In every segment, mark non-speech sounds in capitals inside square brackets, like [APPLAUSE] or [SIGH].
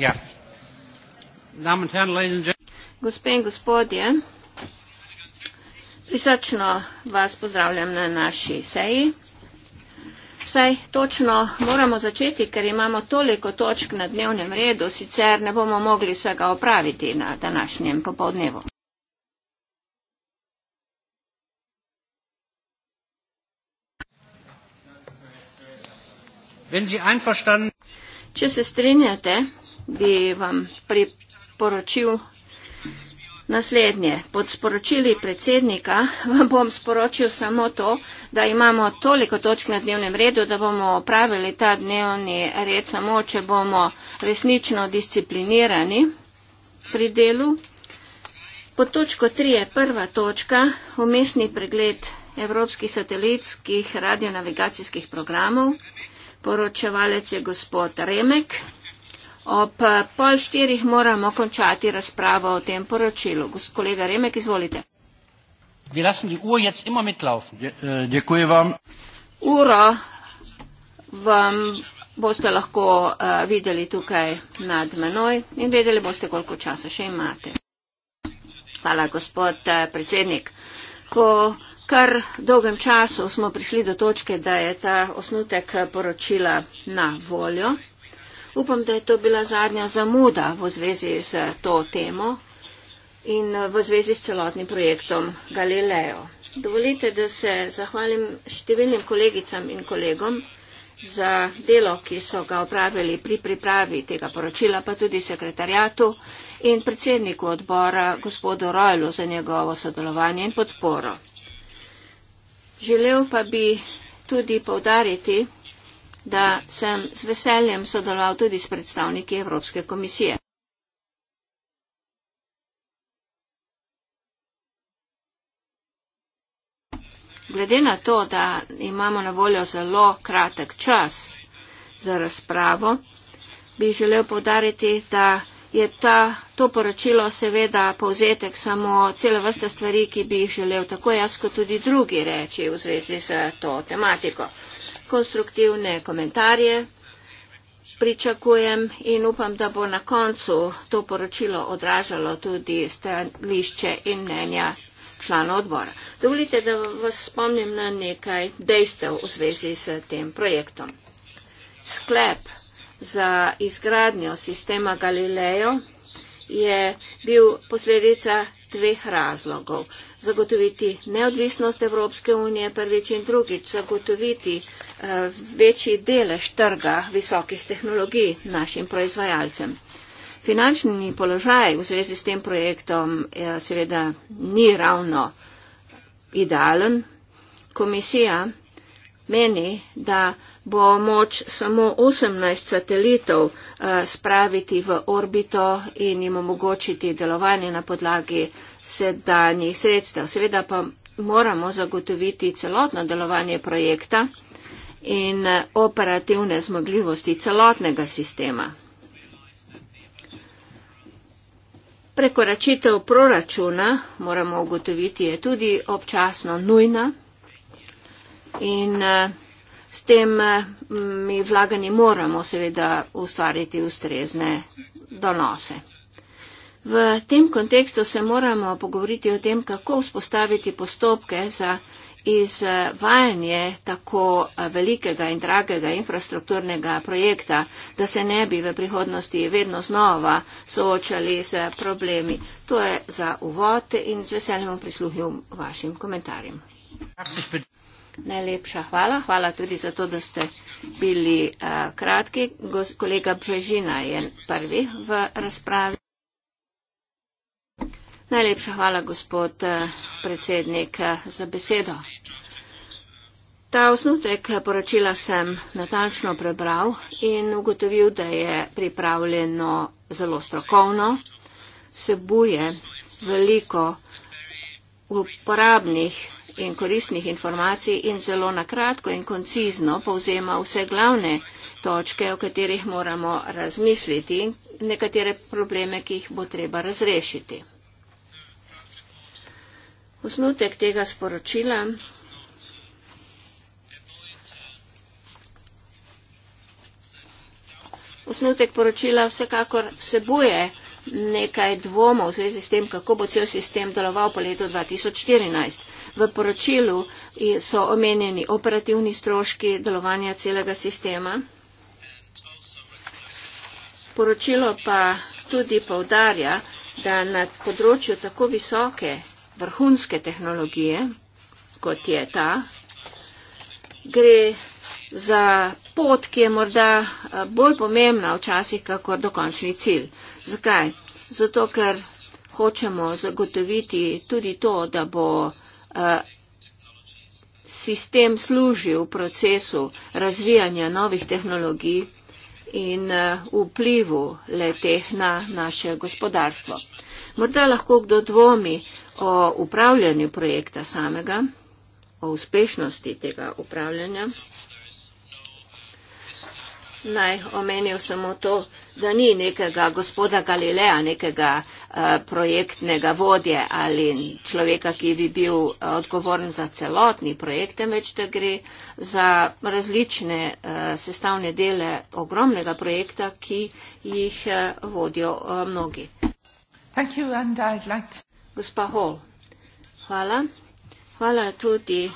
patriarhi. Ja. Gospe in gospodje, prisrčno vas pozdravljam na naši seji. Vsaj točno moramo začeti, ker imamo toliko točk na dnevnem redu, sicer ne bomo mogli vsega opraviti na današnjem popovdnevu. Če se strinjate, bi vam priporočil naslednje. Pod sporočili predsednika vam bom sporočil samo to, da imamo toliko točk na dnevnem redu, da bomo pravili ta dnevni red samo, če bomo resnično disciplinirani pri delu. Pod točko 3 je prva točka, umestni pregled evropskih satelitskih radionavigacijskih programov. Poročevalec je gospod Remek. Ob eh, pol štirih moramo končati razpravo o tem poročilu. Gospod kolega Remek, izvolite. Je, eh, děkuji vam. Uro vam boste lahko uh, videli tukaj nad menoj in vedeli boste, koliko časa še imate. Hvala, gospod predsednik. Po kar dolgem času smo prišli do točke, da je ta osnutek poročila na voljo. Upam, da je to bila zadnja zamuda v zvezi z to temo in eh, v zvezi s celotnim projektom Galileo. Dovolite, da se zahvalim številnim kolegicam in kolegom za delo, ki so ga opravili pri pripravi tega poročila, pa tudi sekretarjatu in predsedniku odbora gospodu Rojlu za njegovo sodelovanje in podporo. Želel pa bi tudi povdariti, da sem z veseljem sodeloval tudi s predstavniki Evropske komisije. Glede na to, da imamo na voljo zelo kratek čas za razpravo, bi želel povdariti, da je ta, to poročilo seveda povzetek samo cele vrste stvari, ki bi jih želel tako jaz kot tudi drugi reči v zvezi z to tematiko konstruktivne komentarje pričakujem in upam, da bo na koncu to poročilo odražalo tudi stališče in mnenja člana odbora. Dovolite, da vas spomnim na nekaj dejstev v zvezi s tem projektom. Sklep za izgradnjo sistema Galileo je bil posledica dveh razlogov zagotoviti neodvisnost Evropske unije prvič in drugič, zagotoviti eh, večji delež trga visokih tehnologij našim proizvajalcem. Finančni položaj v zvezi s tem projektom eh, seveda ni ravno idealen. Komisija meni, da bo moč samo 18 satelitov eh, spraviti v orbito in jim omogočiti delovanje na podlagi sedanjih sredstev. Seveda pa moramo zagotoviti celotno delovanje projekta in eh, operativne zmogljivosti celotnega sistema. Prekoračitev proračuna, moramo ugotoviti, je tudi občasno nujna in eh, s tem eh, mi vlaganji moramo seveda ustvariti ustrezne donose. V tem kontekstu se moramo pogovoriti o tem, kako vzpostaviti postopke za izvajanje tako eh, velikega in dragega infrastrukturnega projekta, da se ne bi v prihodnosti vedno znova soočali z problemi. To je za uvod in z veseljem prisluhil vašim komentarjem. Najlepša hvala. Hvala tudi za to, da ste bili uh, kratki. Kolega Bžežina je prvi v razpravi. Najlepša hvala, gospod eh, predsednik, eh, za besedo. Ta osnutek poročila sem natančno prebral in ugotovil, da je pripravljeno zelo strokovno, vsebuje veliko uporabnih in koristnih informacij in zelo nakratko in koncizno povzema vse glavne točke, o katerih moramo razmisliti in nekatere probleme, ki jih bo treba razrešiti. Osnutek tega sporočila. Osnutek poročila vsekakor vsebuje nekaj dvomov v zvezi s tem, kako bo cel sistem deloval po letu 2014. V poročilu so omenjeni operativni stroški delovanja celega sistema. Poročilo pa tudi povdarja, da na področju tako visoke vrhunske tehnologije, kot je ta, gre za pot, ki je morda bolj pomembna včasih, kakor dokončni cilj. Zakaj? Zato, ker hočemo zagotoviti tudi to, da bo uh, sistem služil procesu razvijanja novih tehnologij in uh, vplivu le teh na naše gospodarstvo. Uh, Morda lahko kdo dvomi o upravljanju projekta samega, o uspešnosti tega upravljanja. Naj omenil samo to, da ni nekega gospoda Galileja, nekega uh, projektnega vodje ali človeka, ki bi bil eh, odgovoren za celotni projekt, temveč da gre za različne uh, sestavne dele ogromnega projekta, ki jih uh, vodijo uh, mnogi. Thank you and I'd like to... Gospa Hall. Hvala. Hvala tudi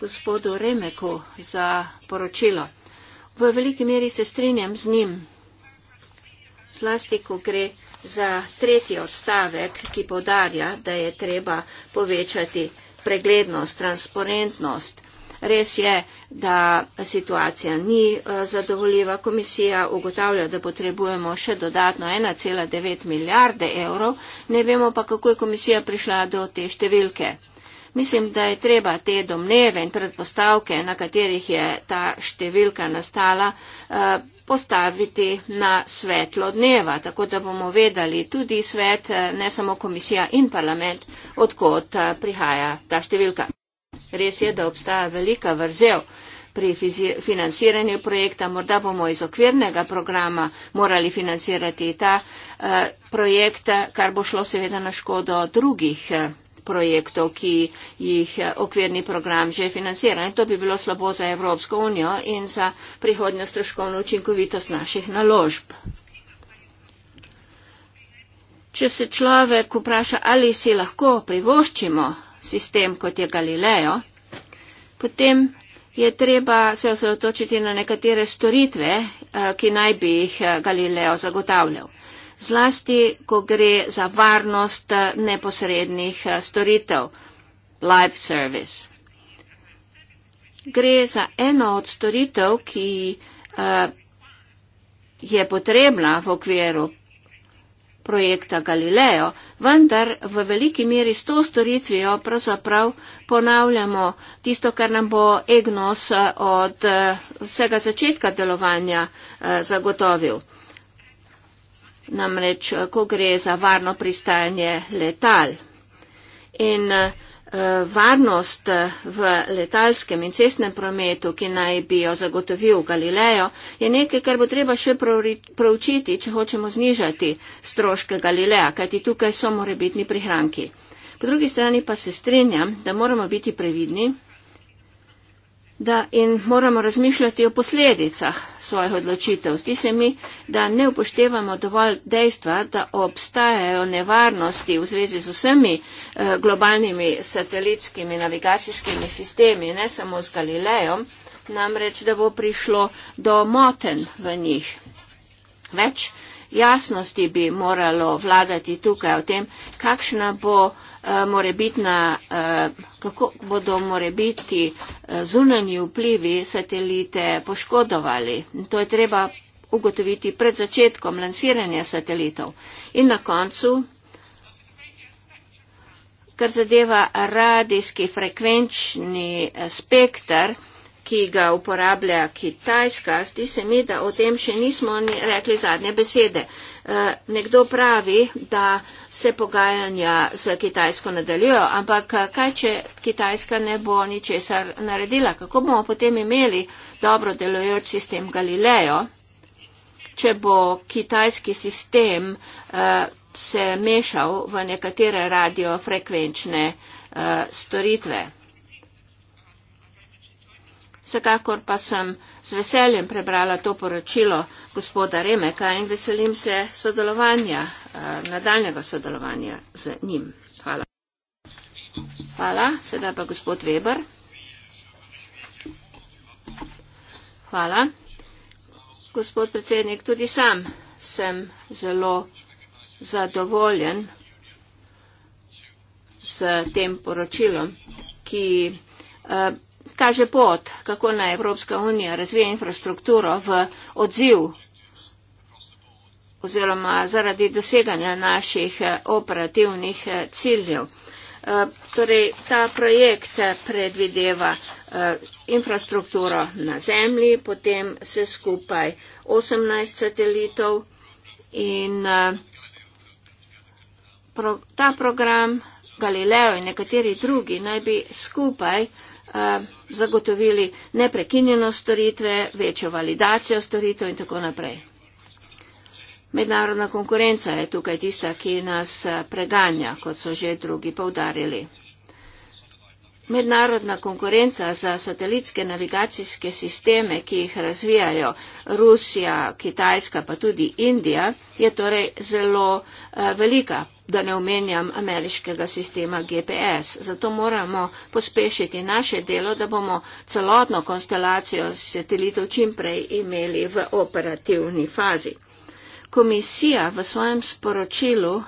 gospodu Remeku za poročilo. V veliki meri se strinjam z njim, zlasti ko gre za tretji odstavek, ki podarja, da je treba povečati preglednost, transparentnost Res je, da situacija ni eh, zadovoljiva. Komisija ugotavlja, da potrebujemo še dodatno 1,9 milijarde evrov, ne vemo pa, kako je komisija prišla do te številke. Mislim, da je treba te domneve in predpostavke, na katerih je ta številka nastala, eh, postaviti na svetlo dneva, tako da bomo vedeli tudi svet, eh, ne samo komisija in parlament, odkot prihaja ta številka. Res je, da obstaja velika vrzel pri financiranju projekta. Morda bomo iz okvirnega programa morali financirati ta eh, projekt, kar bo šlo seveda na škodo drugih eh, projektov, ki jih eh, okvirni program že financira. In to bi bilo slabo za Evropsko unijo in za prihodnjo stroškovno učinkovitost naših naložb. Če se človek vpraša, ali si lahko privoščimo sistem, kot je Galileo, potem je treba se osredotočiti na nekatere storitve, eh, ki naj bi jih eh, Galileo zagotavljal. Zlasti, ko gre za varnost eh, neposrednih storitev, live service. Gre za eno od storitev, ki je potrebna v okviru projekta Galileo, vendar v veliki meri s to storitvijo pravzaprav ponavljamo tisto, kar nam bo Egnos eh, od eh, vsega začetka delovanja eh, zagotovil. Namreč, ko gre za varno pristajanje letal. In uh, Eh, varnost eh, v letalskem in cestnem prometu, ki naj bi jo zagotovil Galilejo, je nekaj, kar bo treba še proučiti, če hočemo znižati stroške Galileja, kajti tukaj so morebitni prihranki. Po drugi strani pa se strinjam, da moramo biti previdni, da in moramo razmišljati o posledicah svojih odločitev. Zdi se mi, da ne upoštevamo dovolj dejstva, da obstajajo nevarnosti v zvezi z vsemi eh, globalnimi satelitskimi navigacijskimi sistemi, ne samo z Galilejem, namreč, da bo prišlo do moten v njih. Več jasnosti bi moralo vladati tukaj o tem, kakšna bo eh, Eh, morebitna, eh, kako bodo morebiti eh, zunanji vplivi satelite poškodovali. To je treba ugotoviti pred začetkom lansiranja satelitov. In na koncu, kar zadeva radijski frekvenčni spektr, ki ga uporablja Kitajska, zdi se mi, da o tem še nismo ni rekli zadnje besede. Eh, nekdo pravi, da se pogajanja z Kitajsko nadaljujejo, ampak eh, kaj, če Kitajska ne bo ničesar naredila? Kako bomo potem imeli dobro delujoč sistem Galileo, če bo kitajski sistem eh, se mešal v nekatere radiofrekvenčne storitve? Vsekakor pa sem z veseljem prebrala to poročilo gospoda Remeka in veselim se sodelovanja, eh, nadaljnega sodelovanja z njim. Hvala. Hvala, sedaj pa gospod Weber. Hvala. Gospod predsednik, tudi sam sem zelo zadovoljen s tem poročilom, ki. Uh, kaže pot, kako naj Evropska unija razvije infrastrukturo v odziv oziroma zaradi doseganja naših eh, operativnih eh, ciljev. Eh, torej, ta projekt predvideva infrastrukturo na zemlji, potem se skupaj 18 satelitov in ta program Galileo in nekateri drugi naj bi skupaj Eh, zagotovili neprekinjeno storitve, večjo validacijo storitev in tako naprej. Mednarodna konkurenca je tukaj tista, ki nas eh, preganja, kot so že drugi povdarili. Mednarodna konkurenca za satelitske navigacijske sisteme, ki jih razvijajo Rusija, Kitajska, pa tudi Indija, je torej zelo eh, velika da ne omenjam ameriškega sistema GPS. Zato moramo pospešiti naše delo, da bomo celotno konstelacijo satelitov čimprej imeli v operativni fazi. Komisija v svojem sporočilu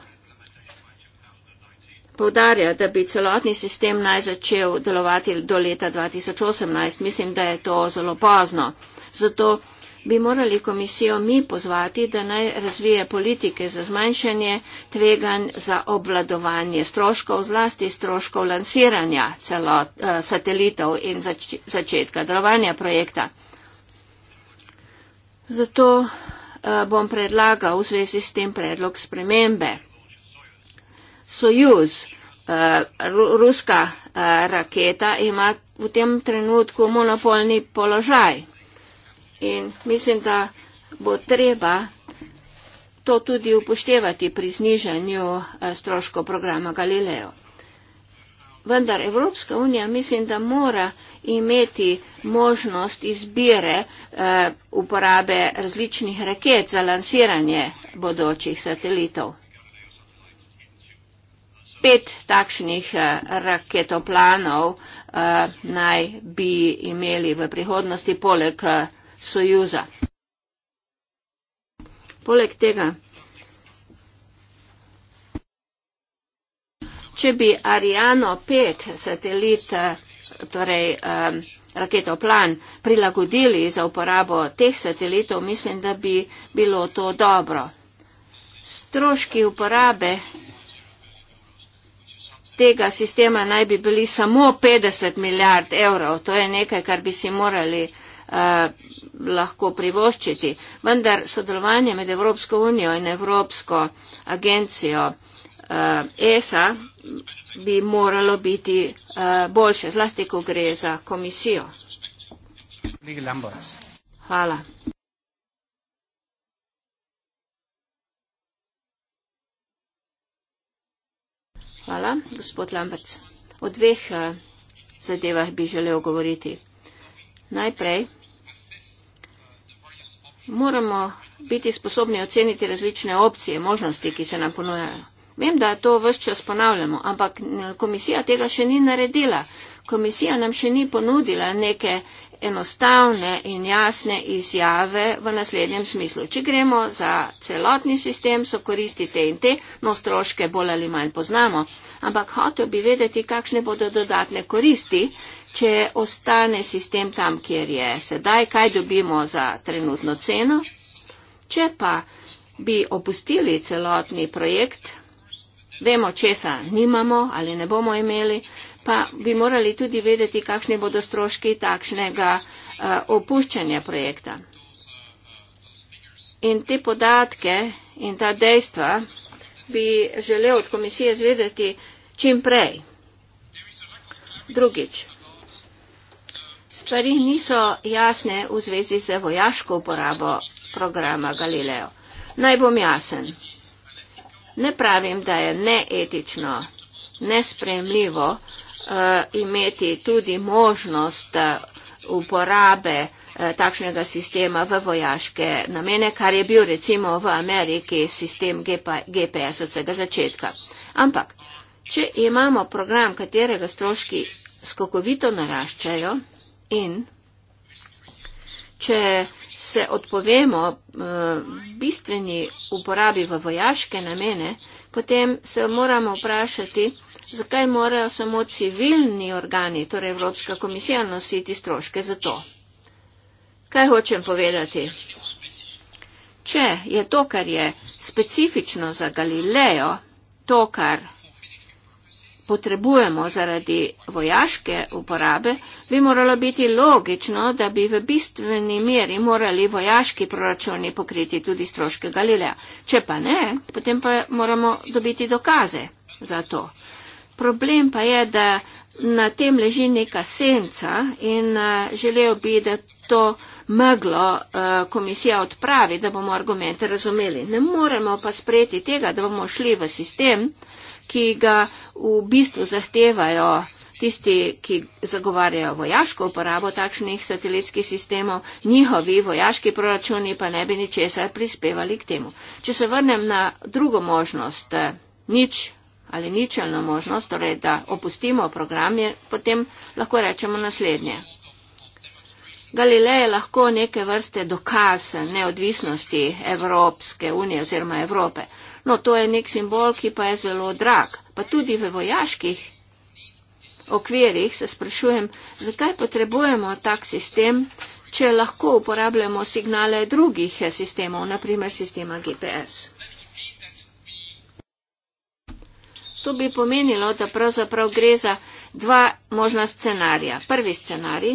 povdarja, da bi celotni sistem naj začel delovati do leta 2018. Mislim, da je to zelo pozno. Zato bi morali komisijo mi pozvati, da naj razvije politike za zmanjšanje tveganj za obvladovanje stroškov, zlasti stroškov lansiranja celot, eh, satelitov in zač, začetka delovanja projekta. Zato eh, bom predlagal v zvezi s tem predlog spremembe. Sojuz, eh, ruska raketa, ima v tem trenutku monopolni položaj. In mislim, da bo treba to tudi upoštevati pri znižanju eh, stroškov programa Galileo. Vendar Evropska unija mislim, da mora imeti možnost izbire eh, uporabe različnih raket za lansiranje bodočih satelitov. Pet takšnih eh, raketoplanov eh, naj bi imeli v prihodnosti poleg eh, sojuza. Poleg tega, če bi Ariano 5 satelit, torej um, raketoplan, prilagodili za uporabo teh satelitov, mislim, da bi bilo to dobro. Stroški uporabe tega sistema naj bi bili samo 50 milijard evrov. To je nekaj, kar bi si morali. Eh, lahko privoščiti. Vendar sodelovanje med Evropsko unijo in Evropsko agencijo uh, ESA bi moralo biti uh, boljše, zlasti, ko gre za komisijo. Hvala. Hvala, gospod Lamberts. O dveh uh, zadevah bi želel govoriti. Najprej moramo biti sposobni oceniti različne opcije, možnosti, ki se nam ponujajo. Vem, da to vse čas ponavljamo, ampak komisija tega še ni naredila. Komisija nam še ni ponudila neke enostavne in jasne izjave v naslednjem smislu. Če gremo za celotni sistem, so koristi te in te, no stroške bolj ali manj poznamo, ampak hotel bi vedeti, kakšne bodo dodatne koristi, če ostane sistem tam, kjer je sedaj, kaj dobimo za trenutno ceno. Če pa bi opustili celotni projekt, vemo, česa nimamo ali ne bomo imeli, pa bi morali tudi vedeti, kakšni bodo stroški takšnega uh, opuščanja projekta. In te podatke in ta dejstva bi želel od komisije zvedeti čim prej. Drugič, Stvari niso jasne v zvezi z vojaško uporabo programa Galileo. Naj bom jasen. Ne pravim, da je neetično, nespremljivo uh, imeti tudi možnost uh, uporabe uh, takšnega sistema v vojaške namene, kar je bil recimo v Ameriki sistem GPS od vsega začetka. Ampak, če imamo program, katerega stroški skokovito naraščajo, in če se odpovemo eh, bistveni uporabi v vojaške namene, potem se moramo vprašati, zakaj morajo samo civilni organi, torej Evropska komisija, nositi stroške za to. Kaj hočem povedati? Če je to, kar je specifično za Galilejo, to, kar potrebujemo zaradi vojaške uporabe, bi moralo biti logično, da bi v bistveni meri morali vojaški proračuni pokriti tudi stroške Galileja. Če pa ne, potem pa moramo dobiti dokaze za to. Problem pa je, da na tem leži neka senca in eh, želel bi, da to meglo eh, komisija odpravi, da bomo argumente razumeli. Ne moremo pa spreti tega, da bomo šli v sistem, ki ga v bistvu zahtevajo tisti, ki zagovarjajo vojaško uporabo takšnih satelitskih sistemov, njihovi vojaški proračuni pa ne bi ničesar prispevali k temu. Če se vrnem na drugo možnost, nič ali ničelno možnost, torej da opustimo program, je, potem lahko rečemo naslednje. Galilej je lahko neke vrste dokaz neodvisnosti Evropske unije oziroma Evrope. No, to je nek simbol, ki pa je zelo drag. Pa tudi v vojaških okvirih se sprašujem, zakaj potrebujemo tak sistem, če lahko uporabljamo signale drugih sistemov, naprimer sistema GPS. To bi pomenilo, da pravzaprav gre za dva možna scenarija. Prvi scenarij.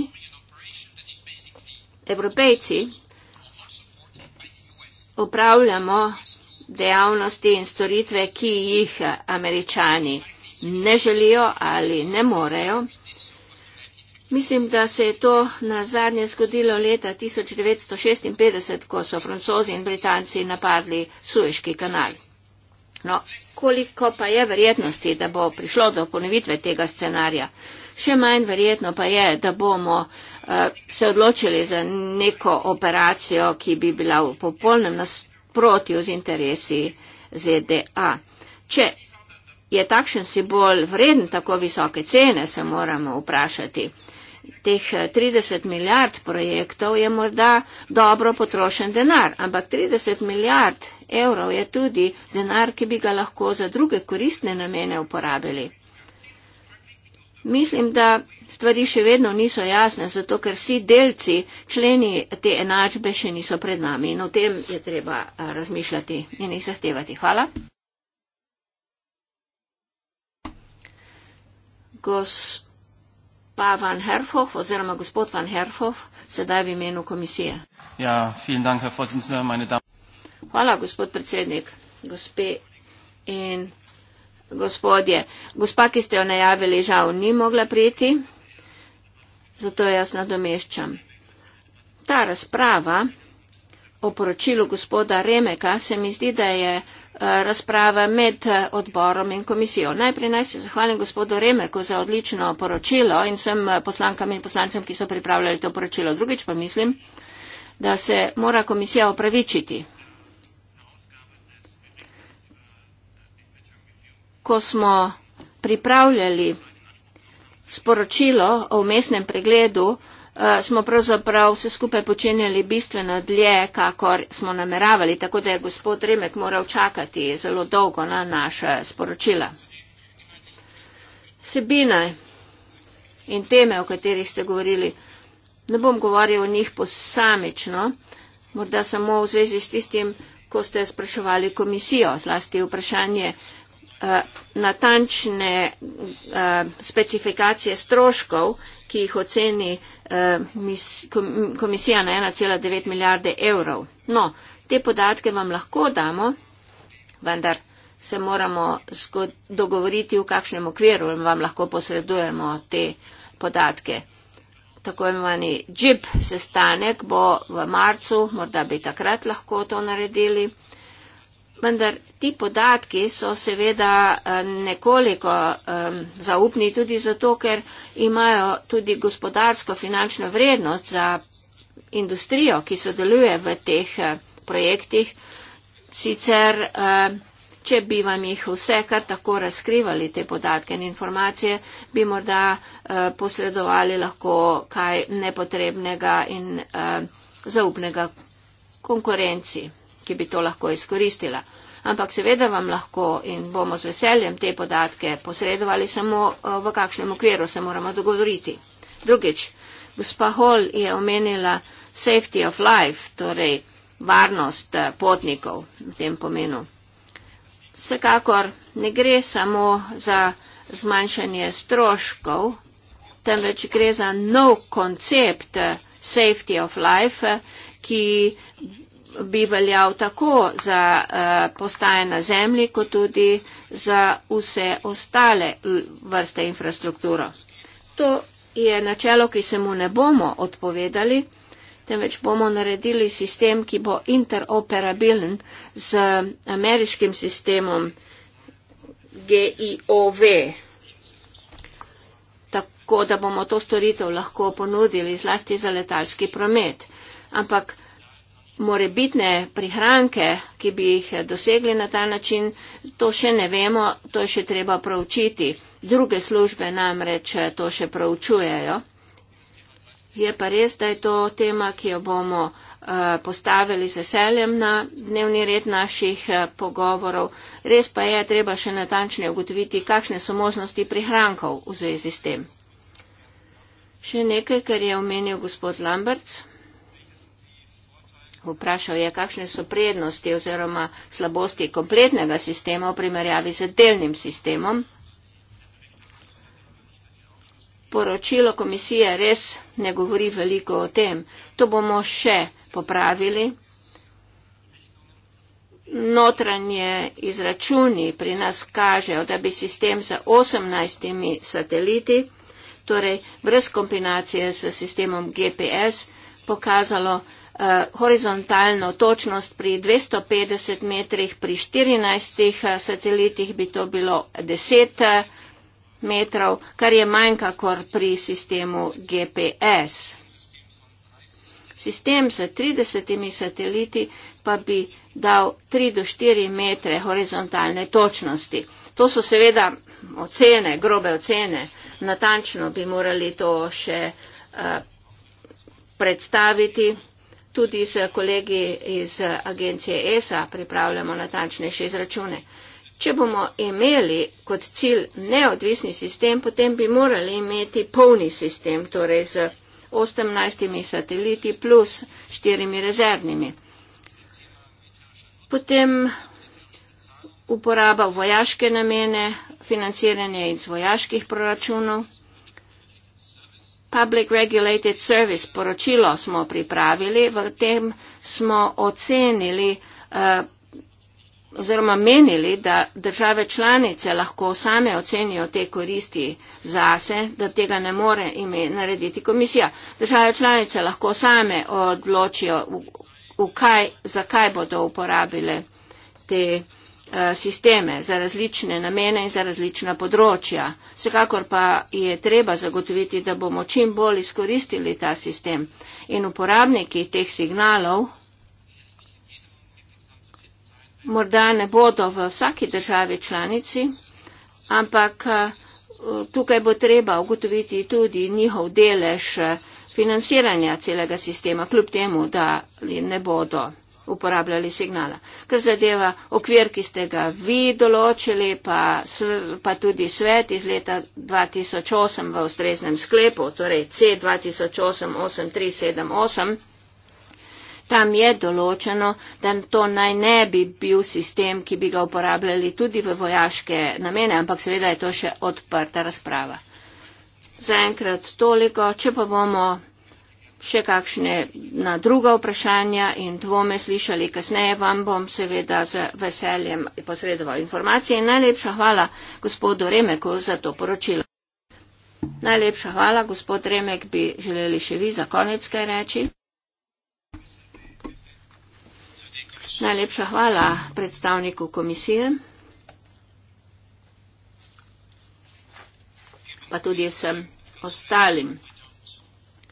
Evropejci opravljamo dejavnosti in storitve, ki jih američani ne želijo ali ne morejo. Mislim, da se je to na zadnje zgodilo leta 1956, ko so francozi in britanci napadli Sueški kanal. No, koliko pa je verjetnosti, da bo prišlo do ponovitve tega scenarija? Še manj verjetno pa je, da bomo uh, se odločili za neko operacijo, ki bi bila v popolnem nasprotju nasprotju z interesi ZDA. Če je takšen simbol vreden tako visoke cene, se moramo vprašati. Teh 30 eh, milijard projektov je morda dobro potrošen denar, ampak 30 milijard evrov je tudi denar, ki bi ga lahko za druge koristne namene uporabili. Mislim, da stvari še vedno niso jasne, zato ker vsi delci, členi te enačbe še niso pred nami in o tem je treba razmišljati in jih zahtevati. Hvala. Gospa Van Herfov oziroma gospod Van Herfov, sedaj v imenu komisije. Ja, dank, Hvala, gospod predsednik, gospe in gospodje. Gospa, ki ste jo najavili, žal ni mogla priti zato jaz nadomeščam. Ta razprava o poročilu gospoda Remeka se mi zdi, da je eh, razprava med eh, odborom in komisijo. Najprej naj se zahvalim gospodu Remeku za odlično poročilo in vsem eh, poslankam in poslancem, ki so pripravljali to poročilo. Drugič pa mislim, da se mora komisija opravičiti. Ko smo pripravljali sporočilo o mestnem pregledu uh, smo pravzaprav vse skupaj počenjali bistveno dlje, kakor smo nameravali, tako da je gospod Remek moral čakati zelo dolgo na naše sporočila. Sebina in teme, o katerih ste govorili, ne bom govoril o njih posamično, morda samo v zvezi s tistim, ko ste spraševali komisijo, zlasti vprašanje uh, Eh, natančne eh, specifikacije stroškov, ki jih oceni eh, komisija na 1,9 milijarde evrov. No, te podatke vam lahko damo, vendar se moramo dogovoriti, v kakšnem okviru vam lahko posredujemo te podatke. Tako imenovani džip sestanek bo v marcu, morda bi takrat lahko to naredili. Vendar ti podatki so seveda eh, nekoliko um, zaupni tudi zato, ker imajo tudi gospodarsko finančno vrednost za industrijo, ki sodeluje v teh eh, projektih. Sicer, um, če bi vam jih vse kar tako razkrivali, te podatke in informacije, bi morda um, posredovali lahko kaj nepotrebnega in um, zaupnega konkurenciji ki bi to lahko izkoristila. Ampak seveda vam lahko in bomo z veseljem te podatke posredovali samo eh, v kakšnem okviru se moramo dogovoriti. Drugič, gospa Hall je omenila safety of life, torej varnost eh, potnikov v tem pomenu. Vsekakor ne gre samo za zmanjšanje stroškov, temveč gre za nov koncept eh, safety of life, ki bi veljal tako za eh, postaje na zemlji, kot tudi za vse ostale vrste infrastrukturo. To je načelo, ki se mu ne bomo odpovedali, temveč bomo naredili sistem, ki bo interoperabilen z ameriškim sistemom GIOV. Tako da bomo to storitev lahko ponudili zlasti za letalski promet. Ampak morebitne prihranke, ki bi jih dosegli na ta način, to še ne vemo, to še treba pravčiti. Druge službe namreč eh, to še pravčujejo. Je pa res, da je to tema, ki jo bomo eh, postavili z veseljem na dnevni red naših eh, pogovorov. Res pa je, treba še natančne ugotoviti, kakšne so možnosti prihrankov v zvezi s tem. Še nekaj, kar je omenil gospod Lamberts. Vprašal je, kakšne so prednosti oziroma slabosti kompletnega sistema v primerjavi z delnim sistemom. Poročilo komisije res ne govori veliko o tem. To bomo še popravili. Notranje izračuni pri nas kažejo, da bi sistem za 18 sateliti, torej brez kombinacije s sistemom GPS, pokazalo, Eh, horizontalno točnost pri 250 metrih, pri 14 eh, satelitih bi to bilo 10 eh, metrov, kar je manj kakor pri sistemu GPS. Sistem s 30 sateliti pa bi dal 3 do 4 metre horizontalne točnosti. To so seveda ocene, grobe ocene. Natančno bi morali to še uh, predstaviti tudi s kolegi iz agencije ESA pripravljamo natančnejše izračune. Če bomo imeli kot cilj neodvisni sistem, potem bi morali imeti polni sistem, torej z 18 sateliti plus 4 rezervnimi. Potem uporaba vojaške namene, financiranje iz vojaških proračunov. Public Regulated Service poročilo smo pripravili, v tem smo ocenili eh, oziroma menili, da države članice lahko same ocenijo te koristi zase, da tega ne more ime narediti komisija. Države članice lahko same odločijo, v, v kaj, zakaj bodo uporabile te koristi. Eh, sisteme za različne namene in za različna področja. Vsekakor pa je treba zagotoviti, da bomo čim bolj izkoristili ta sistem in uporabniki teh signalov morda ne bodo v vsaki državi članici, ampak eh, tukaj bo treba ugotoviti tudi njihov delež financiranja celega sistema, kljub temu, da ne bodo uporabljali signala. Kar zadeva okvir, ki ste ga vi določili, pa, pa tudi svet iz leta 2008 v ustreznem sklepu, torej C2008-8378, tam je določeno, da to naj ne bi bil sistem, ki bi ga uporabljali tudi v vojaške namene, ampak seveda je to še odprta razprava. Zaenkrat toliko, če pa bomo še kakšne na druga vprašanja in dvome slišali kasneje, vam bom seveda z veseljem posredoval informacije. In najlepša hvala gospodu Remeku za to poročilo. Najlepša hvala, gospod Remek, bi želeli še vi za konec kaj reči. Najlepša hvala predstavniku komisije. Pa tudi vsem ostalim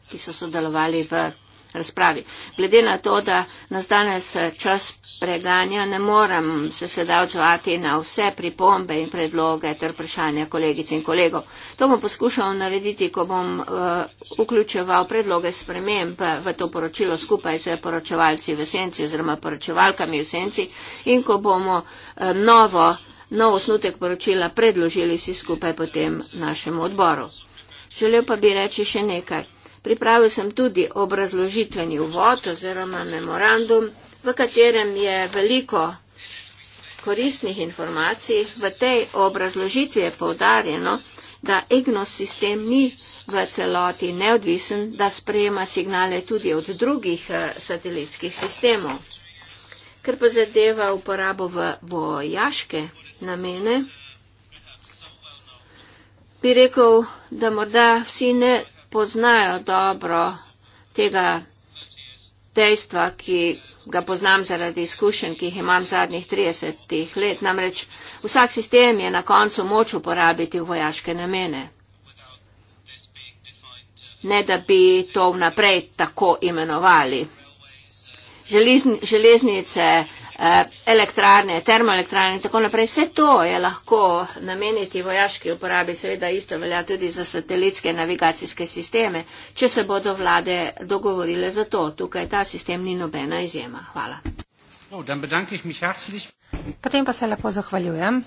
ki so sodelovali v razpravi. Glede na to, da nas danes eh, čas preganja, ne morem se sedaj odzvati na vse pripombe in predloge ter vprašanja kolegic in kolegov. To bom poskušal narediti, ko bom uh, vključeval predloge sprememb eh, v to poročilo skupaj z poročevalci v senci oziroma poročevalkami v senci in ko bomo uh, novo, nov osnutek poročila predložili vsi skupaj potem našemu odboru. Želel pa bi reči še nekaj. Pripravil sem tudi obrazložitveni uvod oziroma memorandum, v katerem je veliko koristnih informacij. V tej obrazložitvi je povdarjeno, da EGNOS sistem ni v celoti neodvisen, da sprejema signale tudi od drugih eh, satelitskih sistemov. Ker pa zadeva uporabo v vojaške namene, bi rekel, da morda vsi ne poznajo dobro tega dejstva, ki ga poznam zaradi izkušenj, ki jih imam zadnjih 30 let. Namreč vsak sistem je na koncu moč uporabiti v vojaške namene. Ne da bi to vnaprej tako imenovali. Železnice, Eh, elektrarne, termoelektrarne in tako naprej. Vse to je lahko nameniti vojaški uporabi, seveda isto velja tudi za satelitske navigacijske sisteme, če se bodo vlade dogovorile za to. Tukaj ta sistem ni nobena izjema. Hvala. No, Potem pa se lepo zahvaljujem.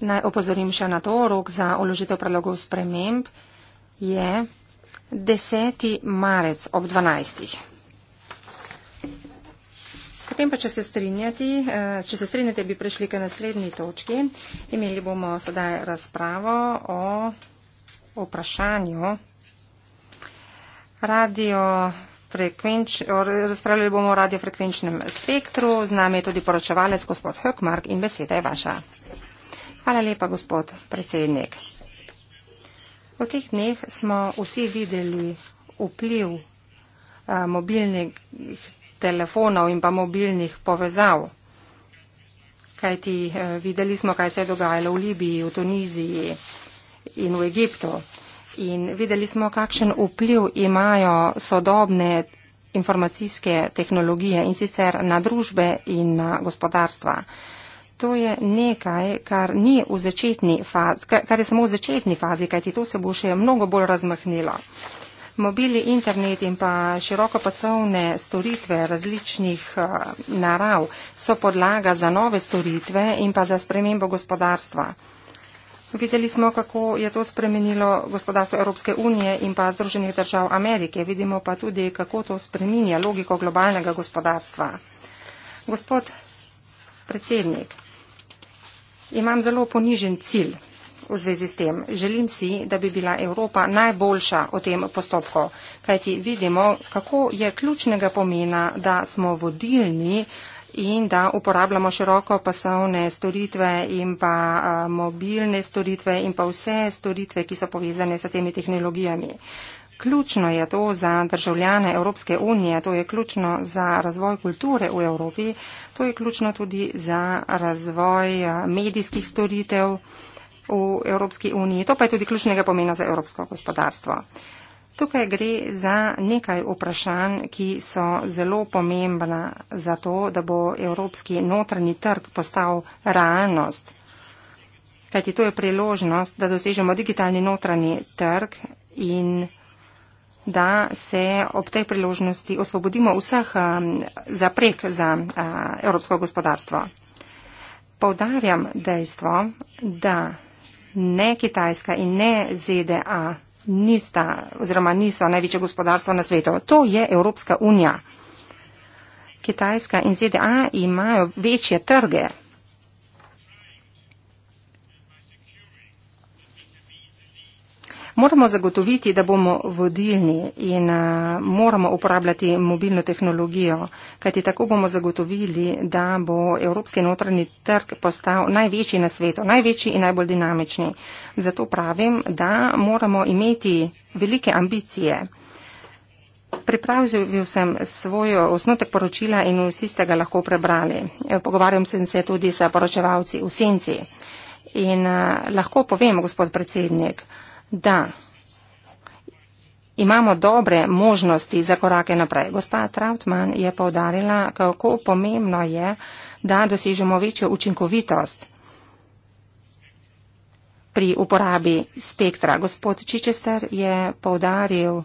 Naj opozorim še na to, rok za uložitev predlogov sprememb je 10. marec ob 12. Potem pa, če se, eh, če se strinjate, bi prešli k naslednji točki. Imeli bomo sedaj razpravo o vprašanju radio. Frekvenč, razpravljali bomo o radiofrekvenčnem spektru, z nami je tudi poročevalec gospod Hökmark in beseda je vaša. Hvala lepa, gospod predsednik. V teh dneh smo vsi videli vpliv a, eh, mobilnih telefonov in pa mobilnih povezav. Kajti eh, videli smo, kaj se je dogajalo v Libiji, v Tuniziji in v Egiptu. In videli smo, kakšen vpliv imajo sodobne informacijske tehnologije in sicer na družbe in na gospodarstva. To je nekaj, kar, ni v fazi, kar je samo v začetni fazi, kajti to se bo še mnogo bolj razmahnilo mobilni internet in pa širokopasovne storitve različnih eh, narav so podlaga za nove storitve in pa za spremembo gospodarstva. Videli smo, kako je to spremenilo gospodarstvo Evropske unije in pa Združenih držav Amerike. Vidimo pa tudi, kako to spreminja logiko globalnega gospodarstva. Gospod predsednik, imam zelo ponižen cilj v zvezi s tem. Želim si, da bi bila Evropa najboljša v tem postopku, kajti vidimo, kako je ključnega pomena, da smo vodilni in da uporabljamo široko pasovne storitve in pa mobilne storitve in pa vse storitve, ki so povezane s temi tehnologijami. Ključno je to za državljane Evropske unije, to je ključno za razvoj kulture v Evropi, to je ključno tudi za razvoj medijskih storitev v Evropski uniji. To pa je tudi ključnega pomena za evropsko gospodarstvo. Tukaj gre za nekaj vprašanj, ki so zelo pomembna za to, da bo evropski notranji trg postal realnost. Kajti to je priložnost, da dosežemo digitalni notranji trg in da se ob tej priložnosti osvobodimo vseh um, zaprek za uh, evropsko gospodarstvo. Povdarjam dejstvo, da ne Kitajska in ne ZDA nista oziroma niso največje gospodarstvo na svetu. To je Evropska unija. Kitajska in ZDA imajo večje trge Moramo zagotoviti, da bomo vodilni in eh, moramo uporabljati mobilno tehnologijo, kajti tako bomo zagotovili, da bo evropski notranji trg postal največji na svetu, največji in najbolj dinamični. Zato pravim, da moramo imeti velike ambicije. Pripravil sem svoj osnotek poročila in vsi ste ga lahko prebrali. Eh, Pogovarjam sem se tudi s poročevalci v senci. In eh, lahko povem, gospod predsednik, da imamo dobre možnosti za korake naprej. Gospa Trautmann je povdarila, kako pomembno je, da dosežemo večjo učinkovitost pri uporabi spektra. Gospod Čičester je povdaril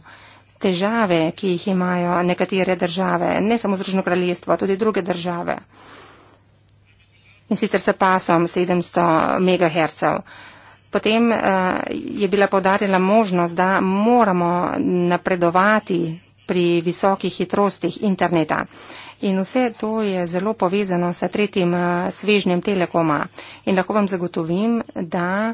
težave, ki jih imajo nekatere države, ne samo Združeno kraljestvo, tudi druge države. In sicer se pasom 700 MHz. Potem uh, je bila podarjena možnost, da moramo napredovati pri visokih hitrostih interneta. In vse to je zelo povezano s tretjim uh, svežnjem telekoma. In lahko vam zagotovim, da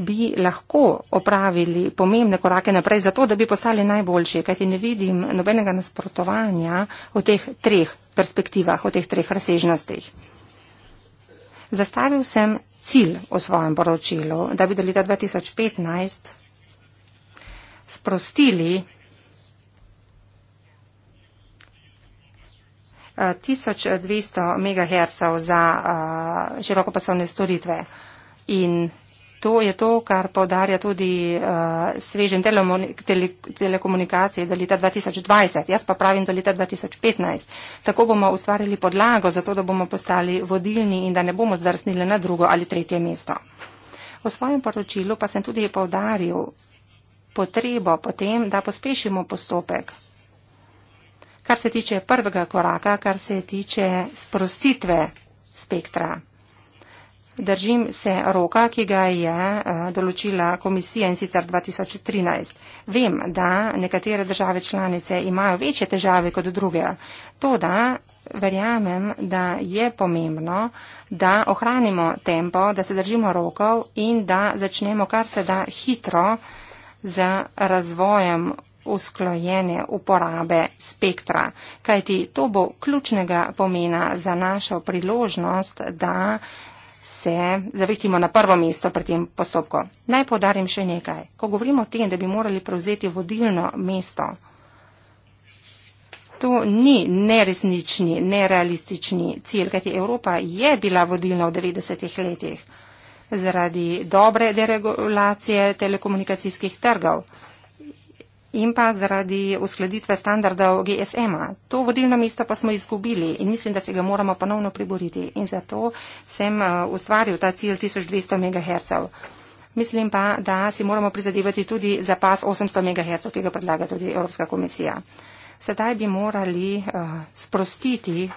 bi lahko opravili pomembne korake naprej, zato da bi postali najboljši, kajti ne vidim nobenega nasprotovanja v teh treh perspektivah, v teh treh razsežnostih. Zastavil sem cilj v svojem poročilu, da bi do leta 2015 sprostili uh, 1200 MHz za uh, širokopasovne storitve in To je to, kar podarja tudi uh, svežen telemoni, tele, telekomunikacije do leta 2020. Jaz pa pravim do leta 2015. Tako bomo ustvarili podlago za to, da bomo postali vodilni in da ne bomo zdrsnili na drugo ali tretje mesto. V svojem poročilu pa sem tudi povdaril potrebo potem, da pospešimo postopek. Kar se tiče prvega koraka, kar se tiče sprostitve spektra. Držim se roka, ki ga je eh, določila komisija in sicer 2013. Vem, da nekatere države članice imajo večje težave kot druge. To, da verjamem, da je pomembno, da ohranimo tempo, da se držimo rokov in da začnemo kar se da hitro z razvojem usklojene uporabe spektra, kajti to bo ključnega pomena za našo priložnost, da se zavihtimo na prvo mesto pri tem postopku. Naj podarim še nekaj. Ko govorimo o tem, da bi morali prevzeti vodilno mesto, to ni neresnični, nerealistični cilj, kajti Evropa je bila vodilna v 90-ih letih zaradi dobre deregulacije telekomunikacijskih trgov in pa zaradi uskladitve standardov GSM-a. To vodilno mesto pa smo izgubili in mislim, da se ga moramo ponovno priboriti. In zato sem eh, ustvaril ta cilj 1200 MHz. Mislim pa, da si moramo prizadevati tudi za pas 800 MHz, ki ga predlaga tudi Evropska komisija. Sedaj bi morali uh, sprostiti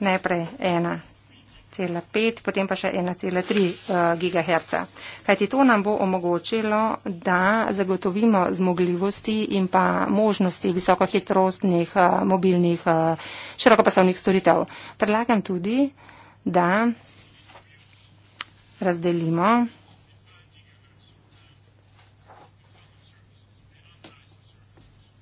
najprej ena 1,5, potem pa še 1,3 eh, GHz. Kajti to nam bo omogočilo, da zagotovimo zmogljivosti in pa možnosti visokohitrostnih eh, mobilnih eh, širokopasovnih storitev. Predlagam tudi, da razdelimo.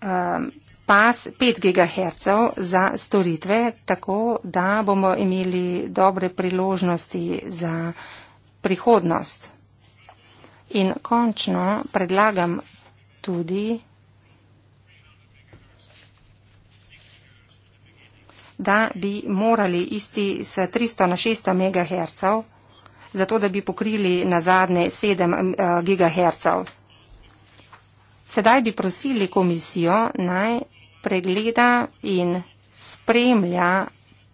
Um, pas 5 GHz za storitve, tako da bomo imeli dobre priložnosti za prihodnost. In končno predlagam tudi, da bi morali isti s 300 na 600 MHz, zato da bi pokrili na zadnje 7 eh, GHz. Sedaj bi prosili komisijo naj pregleda in spremlja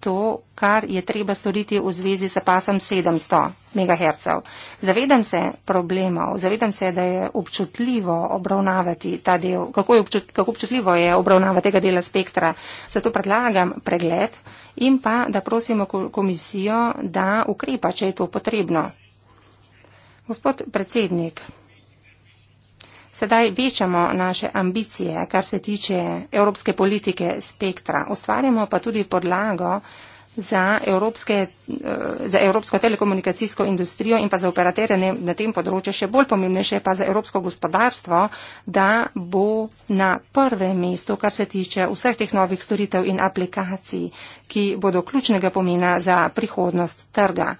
to, kar je treba storiti v zvezi s pasom 700 MHz. Zavedam se problemov, zavedam se, da je občutljivo obravnavati ta del, kako, je občut, kako občutljivo je obravnava tega dela spektra. Zato predlagam pregled in pa, da prosimo komisijo, da ukrepa, če je to potrebno. Gospod predsednik, Sedaj večamo naše ambicije, kar se tiče evropske politike spektra. Ustvarjamo pa tudi podlago za, evropske, eh, za evropsko telekomunikacijsko industrijo in pa za operatere na tem področju, še bolj pomembnejše pa za evropsko gospodarstvo, da bo na prvem mestu, kar se tiče vseh teh novih storitev in aplikacij, ki bodo ključnega pomena za prihodnost trga.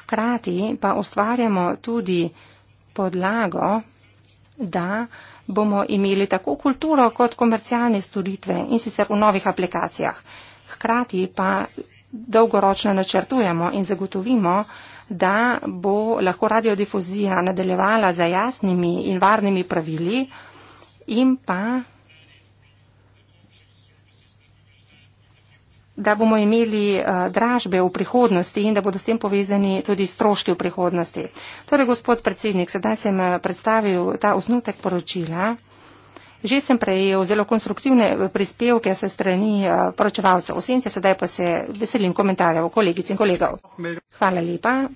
Hkrati pa ustvarjamo tudi podlago, da bomo imeli tako kulturo kot komercialne storitve in sicer v novih aplikacijah. Hkrati pa dolgoročno načrtujemo in zagotovimo, da bo lahko radiodifuzija nadaljevala za jasnimi in varnimi pravili in pa da bomo imeli eh, dražbe v prihodnosti in da bodo s tem povezani tudi stroški v prihodnosti. Torej, gospod predsednik, sedaj sem eh, predstavil ta osnutek poročila. Že sem prejel zelo konstruktivne eh, prispevke se strani poročevalcev osence, sedaj pa se veselim komentarjev kolegic in kolegov. Hvala lepa.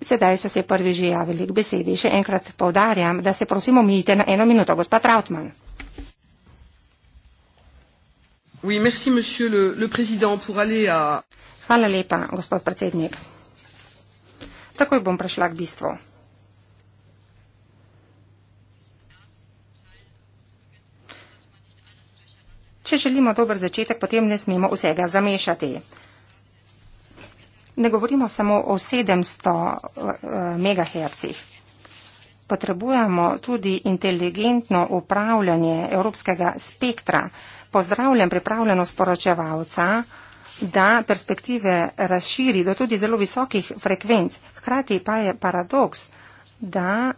Sedaj so se prvi že javili k besedi. Še enkrat povdarjam, da se prosim omijite na eno minuto, gospod Trautmann. Hvala lepa, gospod predsednik. Takoj bom prešla k bistvu. Če želimo dober začetek, potem ne smemo vsega zamešati. Ne govorimo samo o 700 eh, MHz. Potrebujemo tudi inteligentno upravljanje evropskega spektra, pozdravljam pripravljeno sporočevalca, da perspektive razširi do tudi zelo visokih frekvenc. Hkrati pa je paradoks, da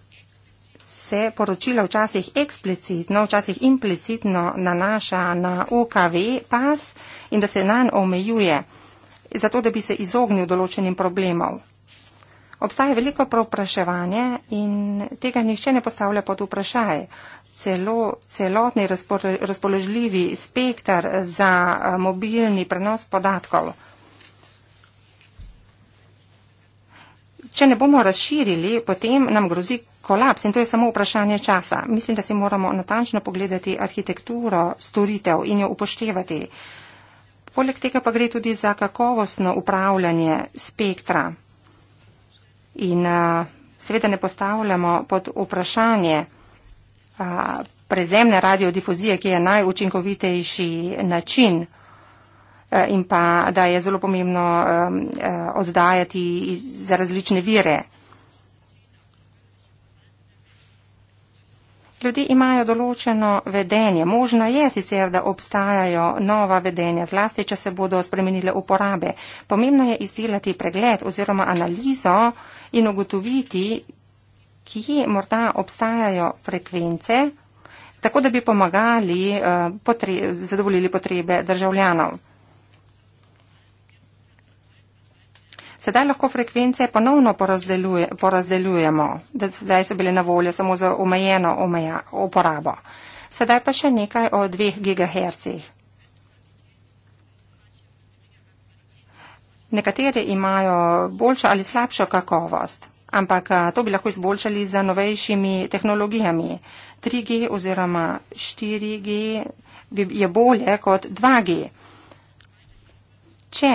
se poročila včasih eksplicitno, včasih implicitno nanaša na UKV pas in da se nanj omejuje, zato da bi se izognil določenim problemom. Obstaja veliko propraševanje in tega nišče ne postavlja pod vprašaj celo celotni razpoložljivi spektar za eh, mobilni prenos podatkov. Če ne bomo razširili, potem nam grozi kolaps in to je samo vprašanje časa. Mislim, da si moramo natančno pogledati arhitekturo storitev in jo upoštevati. Poleg tega pa gre tudi za kakovostno upravljanje spektra. In uh, seveda ne postavljamo pod vprašanje, prezemne radiodifuzije, ki je najučinkovitejši način e, in pa da je zelo pomembno e, e, oddajati za različne vire. Ljudje imajo določeno vedenje. Možno je sicer, da obstajajo nova vedenja, zlasti, če se bodo spremenile uporabe. Pomembno je izdelati pregled oziroma analizo in ugotoviti, kje morda obstajajo frekvence, tako da bi pomagali, eh, potre, zadovoljili potrebe državljanov. Sedaj lahko frekvence ponovno porazdeluje, porazdelujemo, da sedaj so bile na voljo samo za omejeno omeja, uporabo. Sedaj pa še nekaj o 2 GHz. Nekateri imajo boljšo ali slabšo kakovost ampak to bi lahko izboljšali z novejšimi tehnologijami. 3G oziroma 4G je bolje kot 2G. Če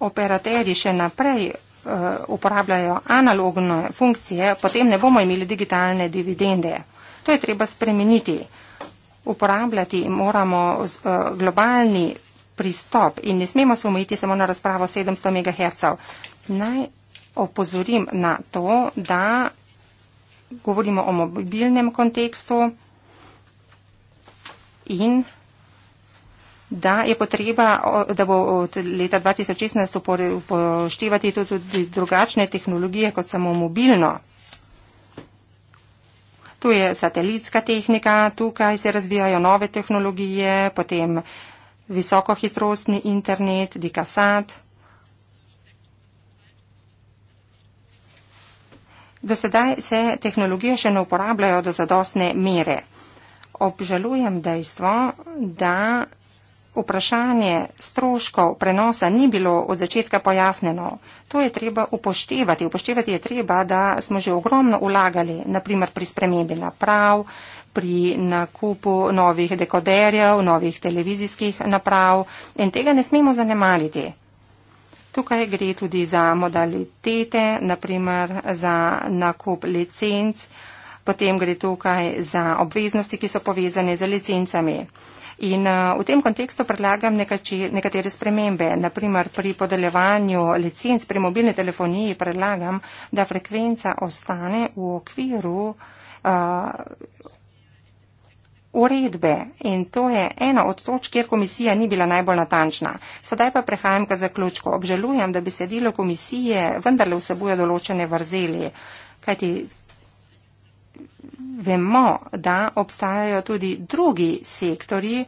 operaterji še naprej e, uporabljajo analogne funkcije, potem ne bomo imeli digitalne dividende. To je treba spremeniti. Uporabljati moramo e, globalni pristop in ne smemo se umeti samo na razpravo 700 MHz. Naj opozorim na to, da govorimo o mobilnem kontekstu in da je potreba, da bo od leta 2016 upoštevati tudi drugačne tehnologije kot samo mobilno. Tu je satelitska tehnika, tukaj se razvijajo nove tehnologije, potem visokohitrostni internet, dikasat. Do sedaj se tehnologije še ne uporabljajo do zadostne mere. Obžalujem dejstvo, da vprašanje stroškov prenosa ni bilo od začetka pojasneno. To je treba upoštevati. Upoštevati je treba, da smo že ogromno ulagali, naprimer pri spremembi naprav, pri nakupu novih dekoderjev, novih televizijskih naprav in tega ne smemo zanemaliti. Tukaj gre tudi za modalitete, naprimer za nakup licenc, potem gre tukaj za obveznosti, ki so povezane z licencami. In eh, v tem kontekstu predlagam nekatere spremembe. Naprimer, pri podeljevanju licenc pri mobilni telefoniji predlagam, da frekvenca ostane v okviru uh, uredbe in to je ena od točk, kjer komisija ni bila najbolj natančna. Sedaj pa prehajam k zaključku. Obžalujem, da besedilo komisije vendarle vsebuje določene vrzeli, kajti. Vemo, da obstajajo tudi drugi sektori,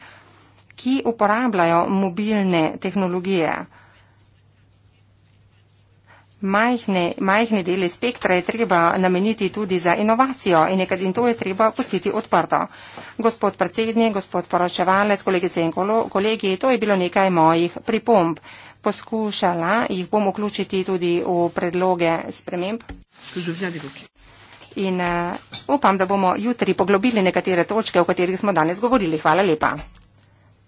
ki uporabljajo mobilne tehnologije majhne, majhne dele spektra je treba nameniti tudi za inovacijo in, in to je treba pustiti odprto. Gospod predsednik, gospod poročevalec, kolegice in kolegi, to je bilo nekaj mojih pripomb. Poskušala jih bom vključiti tudi v predloge sprememb. In uh, upam, da bomo jutri poglobili nekatere točke, o katerih smo danes govorili. Hvala lepa.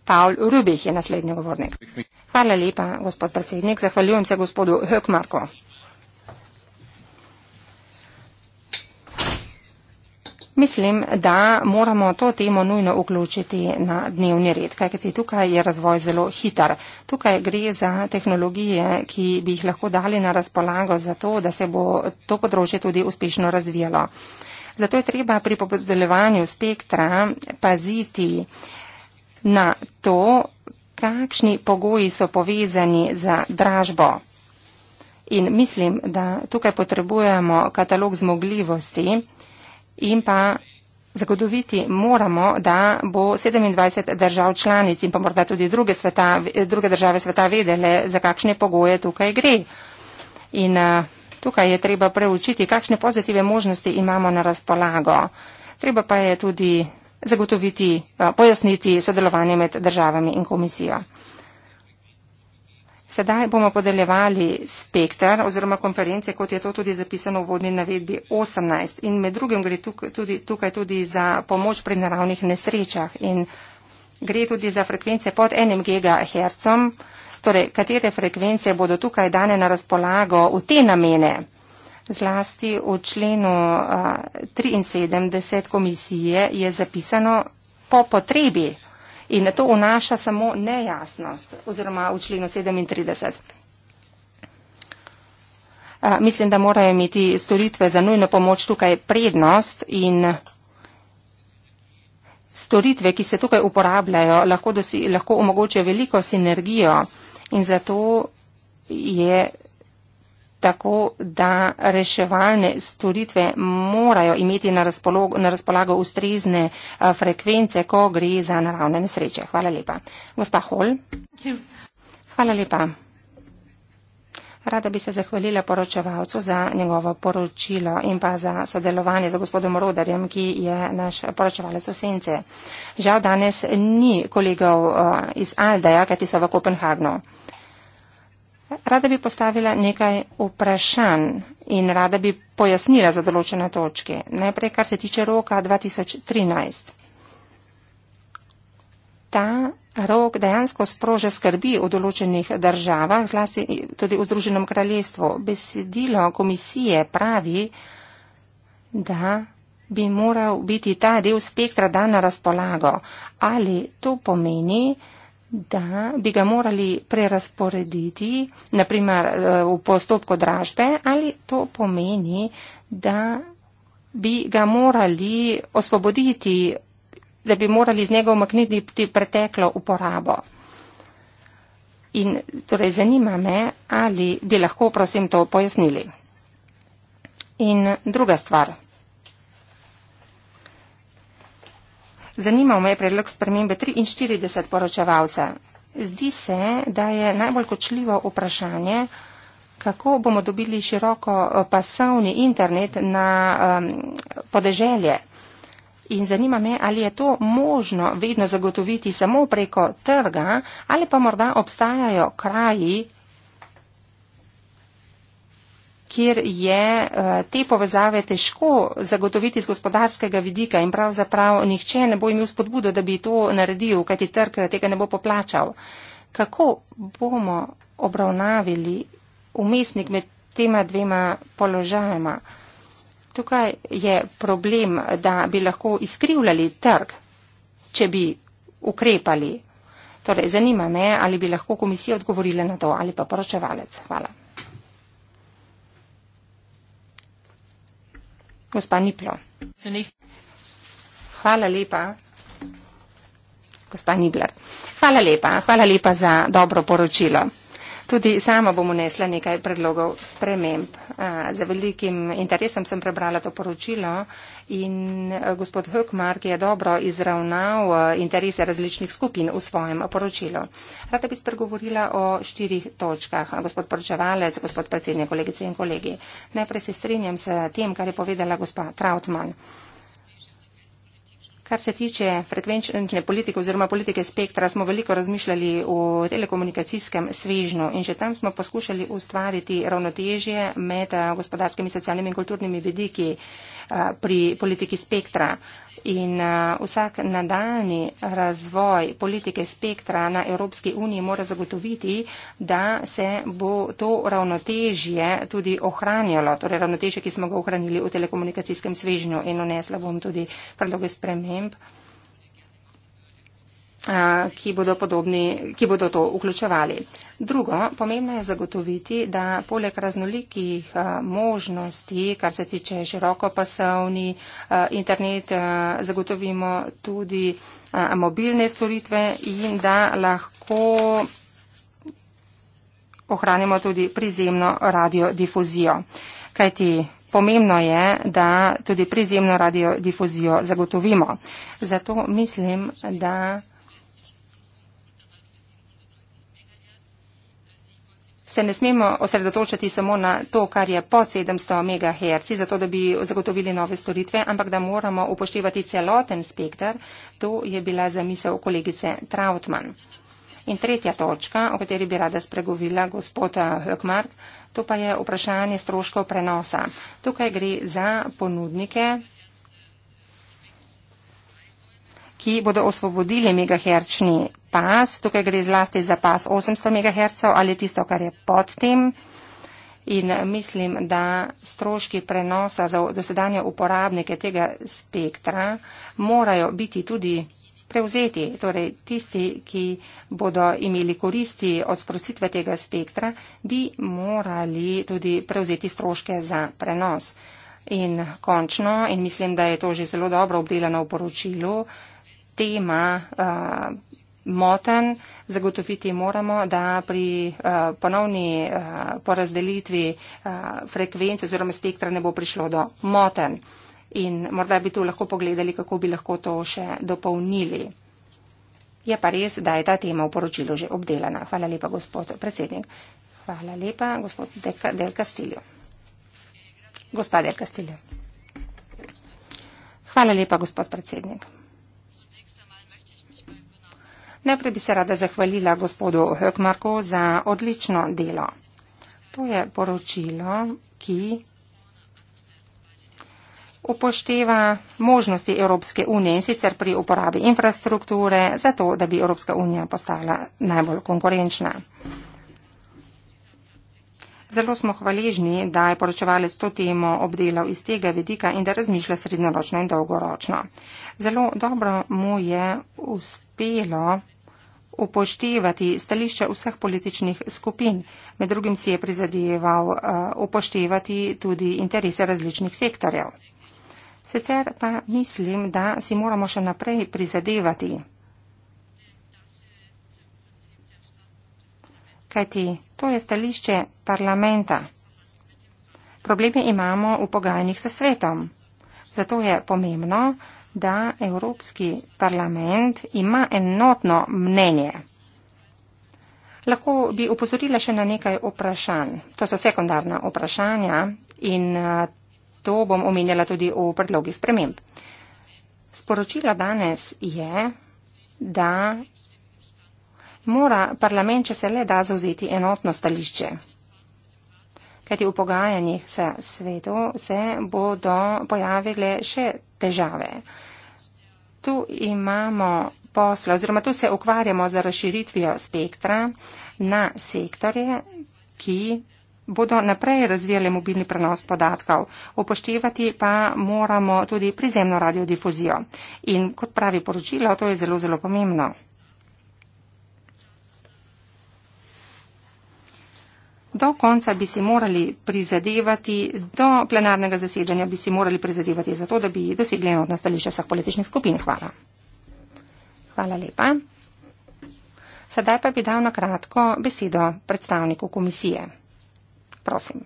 Paul Rubih je naslednji govornik. Hvala lepa, gospod predsednik. Zahvaljujem se gospodu Hökmarku. Mislim, da moramo to temo nujno vključiti na dnevni red, kajti tukaj je razvoj zelo hiter. Tukaj gre za tehnologije, ki bi jih lahko dali na razpolago za to, da se bo to področje tudi uspešno razvijalo. Zato je treba pri podeljevanju spektra paziti na to, kakšni pogoji so povezani za dražbo. In mislim, da tukaj potrebujemo katalog zmogljivosti, in pa zagotoviti moramo, da bo 27 držav članic in pa morda tudi druge, sveta, druge države sveta vedele, za kakšne pogoje tukaj gre. In eh, tukaj je treba preučiti, kakšne pozitive možnosti imamo na razpolago. Treba pa je tudi zagotoviti, eh, pojasniti sodelovanje med državami in komisijo. Sedaj bomo podeljevali spektr oziroma konference, kot je to tudi zapisano v vodni navedbi 18. In med drugim gre tukaj tudi, tukaj tudi za pomoč pri naravnih nesrečah. In gre tudi za frekvence pod enim gigahercom. Torej, katere frekvence bodo tukaj dane na razpolago v te namene? Zlasti v členu a, 73 komisije je zapisano po potrebi. In to vnaša samo nejasnost oziroma v členu 37. A, mislim, da morajo imeti storitve za nujno pomoč tukaj prednost in storitve, ki se tukaj uporabljajo, lahko, dosi, lahko omogočajo veliko sinergijo in zato je tako da reševalne storitve morajo imeti na, razpolog, na razpolago ustrezne frekvence, ko gre za naravne nesreče. Hvala lepa. Gospa Hol. Hvala lepa. Rada bi se zahvalila poročevalcu za njegovo poročilo in pa za sodelovanje z gospodom Rodarjem, ki je naš poročevalec v Sence. Žal danes ni kolegov iz Aldeja, kajti so v Kopenhagnu. Rada bi postavila nekaj vprašanj in rada bi pojasnila za določene točke. Najprej, kar se tiče roka 2013. Ta rok dejansko sproža skrbi v določenih državah, zlasti tudi v Združenem kraljestvu. Besedilo komisije pravi, da bi moral biti ta del spektra dan na razpolago. Ali to pomeni, da bi ga morali prerasporediti, naprimer eh, v postopku dražbe, ali to pomeni, da bi ga morali osvoboditi, da bi morali z njega omakniti preteklo uporabo. In torej zanima me, ali bi lahko prosim to pojasnili. In druga stvar. Zanimal me je predlog spremembe 43 poročevalca. Zdi se, da je najbolj kočljivo vprašanje, kako bomo dobili široko eh, pasovni internet na um, podeželje. In zanima me, ali je to možno vedno zagotoviti samo preko trga ali pa morda obstajajo kraji, kjer je eh, te povezave težko zagotoviti z gospodarskega vidika in pravzaprav nihče ne bo imel spodbudo, da bi to naredil, kajti trg tega ne bo poplačal. Kako bomo obravnavili umestnik med tema dvema položajema? Tukaj je problem, da bi lahko izkrivljali trg, če bi ukrepali. Torej, zanima me, ali bi lahko komisija odgovorila na to ali pa poročevalec. Hvala. Gospa Niblo. Hvala lepa. Gospa Nibler. Hvala lepa. Hvala lepa za dobro poročilo. Tudi sama bom unesla nekaj predlogov sprememb. Z velikim interesom sem prebrala to poročilo in e, gospod Hökmar, ki je dobro izravnal e, interese različnih skupin v svojem poročilu. Rada bi spregovorila o štirih točkah, gospod poročevalec, gospod predsednik, kolegice in kolegi. Najprej se strinjam s tem, kar je povedala gospa Trautmann. Kar se tiče frekvenčne politike oziroma politike spektra, smo veliko razmišljali o telekomunikacijskem svežnju in že tam smo poskušali ustvariti ravnotežje med eh, gospodarskimi, socialnimi in kulturnimi vidiki eh, pri politiki spektra. In eh, vsak nadaljni razvoj politike spektra na Evropski uniji mora zagotoviti, da se bo to ravnotežje tudi ohranjalo, torej ravnotežje, ki smo ga ohranili v telekomunikacijskem svežnju in vnesla bom tudi predloge sprememb ki bodo, podobni, ki bodo to vključevali. Drugo, pomembno je zagotoviti, da poleg raznolikih možnosti, kar se tiče širokopasovni internet, zagotovimo tudi mobilne storitve in da lahko ohranimo tudi prizemno radiodifuzijo. Kajti pomembno je, da tudi prizemno radiodifuzijo zagotovimo. Zato mislim, da. se ne smemo osredotočiti samo na to, kar je pod 700 MHz, zato da bi zagotovili nove storitve, ampak da moramo upoštevati celoten spektr. To je bila zamisel kolegice Trautmann. In tretja točka, o kateri bi rada spregovila gospoda eh, Hökmark, to pa je vprašanje stroškov prenosa. Tukaj gre za ponudnike ki bodo osvobodili megahertzni pas. Tukaj gre zlasti za pas 800 MHz ali tisto, kar je pod tem. In mislim, da stroški prenosa za dosedanje uporabnike tega spektra morajo biti tudi prevzeti. Torej, tisti, ki bodo imeli koristi od sprostitve tega spektra, bi morali tudi prevzeti stroške za prenos. In končno, in mislim, da je to že zelo dobro obdelano v poročilu, tema uh, moten, zagotoviti moramo, da pri uh, ponovni uh, porazdelitvi uh, frekvenc oziroma spektra ne bo prišlo do moten. In morda bi tu lahko pogledali, kako bi lahko to še dopolnili. Je pa res, da je ta tema v poročilu že obdelana. Hvala lepa, gospod predsednik. Hvala lepa, gospod Del Castillo. Gospod Del Castillo. Hvala lepa, gospod predsednik. Najprej bi se rada zahvalila gospodu Hökmarku za odlično delo. To je poročilo, ki upošteva možnosti Evropske unije in sicer pri uporabi infrastrukture, zato da bi Evropska unija postala najbolj konkurenčna. Zelo smo hvaležni, da je poročevalec to temo obdelal iz tega vidika in da razmišlja srednjeročno in dolgoročno. Zelo dobro mu je uspelo upoštevati stališča vseh političnih skupin. Med drugim si je prizadeval eh, upoštevati tudi interese različnih sektorjev. Sicer pa mislim, da si moramo še naprej prizadevati. Kajti to je stališče parlamenta. Probleme imamo v pogajanjih s svetom. Zato je pomembno, da Evropski parlament ima enotno mnenje. Lahko bi upozorila še na nekaj vprašanj. To so sekundarna vprašanja in eh, to bom omenjala tudi v predlogih sprememb. Sporočilo danes je, da mora parlament, če se le da, zauzeti enotno stališče. Kajti v pogajanjih se svetu se bodo pojavile še težave. Tu imamo posla, oziroma tu se ukvarjamo z razširitvijo spektra na sektorje, ki bodo naprej razvijali mobilni prenos podatkov. Upoštevati pa moramo tudi prizemno radiodifuzijo. In kot pravi poročilo, to je zelo, zelo pomembno. do konca bi si morali prizadevati, do plenarnega zasedanja bi si morali prizadevati za to, da bi dosegli enotno stališče vseh političnih skupin. Hvala. Hvala lepa. Sedaj pa bi dal na kratko besedo predstavniku komisije. Prosim.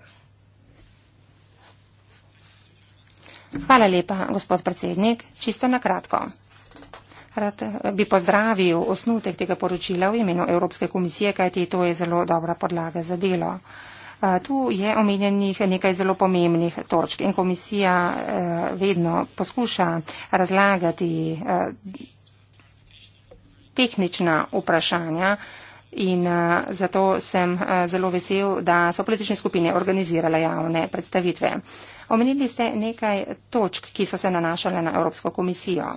Hvala lepa, gospod predsednik. Čisto na kratko rad eh, bi pozdravil osnutek tega poročila v imenu Evropske komisije, kajti to je zelo dobra podlaga za delo. Eh, tu je omenjenih nekaj zelo pomembnih točk in komisija eh, vedno poskuša razlagati tehnična vprašanja in zato sem zelo vesel, da so politične skupine organizirale javne predstavitve. Omenili ste nekaj točk, ki so se nanašale na Evropsko komisijo.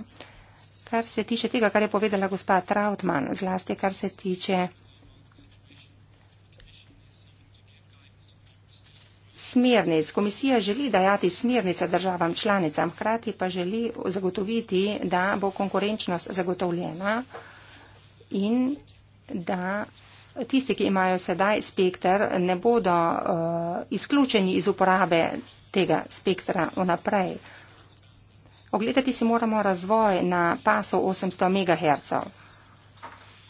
Kar se tiče tega, kar je povedala gospa Trautmann, zlasti kar se tiče smernic. Komisija želi dajati smernice državam članicam, hkrati pa želi zagotoviti, da bo konkurenčnost zagotovljena in da tisti, ki imajo sedaj spektr, ne bodo uh, izključeni iz uporabe tega spektra vnaprej. Uh, Ogledati si moramo razvoj na pasu 800 MHz.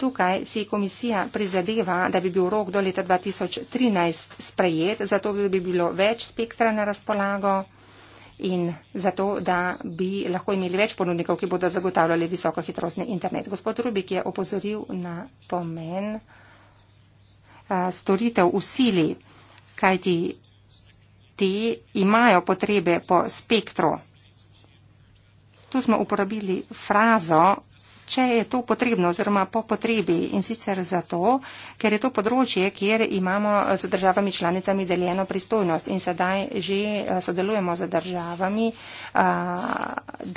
Tukaj si komisija prizadeva, da bi bil rok do leta 2013 sprejet, zato da bi bilo več spektra na razpolago in zato, da bi lahko imeli več ponudnikov, ki bodo zagotavljali visokohitrostni internet. Gospod Rubik je opozoril na pomen storitev usili, kajti ti imajo potrebe po spektru. Tu smo uporabili frazo, če je to potrebno oziroma po potrebi in sicer zato, ker je to področje, kjer imamo z državami članicami deljeno pristojnost in sedaj že eh, sodelujemo z državami, eh,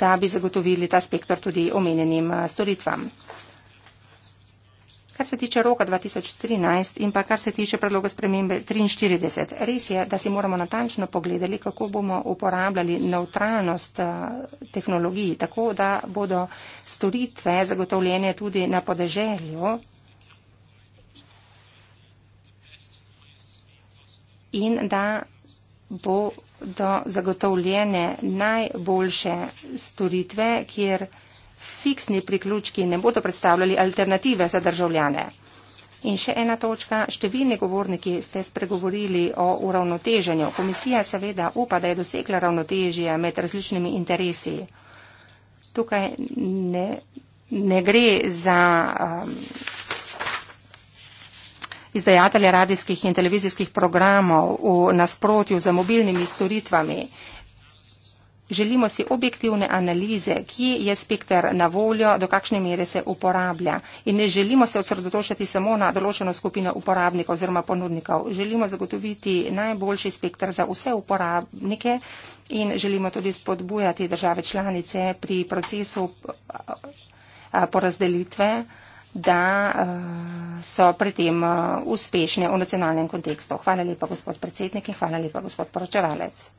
da bi zagotovili ta spektr tudi omenjenim storitvam. Kar se tiče roka 2013 in pa kar se tiče predloga spremembe 43, res je, da si moramo natančno pogledali, kako bomo uporabljali neutralnost eh, tehnologij, tako da bodo storitve zagotovljene tudi na podeželju. In da bodo zagotovljene najboljše storitve, kjer fiksni priključki ne bodo predstavljali alternative za državljane. In še ena točka, številni govorniki ste spregovorili o uravnoteženju. Komisija seveda upa, da je dosegla ravnotežje med različnimi interesi. Tukaj ne, ne gre za um, izdajatelje radijskih in televizijskih programov v nasprotju z mobilnimi storitvami. Želimo si objektivne analize, kje je spektr na voljo, do kakšne mere se uporablja. In ne želimo se osredotočiti samo na določeno skupino uporabnikov oziroma ponudnikov. Želimo zagotoviti najboljši spektr za vse uporabnike in želimo tudi spodbujati države članice pri procesu porazdelitve, da so pri tem uspešne v nacionalnem kontekstu. Hvala lepa, gospod predsednik, in hvala lepa, gospod poročevalec.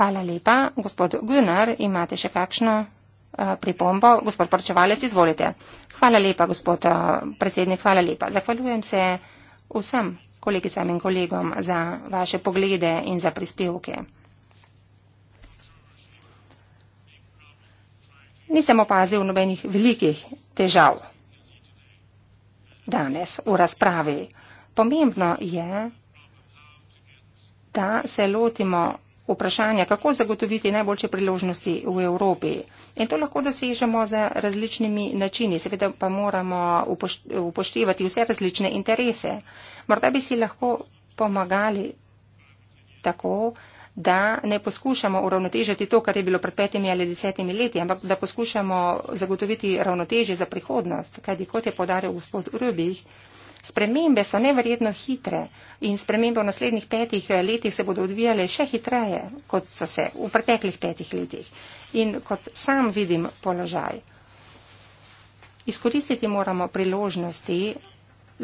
Hvala lepa. Gospod Günar, imate še kakšno uh, pripombo? Gospod poročevalec, izvolite. Hvala lepa, gospod uh, predsednik, hvala lepa. Zahvaljujem se vsem kolegicam in kolegom za vaše poglede in za prispevke. Nisem opazil nobenih velikih težav danes v razpravi. Pomembno je, da se lotimo vprašanja, kako zagotoviti najboljše priložnosti v Evropi. In to lahko dosežemo z različnimi načini. Seveda pa moramo upoštevati vse različne interese. Morda bi si lahko pomagali tako, da ne poskušamo uravnotežiti to, kar je bilo pred petimi ali desetimi leti, ampak da poskušamo zagotoviti ravnoteže za prihodnost. Kajti, kot je podaril gospod Rubih, Spremembe so neverjetno hitre in spremembe v naslednjih petih eh, letih se bodo odvijale še hitreje, kot so se v preteklih petih letih. In kot sam vidim položaj, izkoristiti moramo priložnosti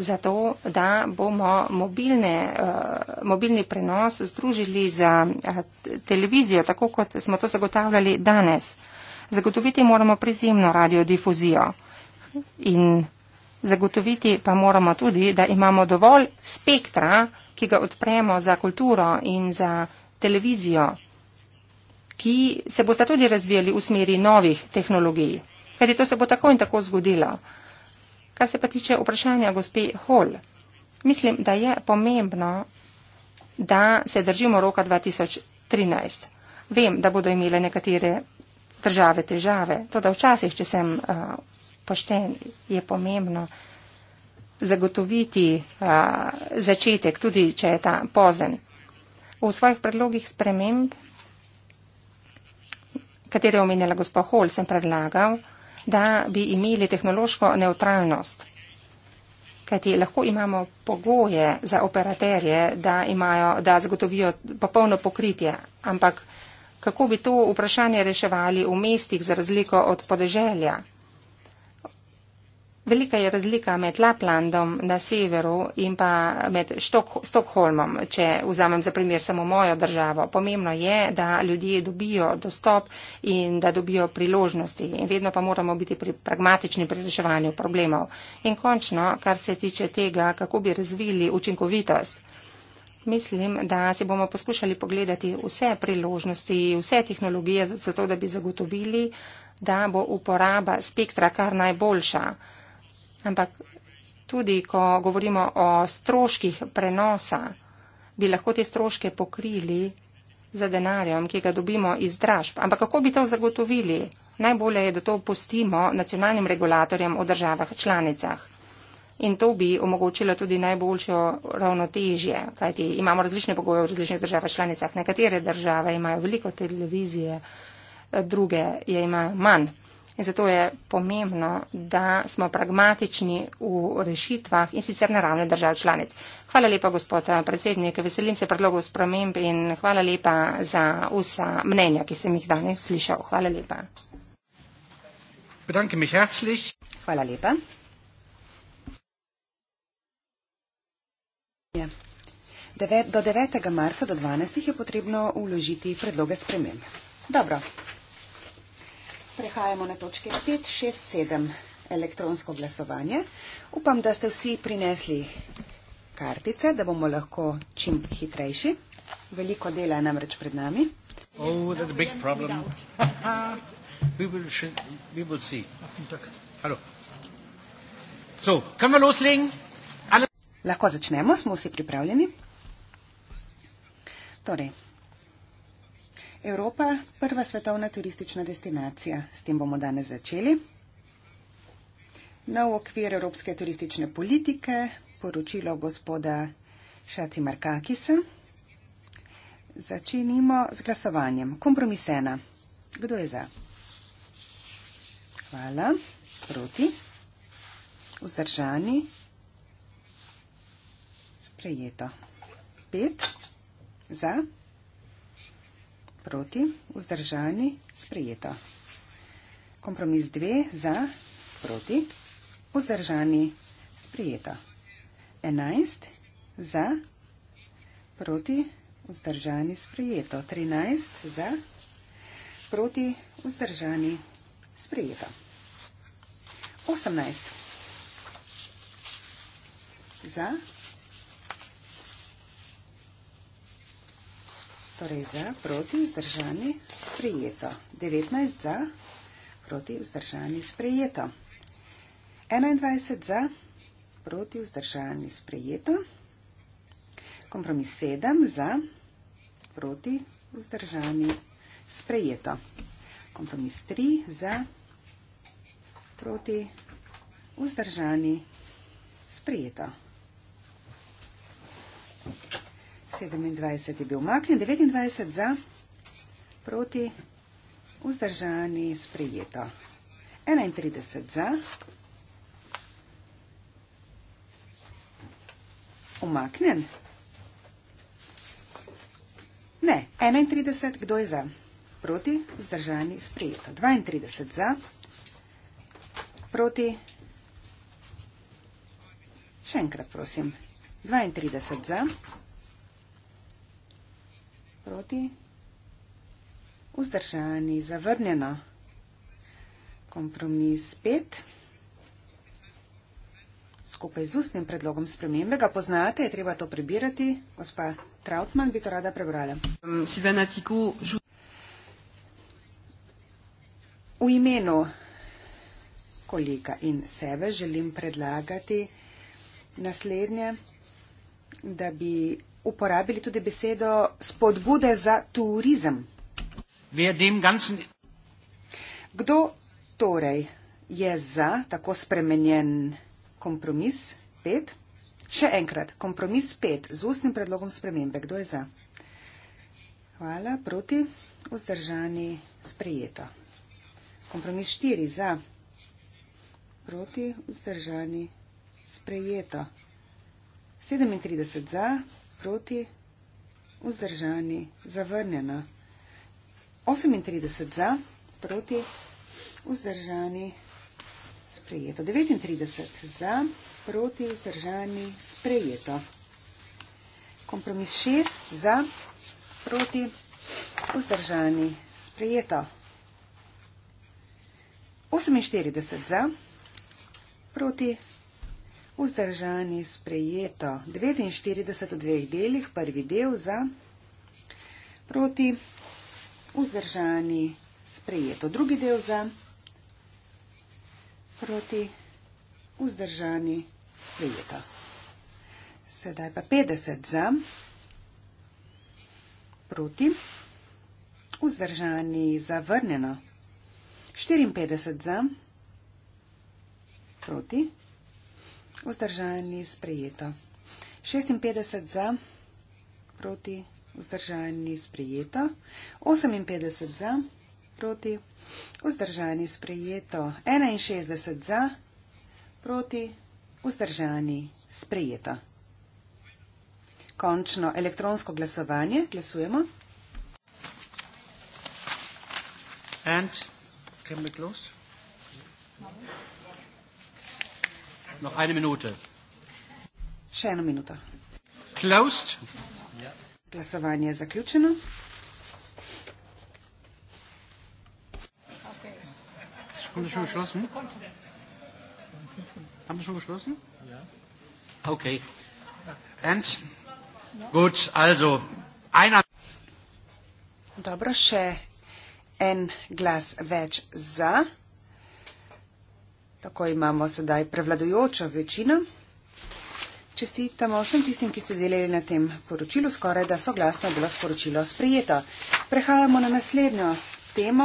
za to, da bomo mobilne, eh, mobilni prenos združili za eh, televizijo, tako kot smo to zagotavljali danes. Zagotoviti moramo prizemno radiodifuzijo. In Zagotoviti pa moramo tudi, da imamo dovolj spektra, ki ga odpremo za kulturo in za televizijo, ki se bosta tudi razvijali v smeri novih tehnologij. Kajti to se bo tako in tako zgodilo. Kar se pa tiče vprašanja gospe Hall, mislim, da je pomembno, da se držimo roka 2013. Vem, da bodo imele nekatere države težave, to da včasih, če sem. Uh, pošten, je pomembno zagotoviti a, začetek, tudi če je ta pozen. V svojih predlogih sprememb, katere je omenjala gospod Hol, sem predlagal, da bi imeli tehnološko neutralnost. Kajti lahko imamo pogoje za operaterje, da, imajo, da zagotovijo popolno pokritje, ampak kako bi to vprašanje reševali v mestih za razliko od podeželja? Velika je razlika med Laplandom na severu in pa med Štok Stokholmom, če vzamem za primer samo mojo državo. Pomembno je, da ljudje dobijo dostop in da dobijo priložnosti. In vedno pa moramo biti pri pragmatični pri reševanju problemov. In končno, kar se tiče tega, kako bi razvili učinkovitost. Mislim, da si bomo poskušali pogledati vse priložnosti, vse tehnologije, zato da bi zagotovili, da bo uporaba spektra kar najboljša ampak tudi, ko govorimo o stroških prenosa, bi lahko te stroške pokrili za denarjem, ki ga dobimo iz dražb. Ampak kako bi to zagotovili? Najbolje je, da to pustimo nacionalnim regulatorjem v državah članicah. In to bi omogočilo tudi najboljšo ravnotežje, kajti imamo različne pogoje v različnih državah članicah. Nekatere države imajo veliko televizije, druge je imajo manj. In zato je pomembno, da smo pragmatični v rešitvah in sicer na ravni držav članic. Hvala lepa, gospod eh, predsednik. Veselim se predlogov sprememb in hvala lepa za vsa mnenja, ki sem jih danes slišal. Hvala lepa. Hvala lepa. Deve, do 9. marca do 12. je potrebno uložiti predloge sprememb. Dobro. Prehajamo na točke 5, 6, 7, elektronsko glasovanje. Upam, da ste vsi prinesli kartice, da bomo lahko čim hitrejši. Veliko dela je namreč pred nami. Oh, [LAUGHS] so, Lahko začnemo, smo vsi pripravljeni. Torej, Evropa, prva svetovna turistična destinacija. S tem bomo danes začeli. Nov okvir evropske turistične politike, poročilo gospoda Šaci Markakisa. Začenimo z glasovanjem. Kompromisena. Kdo je za? Hvala. Proti. Vzdržani. Sprejeto. Pet. Za proti, vzdržani, sprejeto. Kompromis 2 za, proti, vzdržani, sprejeto. 11 za, proti, vzdržani, sprejeto. 13 za, proti, vzdržani, sprejeto. 18 za, proti, vzdržani, sprejeto. Torej za, proti, vzdržani, sprejeto. 19 za, proti, vzdržani, sprejeto. 21 za, proti, vzdržani, sprejeto. Kompromis 7 za, proti, vzdržani, sprejeto. Kompromis 3 za, proti, vzdržani, sprejeto. Sprejeto. 27 je bil umaknjen, 29 za, proti, vzdržani, sprejeto. 31 za, umaknjen. Ne, 31, kdo je za, proti, vzdržani, sprejeto. 32 za, proti, še enkrat prosim, 32 za, proti, Proti. Vzdržani, zavrnjeno. Kompromis pet. Skupaj z ustnim predlogom spremembe ga poznate, je treba to prebirati. Gospa Trautmann bi to rada prebrala. V imenu kolega in sebe želim predlagati naslednje, da bi uporabili tudi besedo spodbude za turizem. Ganzen... Kdo torej je za tako spremenjen kompromis 5? Še enkrat, kompromis 5 z ustnim predlogom spremembe. Kdo je za? Hvala, proti, vzdržani, sprejeto. Kompromis 4 za, proti, vzdržani, sprejeto. 37 za, proti, vzdržani, zavrnjeno. 38 za, proti, vzdržani, sprejeto. 39 za, proti, vzdržani, sprejeto. Kompromis 6 za, proti, vzdržani, sprejeto. 48 za, proti, vzdržani, sprejeto. 48 za, proti, vzdržani sprejeto 49 v dveh delih, prvi del za proti, vzdržani sprejeto drugi del za proti, vzdržani sprejeto. Sedaj pa 50 za proti, vzdržani zavrnjeno, 54 za proti, vzdržani sprejeto vzdržani sprejeto. 56 za, proti vzdržani sprejeto. 58 za, proti vzdržani sprejeto. 61 za, proti vzdržani sprejeto. Končno elektronsko glasovanje. Glasujemo. And can we close? Noch eine Minute. Še eine Minute. Closed. Ja. Glasovanje zaključeno. Sekunde schon geschlossen? Haben wir schon geschlossen? Ja. Okay. And? Gut, also einer. Dobro, še en glas več za. Tako imamo sedaj prevladojočo večino. Čestitamo vsem tistim, ki ste delali na tem poročilu, skoraj da soglasno je bilo sporočilo sprejeto. Prehajamo na naslednjo temo,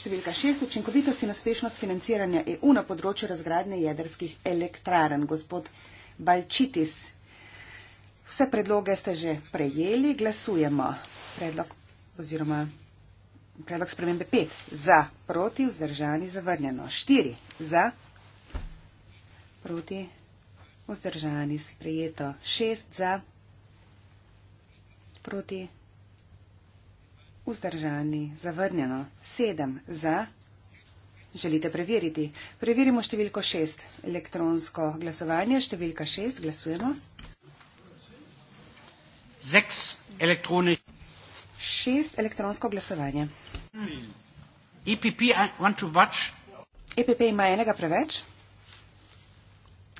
številka šest, učinkovitost in uspešnost financiranja EU na področju razgradnje jedrskih elektraren. Gospod Balčitis, vse predloge ste že prejeli, glasujemo. Predlog oziroma predlog spremembe 5. Za, proti, vzdržani, zavrnjeno. 4. Za, proti, vzdržani sprejeto, šest za, proti, vzdržani zavrnjeno, sedem za. Želite preveriti? Preverimo številko šest, elektronsko glasovanje, številka šest, glasujemo. Seks elektroni. Šest elektronsko glasovanje. Hmm. EPP, EPP e ima enega preveč.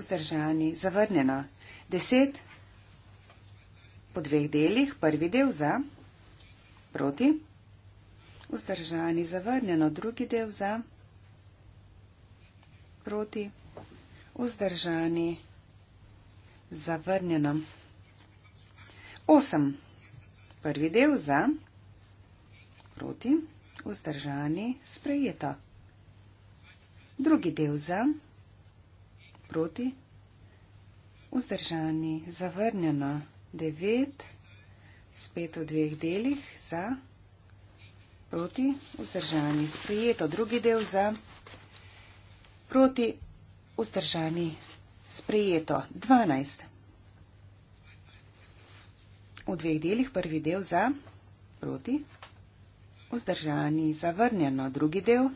vzdržani, zavrnjeno. Deset po dveh delih, prvi del za, proti, vzdržani, zavrnjeno, drugi del za, proti, vzdržani, zavrnjeno. Osem, prvi del za, proti, vzdržani, sprejeto. Drugi del za, proti, vzdržani, sprejeto proti, vzdržani, zavrnjeno, devet, spet v dveh delih, za, proti, vzdržani, sprejeto, drugi del za, proti, vzdržani, sprejeto, dvanajst. V dveh delih prvi del za, proti, vzdržani, zavrnjeno, drugi del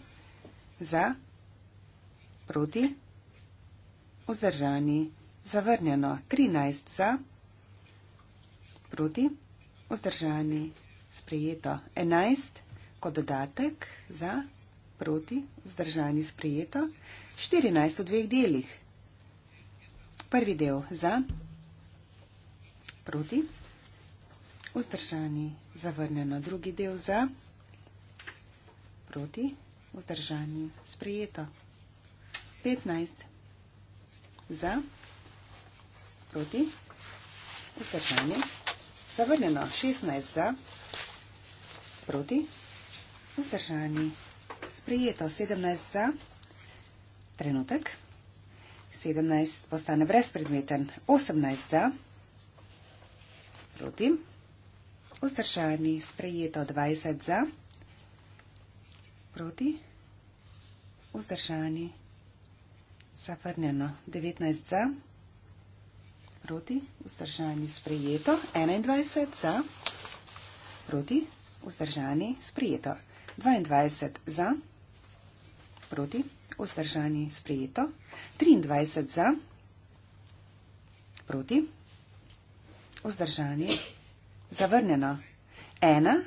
za, proti, vzdržani, vzdržani, zavrnjeno 13 za, proti, vzdržani, sprejeto 11, kot dodatek za, proti, vzdržani, sprejeto 14 v dveh delih. Prvi del za, proti, vzdržani, zavrnjeno drugi del za, proti, vzdržani, sprejeto 15 za, proti, vzdržanje, zavrnjeno, 16 za, proti, vzdržanje, sprijeto, 17 za, trenutek, 17 postane brezpredmeten, 18 za, proti, vzdržanje, sprijeto, 20 za, proti, vzdržanje, 20 za, Zavrnjeno 19 za, proti, vzdržani sprejeto, 21 za, proti, vzdržani sprejeto, 22 za, proti, vzdržani sprejeto, 23 za, proti, vzdržani, zavrnjeno, 1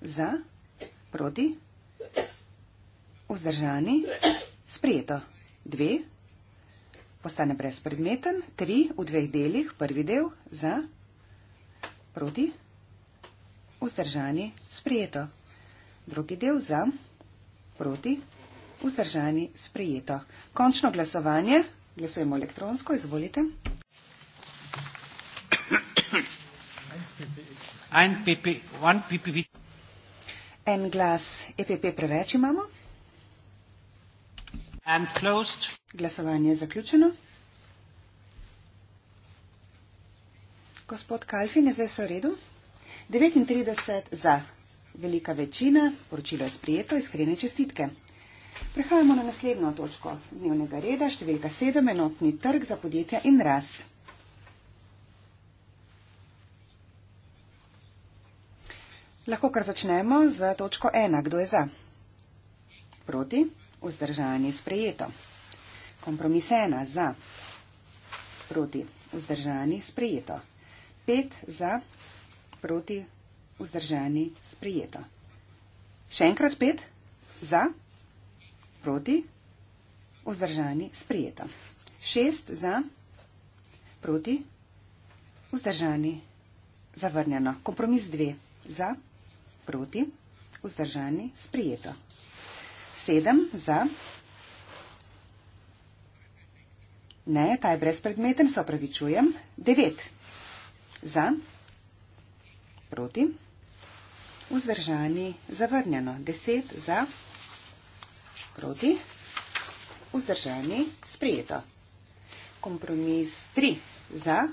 za, proti, vzdržani, sprejeto, 2 za, postane brezpredmeten. Tri v dveh delih, prvi del za, proti, vzdržani, sprijeto. Drugi del za, proti, vzdržani, sprijeto. Končno glasovanje, glasujemo elektronsko, izvolite. 1 glas EPP preveč imamo. And closed. Glasovanje je zaključeno. Gospod Kalfin je zdaj v redu. 39 za. Velika večina. Poročilo je sprijeto. Iskrene čestitke. Prehajamo na naslednjo točko dnevnega reda, številka 7, enotni trg za podjetja in rast. Lahko kar začnemo z točko 1. Kdo je za? Proti? vzdržanje sprejeto. Kompromis ena za, proti vzdržanje sprejeto. Pet za, proti vzdržanje sprejeto. Še enkrat pet za, proti vzdržanje sprejeto. Šest za, proti vzdržanje zavrnjeno. Kompromis dve za, proti vzdržanje sprejeto. 7 za. Ne, ta je brezpredmeten, se opravičujem. 9 za. Proti. Vzdržani, zavrnjeno. 10 za. Proti. Vzdržani, sprijeto. Kompromis 3 za.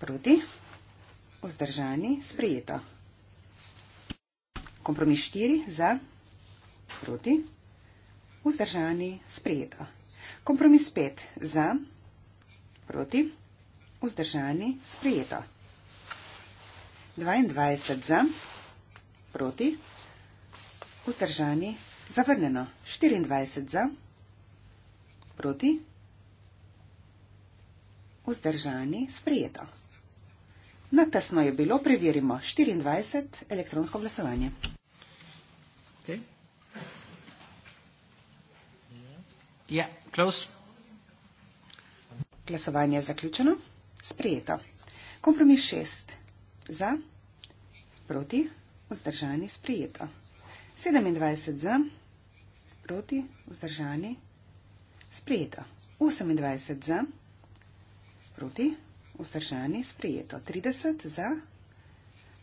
Proti. Vzdržani, sprijeto. Kompromis 4 za. Proti proti, vzdržani, sprejeto. Kompromis 5 za, proti, vzdržani, sprejeto. 22 za, proti, vzdržani, zavrneno. 24 za, proti, vzdržani, sprejeto. Na tesno je bilo, preverimo 24 elektronsko glasovanje. Okay. Je. Ja, Klaus. Glasovanje je zaključeno. Sprijeto. Kompromis šest. Za. Proti. Vzdržani. Sprijeto. 27 za. Proti. Vzdržani. Sprijeto. 28 za. Proti. Vzdržani. Sprijeto. 30 za.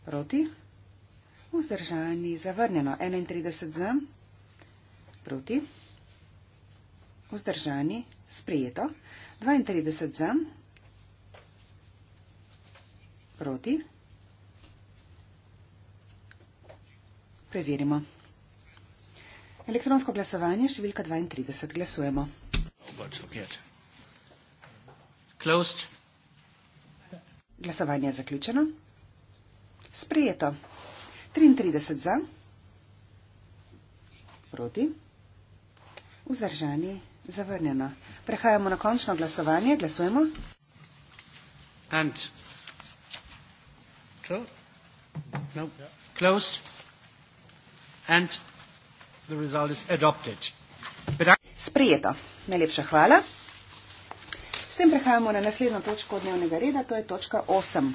Proti. Vzdržani. Zavrnjeno. 31 za. Proti. Vzdržani vzdržani, sprejeto, 32 za, proti, preverimo. Elektronsko glasovanje, številka 32, glasujemo. Glasovanje je zaključeno. Sprejeto. 33 za, proti, vzdržani, sprejeto. Zavrnjeno. Prehajamo na končno glasovanje. Glasujemo. No. Yeah. I... Sprijeto. Najlepša hvala. S tem prehajamo na naslednjo točko dnevnega reda, to je točka 8.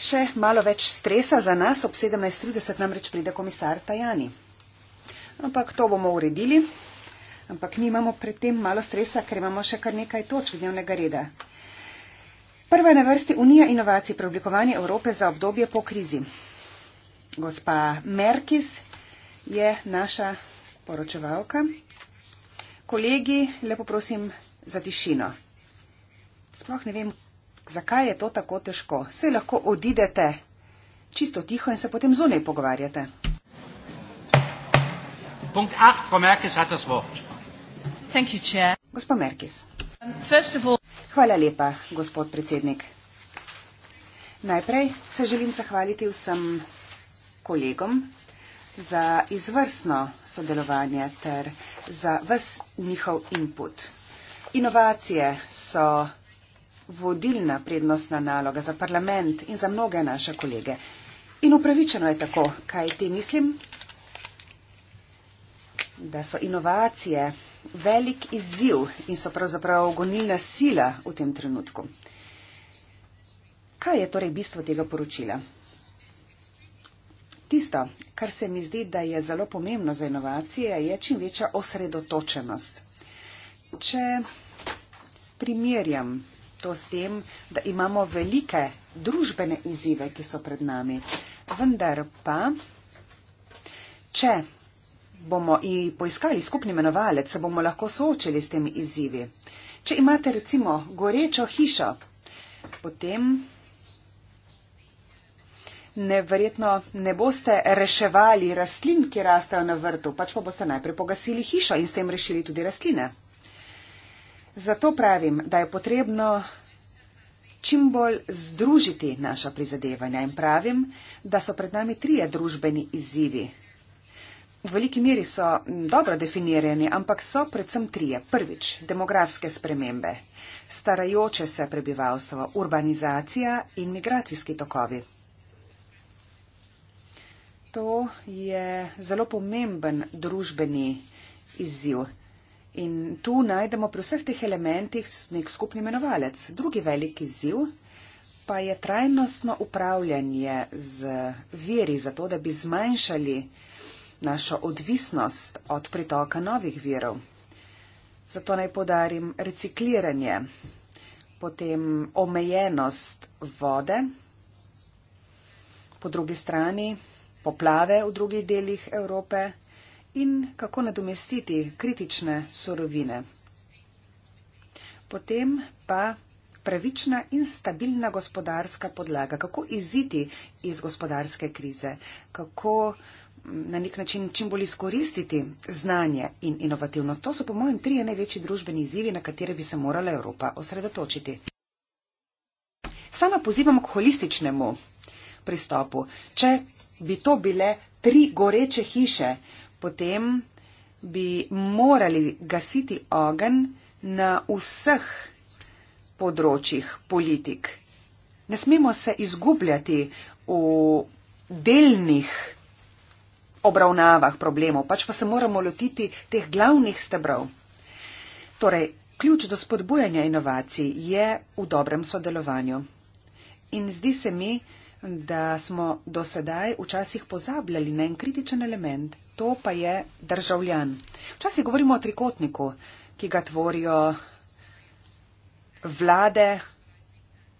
Še malo več stresa za nas, ob 17.30 namreč pride komisar Tajani. Ampak to bomo uredili ampak mi imamo predtem malo stresa, ker imamo še kar nekaj točk dnevnega reda. Prva je na vrsti Unija inovacij pri oblikovanju Evrope za obdobje po krizi. Gospa Merkis je naša poročevalka. Kolegi, lepo prosim za tišino. Sploh ne vem, zakaj je to tako težko. Se lahko odidete čisto tiho in se potem zunaj pogovarjate. Punkt 8, Frau Merkis, hat das Wort. Gospod Merkis. Um, Hvala lepa, gospod predsednik. Najprej se želim zahvaliti vsem kolegom za izvrstno sodelovanje ter za vse njihov input. Inovacije so vodilna prednostna naloga za parlament in za mnoge naše kolege. In upravičeno je tako, kaj ti mislim, da so inovacije velik izziv in so pravzaprav gonilna sila v tem trenutku. Kaj je torej bistvo tega poročila? Tisto, kar se mi zdi, da je zelo pomembno za inovacije, je čim večja osredotočenost. Če primerjam to s tem, da imamo velike družbene izzive, ki so pred nami, vendar pa, če bomo i poiskali skupni menovalec, se bomo lahko soočili s temi izzivi. Če imate recimo gorečo hišo, potem neverjetno ne boste reševali rastlin, ki rastejo na vrtu, pač pa boste najprej pogasili hišo in s tem rešili tudi rastline. Zato pravim, da je potrebno čim bolj združiti naša prizadevanja in pravim, da so pred nami trije družbeni izzivi. V veliki meri so dobro definirani, ampak so predvsem trije. Prvič, demografske spremembe, starajoče se prebivalstvo, urbanizacija in migracijski tokovi. To je zelo pomemben družbeni izziv. In tu najdemo pri vseh teh elementih nek skupni imenovalec. Drugi veliki izziv pa je trajnostno upravljanje z veri, zato da bi zmanjšali našo odvisnost od pritoka novih virov. Zato naj podarim recikliranje, potem omejenost vode, po drugi strani poplave v drugih delih Evrope in kako nadomestiti kritične sorovine. Potem pa pravična in stabilna gospodarska podlaga, kako iziti iz gospodarske krize, kako na nek način čim bolj izkoristiti znanje in inovativno. To so po mojem trije največji družbeni izzivi, na katere bi se morala Evropa osredotočiti. Sama pozivam k holističnemu pristopu. Če bi to bile tri goreče hiše, potem bi morali gasiti ogen na vseh področjih politik. Ne smemo se izgubljati v delnih obravnavah problemov, pač pa se moramo lotiti teh glavnih stebrov. Torej, ključ do spodbujanja inovacij je v dobrem sodelovanju. In zdi se mi, da smo do sedaj včasih pozabljali na en kritičen element, to pa je državljan. Včasih govorimo o trikotniku, ki ga tvorijo vlade,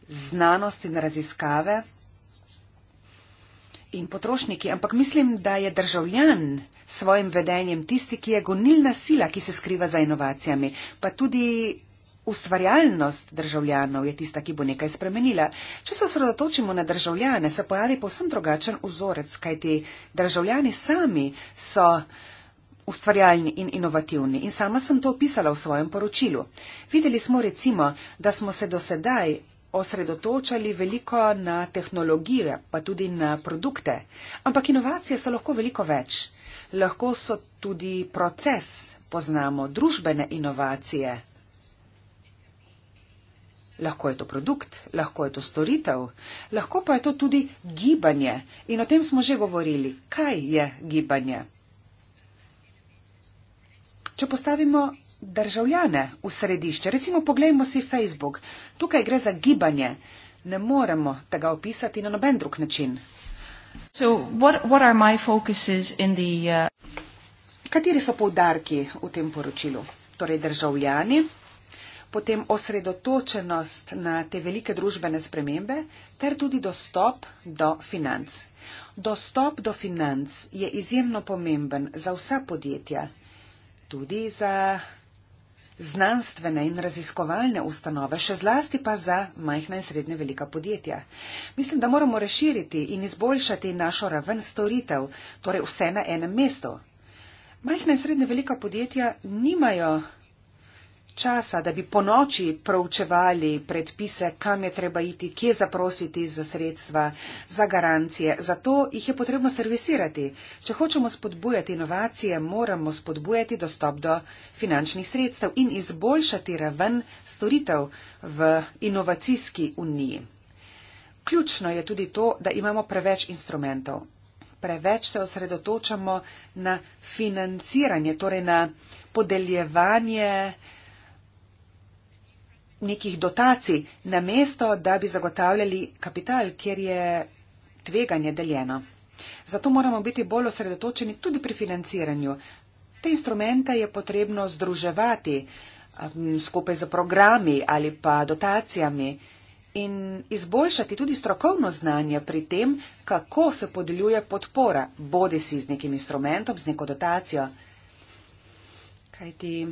znanost in raziskave, in potrošniki, ampak mislim, da je državljan s svojim vedenjem tisti, ki je gonilna sila, ki se skriva za inovacijami, pa tudi ustvarjalnost državljanov je tista, ki bo nekaj spremenila. Če se osredotočimo na državljane, se pojavi povsem drugačen vzorec, kajti državljani sami so ustvarjalni in inovativni. In sama sem to opisala v svojem poročilu. Videli smo recimo, da smo se do sedaj osredotočali veliko na tehnologije, pa tudi na produkte. Ampak inovacije so lahko veliko več. Lahko so tudi proces, poznamo družbene inovacije. Lahko je to produkt, lahko je to storitev, lahko pa je to tudi gibanje. In o tem smo že govorili. Kaj je gibanje? Če postavimo državljane v središče. Recimo pogledajmo si Facebook. Tukaj gre za gibanje. Ne moremo tega opisati na noben drug način. So, what, what uh, Kateri so poudarki v tem poročilu? Torej državljani, potem osredotočenost na te velike družbene spremembe ter tudi dostop do financ. Dostop do financ je izjemno pomemben za vsa podjetja, tudi za znanstvene in raziskovalne ustanove, še zlasti pa za majhna in srednje velika podjetja. Mislim, da moramo razširiti in izboljšati našo raven storitev, torej vse na enem mestu. Majhna in srednje velika podjetja nimajo časa, da bi po noči proučevali predpise, kam je treba iti, kje zaprositi za sredstva, za garancije. Zato jih je potrebno servisirati. Če hočemo spodbujati inovacije, moramo spodbujati dostop do finančnih sredstev in izboljšati raven storitev v inovacijski uniji. Ključno je tudi to, da imamo preveč instrumentov. Preveč se osredotočamo na financiranje, torej na podeljevanje nekih dotacij, namesto da bi zagotavljali kapital, kjer je tveganje deljeno. Zato moramo biti bolj osredotočeni tudi pri financiranju. Te instrumente je potrebno združevati um, skupaj z programi ali pa dotacijami in izboljšati tudi strokovno znanje pri tem, kako se podeljuje podpora, bodi si z nekim instrumentom, z neko dotacijo. Kajti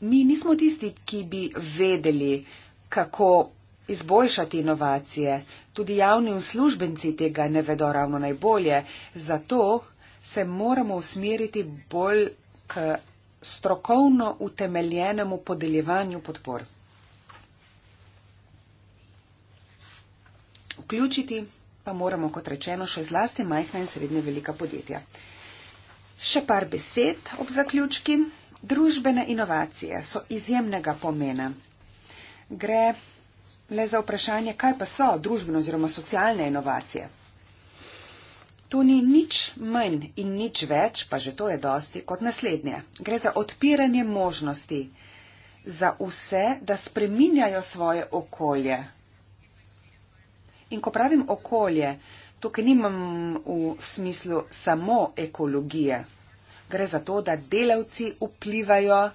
mi nismo tisti, ki bi vedeli, kako izboljšati inovacije. Tudi javni uslužbenci tega ne vedo ravno najbolje. Zato se moramo usmeriti bolj k strokovno utemeljenemu podeljevanju podpor. Vključiti pa moramo, kot rečeno, še zlasti majhna in srednje velika podjetja. Še par besed ob zaključki. Družbene inovacije so izjemnega pomena. Gre le za vprašanje, kaj pa so družbeno oziroma socialne inovacije. To ni nič manj in nič več, pa že to je dosti, kot naslednje. Gre za odpiranje možnosti za vse, da spreminjajo svoje okolje. In ko pravim okolje, tukaj nimam v smislu samo ekologije, gre za to, da delavci vplivajo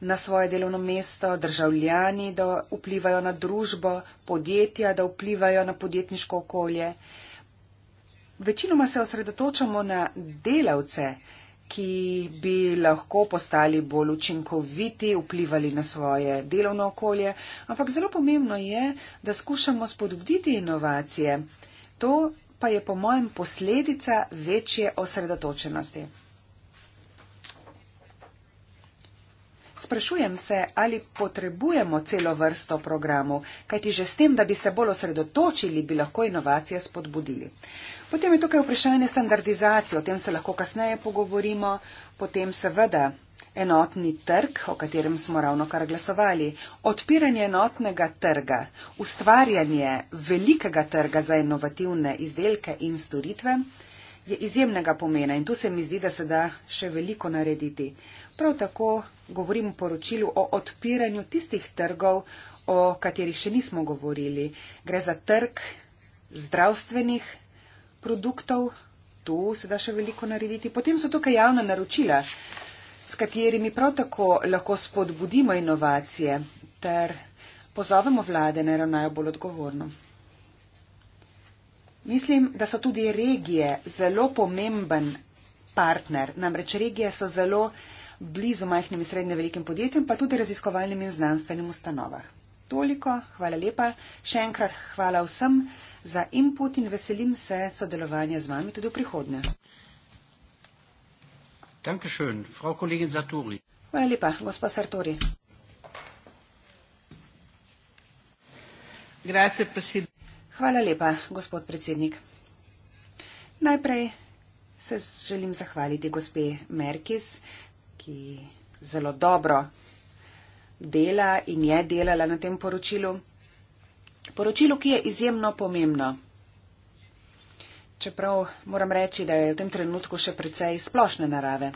na svoje delovno mesto, državljani, da vplivajo na družbo, podjetja, da vplivajo na podjetniško okolje. Večinoma se osredotočamo na delavce, ki bi lahko postali bolj učinkoviti, vplivali na svoje delovno okolje, ampak zelo pomembno je, da skušamo spodbuditi inovacije. To pa je po mojem posledica večje osredotočenosti. Sprašujem se, ali potrebujemo celo vrsto programov, kajti že s tem, da bi se bolj osredotočili, bi lahko inovacije spodbudili. Potem je tukaj vprašanje standardizacije, o tem se lahko kasneje pogovorimo, potem seveda enotni trg, o katerem smo ravno kar glasovali, odpiranje enotnega trga, ustvarjanje velikega trga za inovativne izdelke in storitve je izjemnega pomena in tu se mi zdi, da se da še veliko narediti. Prav tako govorim v poročilu o odpiranju tistih trgov, o katerih še nismo govorili. Gre za trg zdravstvenih produktov, tu se da še veliko narediti. Potem so tukaj javna naročila, s katerimi prav tako lahko spodbudimo inovacije ter pozovemo vlade naj ravnajo bolj odgovorno. Mislim, da so tudi regije zelo pomemben partner, namreč regije so zelo blizu majhnim in srednje velikim podjetjem, pa tudi raziskovalnim in znanstvenim ustanovah. Toliko, hvala lepa, še enkrat hvala vsem za input in veselim se sodelovanja z vami tudi v prihodnje. Dankeschön, Frau Kollegin Sartori. Hvala lepa, gospod Sartori. Hvala lepa, gospod predsednik. Najprej se želim zahvaliti gospe Merkis ki zelo dobro dela in je delala na tem poročilu. Poročilu, ki je izjemno pomembno. Čeprav moram reči, da je v tem trenutku še precej splošne narave.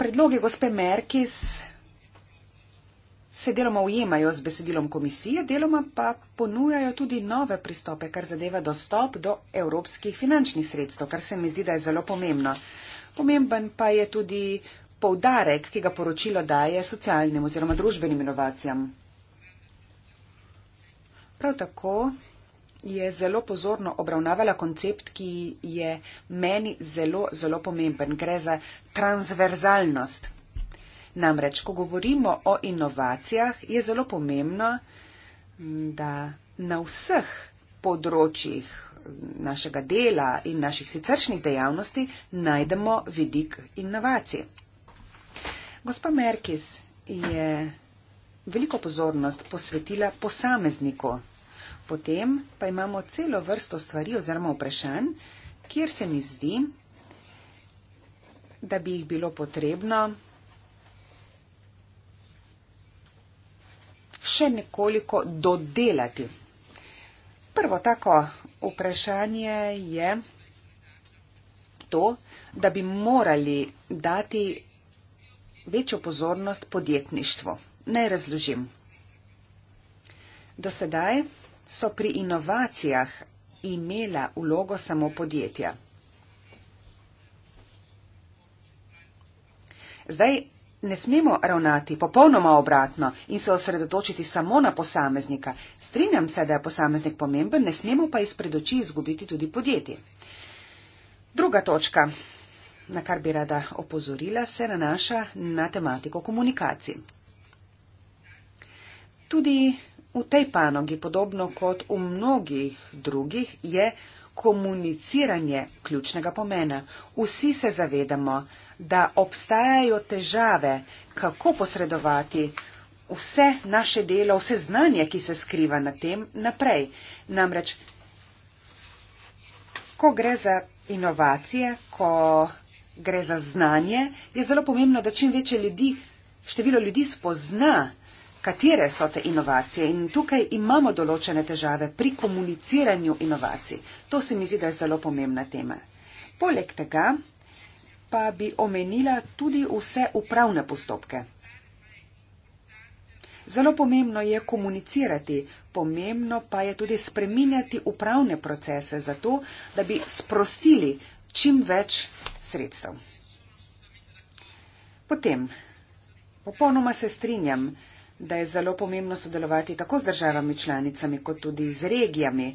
Predlogi gospe Merkis se deloma ujemajo z besedilom komisije, deloma pa ponujajo tudi nove pristope, kar zadeva dostop do evropskih finančnih sredstev, kar se mi zdi, da je zelo pomembno. Pomemben pa je tudi poudarek, ki ga poročilo daje socialnim oziroma družbenim inovacijam. Prav tako je zelo pozorno obravnavala koncept, ki je meni zelo, zelo pomemben. Gre za transverzalnost. Namreč, ko govorimo o inovacijah, je zelo pomembno, da na vseh področjih našega dela in naših siceršnjih dejavnosti najdemo vidik inovacij. Gospa Merkis je veliko pozornost posvetila posamezniku, potem pa imamo celo vrsto stvari oziroma vprašanj, kjer se mi zdi, da bi jih bilo potrebno še nekoliko dodelati. Prvo tako vprašanje je to, da bi morali dati večjo pozornost podjetništvu. Naj razložim. Do sedaj so pri inovacijah imela vlogo samo podjetja. Zdaj ne smemo ravnati popolnoma obratno in se osredotočiti samo na posameznika. Strinjam se, da je posameznik pomemben, ne smemo pa izpred oči izgubiti tudi podjetje. Druga točka, na kar bi rada opozorila, se nanaša na tematiko komunikacij. Tudi v tej panogi, podobno kot v mnogih drugih, je komuniciranje ključnega pomena. Vsi se zavedamo, da obstajajo težave, kako posredovati vse naše delo, vse znanje, ki se skriva na tem naprej. Namreč, ko gre za inovacije, ko gre za znanje, je zelo pomembno, da čim večje ljudi, število ljudi spozna, katere so te inovacije. In tukaj imamo določene težave pri komuniciranju inovacij. To se mi zdi, da je zelo pomembna tema. Poleg tega, pa bi omenila tudi vse upravne postopke. Zelo pomembno je komunicirati, pomembno pa je tudi spreminjati upravne procese zato, da bi sprostili čim več sredstev. Potem, popolnoma se strinjam, da je zelo pomembno sodelovati tako z državami članicami, kot tudi z regijami.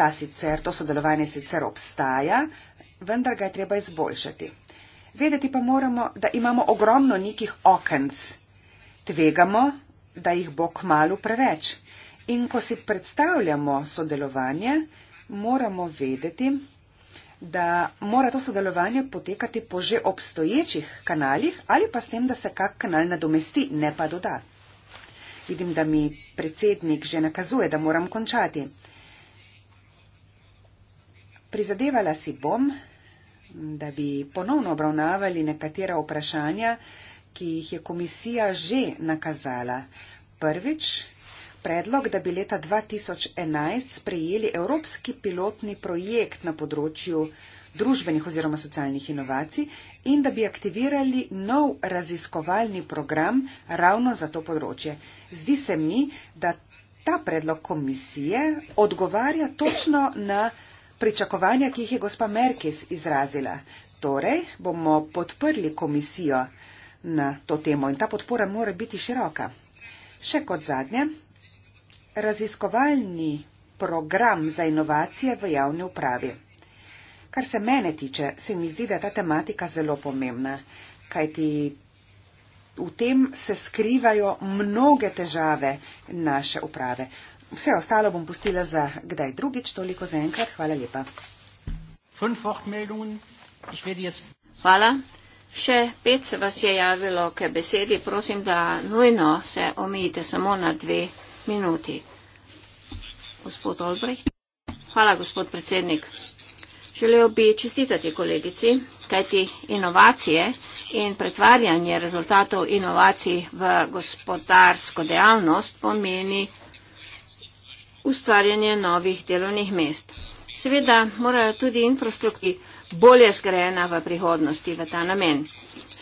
Ta sicer, to sodelovanje sicer obstaja, vendar ga je treba izboljšati. Vedeti pa moramo, da imamo ogromno nekih okens. Tvegamo, da jih bo k malu preveč. In ko si predstavljamo sodelovanje, moramo vedeti, da mora to sodelovanje potekati po že obstoječih kanalih ali pa s tem, da se kak kanal nadomesti, ne pa doda. Vidim, da mi predsednik že nakazuje, da moram končati. Prizadevala si bom, da bi ponovno obravnavali nekatera vprašanja, ki jih je komisija že nakazala. Prvič, predlog, da bi leta 2011 sprejeli evropski pilotni projekt na področju družbenih oziroma socialnih inovacij in da bi aktivirali nov raziskovalni program ravno za to področje. Zdi se mi, da ta predlog komisije odgovarja točno na pričakovanja, ki jih je gospa Merkis izrazila. Torej bomo podprli komisijo na to temo in ta podpora mora biti široka. Še kot zadnje, raziskovalni program za inovacije v javni upravi. Kar se mene tiče, se mi zdi, da je ta tematika zelo pomembna, kajti v tem se skrivajo mnoge težave naše uprave. Vse ostalo bom pustila za kdaj drugič, toliko za enkrat. Hvala lepa. Hvala. Še pet se vas je javilo k besedi. Prosim, da nujno se omejite samo na dve minuti. Gospod Olbrecht. Hvala, gospod predsednik. Želel bi čestitati kolegici, kajti inovacije in pretvarjanje rezultatov inovacij v gospodarsko dejavnost pomeni ustvarjanje novih delovnih mest. Seveda morajo tudi infrastrukturi bolje zgrajena v prihodnosti v ta namen.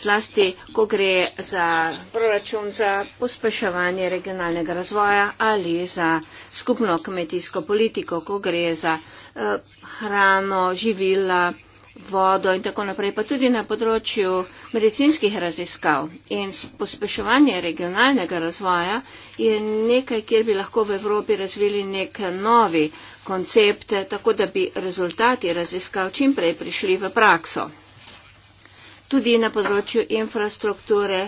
Zlasti, ko gre za proračun za pospeševanje regionalnega razvoja ali za skupno kmetijsko politiko, ko gre za eh, hrano, živila vodo in tako naprej, pa tudi na področju medicinskih raziskav in pospeševanje regionalnega razvoja je nekaj, kjer bi lahko v Evropi razvili nek novi koncept, tako da bi rezultati raziskav čim prej prišli v prakso. Tudi na področju infrastrukture,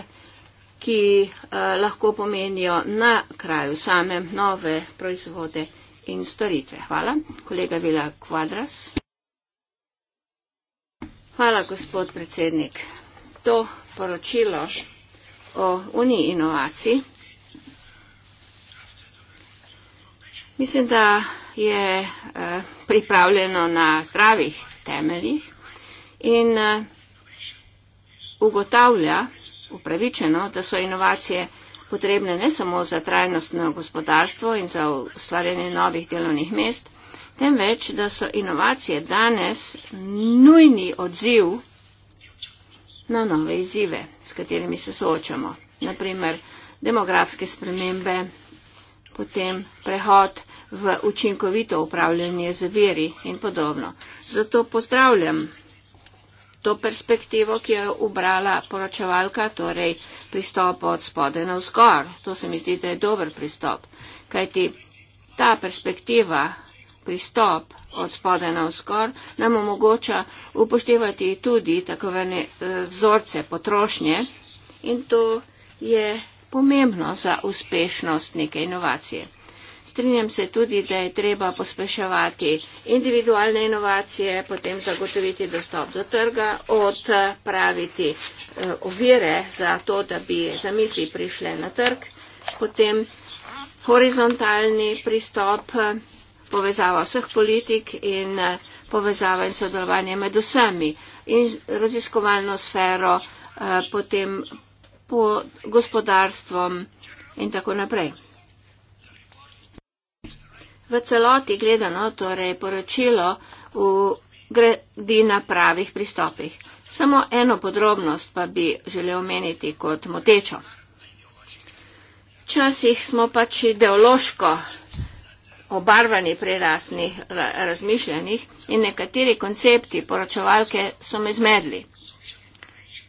ki eh, lahko pomenijo na kraju same nove proizvode in storitve. Hvala. Kolega Vila Kvadras. Hvala, gospod predsednik. To poročilo o uniji inovacij. Mislim, da je eh, pripravljeno na zdravih temeljih in eh, ugotavlja upravičeno, da so inovacije potrebne ne samo za trajnostno gospodarstvo in za ustvarjanje novih delovnih mest, temveč da so inovacije danes nujni odziv na nove izzive, s katerimi se soočamo. Naprimer, demografske spremembe, potem prehod v učinkovito upravljanje z veri in podobno. Zato pozdravljam to perspektivo, ki jo je ubrala poročevalka, torej pristop od spode na vzgor. To se mi zdi, da je dober pristop, kajti ta perspektiva pristop od spode na vzgor nam omogoča upoštevati tudi tako vene eh, vzorce potrošnje in to je pomembno za uspešnost neke inovacije. Strinjam se tudi, da je treba pospeševati individualne inovacije, potem zagotoviti dostop do trga, odpraviti eh, ovire za to, da bi zamisli prišle na trg, potem horizontalni pristop povezava vseh politik in eh, povezava in sodelovanje med vsemi in raziskovalno sfero, eh, potem po gospodarstvom in tako naprej. V celoti gledano, torej poročilo v gredi na pravih pristopih. Samo eno podrobnost pa bi želel omeniti kot motečo. Včasih smo pač ideološko obarvani pri raznih razmišljanjih in nekateri koncepti poročevalke so me zmedli.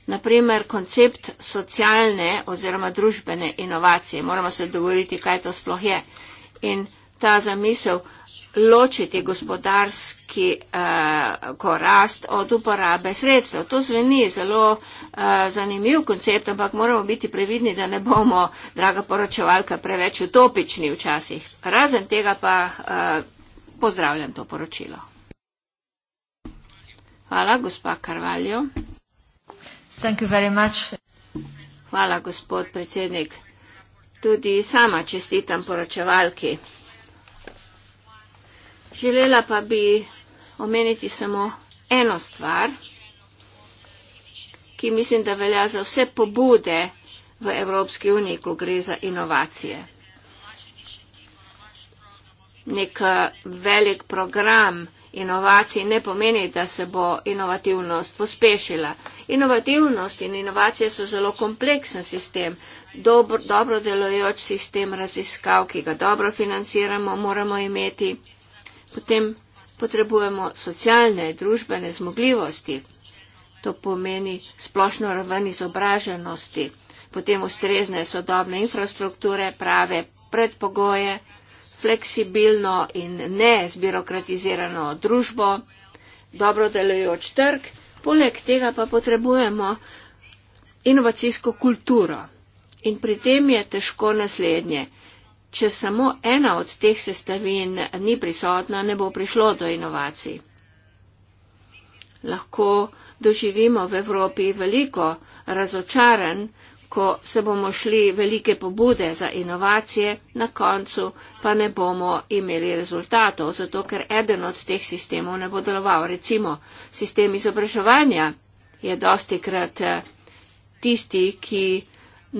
Naprimer, koncept socialne oziroma družbene inovacije. Moramo se dogovoriti, kaj to sploh je. In ta zamisel, ločiti gospodarski uh, korast od uporabe sredstev. To zveni zelo uh, zanimiv koncept, ampak moramo biti previdni, da ne bomo, draga poročevalka, preveč utopični včasih. Razen tega pa uh, pozdravljam to poročilo. Hvala, gospa Karvaljo. Hvala, gospod predsednik. Tudi sama čestitam poročevalki. Želela pa bi omeniti samo eno stvar, ki mislim, da velja za vse pobude v Evropski uniji, ko gre za inovacije. Nek eh, velik program inovacij ne pomeni, da se bo inovativnost pospešila. Inovativnost in inovacije so zelo kompleksen sistem. Dobro, dobro delojoč sistem raziskav, ki ga dobro financiramo, moramo imeti potem potrebujemo socialne, družbene zmogljivosti. To pomeni splošno raven izobraženosti, potem ustrezne sodobne infrastrukture, prave predpogoje, fleksibilno in ne zbirokratizirano družbo, dobro delujoč trg, poleg tega pa potrebujemo inovacijsko kulturo. In pri tem je težko naslednje če samo ena od teh sestavin ni prisotna, ne bo prišlo do inovacij. Lahko doživimo v Evropi veliko razočaran, ko se bomo šli velike pobude za inovacije, na koncu pa ne bomo imeli rezultatov, zato ker eden od teh sistemov ne bo deloval. Recimo, sistem izobraževanja je dosti krat eh, tisti, ki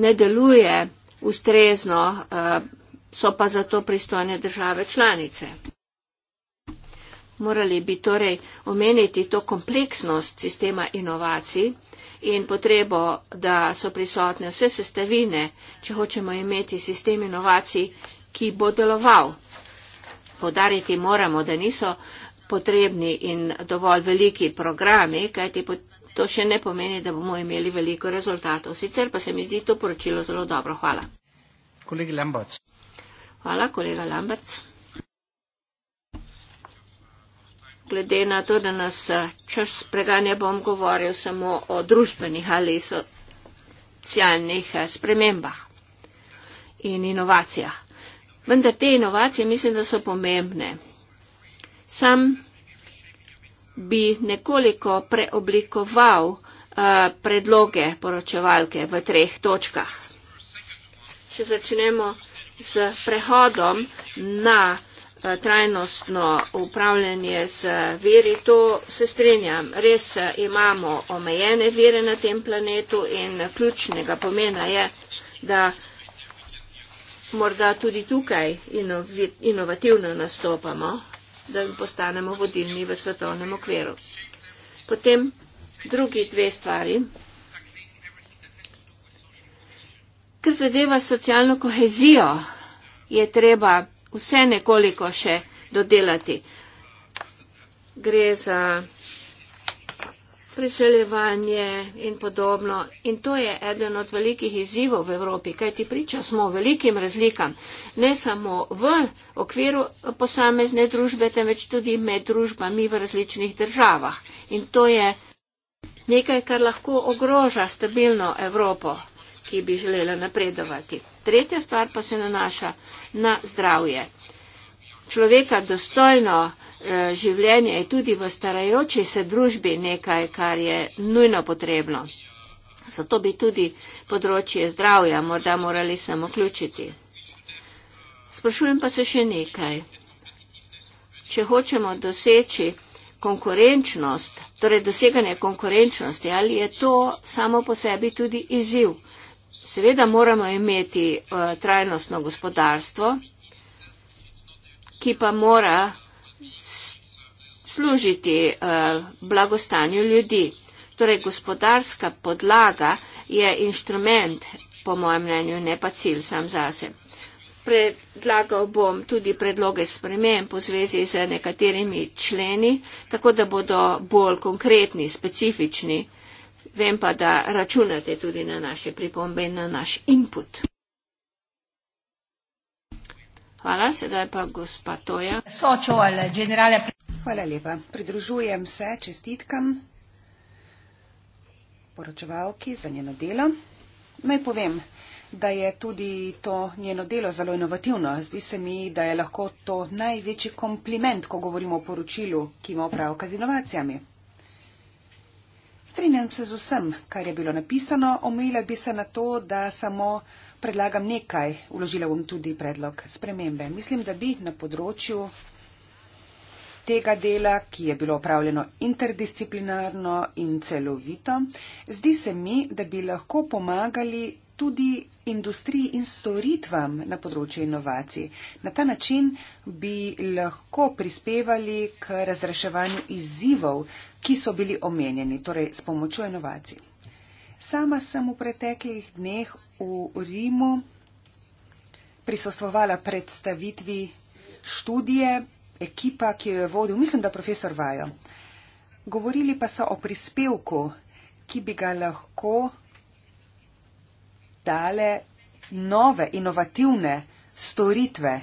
ne deluje ustrezno. Uh, so pa za to pristojne države članice. Morali bi torej omeniti to kompleksnost sistema inovacij in potrebo, da so prisotne vse sestavine, če hočemo imeti sistem inovacij, ki bo deloval. Podariti moramo, da niso potrebni in dovolj veliki programi, kajti to še ne pomeni, da bomo imeli veliko rezultatov. Sicer pa se mi zdi to poročilo zelo dobro. Hvala. Kolegi Lambac. Hvala, kolega Lamberc. Glede na to, da nas eh, čas preganja, bom govoril samo o družbenih ali socialnih eh, spremembah in inovacijah. Vendar te inovacije mislim, da so pomembne. Sam bi nekoliko preoblikoval uh, predloge poročevalke v treh točkah. Če začnemo s prehodom na eh, trajnostno upravljanje z veri, to se strenjam. Res eh, imamo omejene vere na tem planetu in ključnega pomena je, da morda tudi tukaj inovativno nastopamo, da postanemo vodilni v svetovnem okviru. Potem drugi dve stvari. Kar zadeva socialno kohezijo, je treba vse nekoliko še dodelati. Gre za priseljevanje in podobno. In to je eden od velikih izzivov v Evropi, kaj ti priča smo velikim razlikam, ne samo v okviru posamezne družbe, temveč tudi med družbami v različnih državah. In to je nekaj, kar lahko ogroža stabilno Evropo ki bi želela napredovati. Tretja stvar pa se nanaša na zdravje. Človeka dostojno eh, življenje je tudi v starajoči se družbi nekaj, kar je nujno potrebno. Zato bi tudi področje zdravja morda morali samo ključiti. Sprašujem pa se še nekaj. Če hočemo doseči konkurenčnost, torej doseganje konkurenčnosti, ali je to samo po sebi tudi izziv? Seveda moramo imeti uh, trajnostno gospodarstvo, ki pa mora služiti uh, blagostanju ljudi. Torej, gospodarska podlaga je inštrument, po mojem mnenju, ne pa cilj sam zase. Predlagal bom tudi predloge spremen po zvezi z nekaterimi členi, tako da bodo bolj konkretni, specifični vem pa, da računate tudi na naše pripombe in na naš input. Hvala, sedaj pa gospa Toja. Sočoval, generale. Hvala lepa. Pridružujem se čestitkam poročevalki za njeno delo. Naj povem, da je tudi to njeno delo zelo inovativno. Zdi se mi, da je lahko to največji kompliment, ko govorimo o poročilu, ki ima opravka z inovacijami. Strinjam se z vsem, kar je bilo napisano, omejila bi se na to, da samo predlagam nekaj, uložila bom tudi predlog spremembe. Mislim, da bi na področju tega dela, ki je bilo opravljeno interdisciplinarno in celovito, zdi se mi, da bi lahko pomagali tudi industriji in storitvam na področju inovacij. Na ta način bi lahko prispevali k razreševanju izzivov, ki so bili omenjeni, torej s pomočjo inovacij. Sama sem v preteklih dneh v Rimu prisostvovala predstavitvi študije, ekipa, ki jo je vodil, mislim, da profesor Vajo. Govorili pa so o prispevku, ki bi ga lahko dale nove inovativne storitve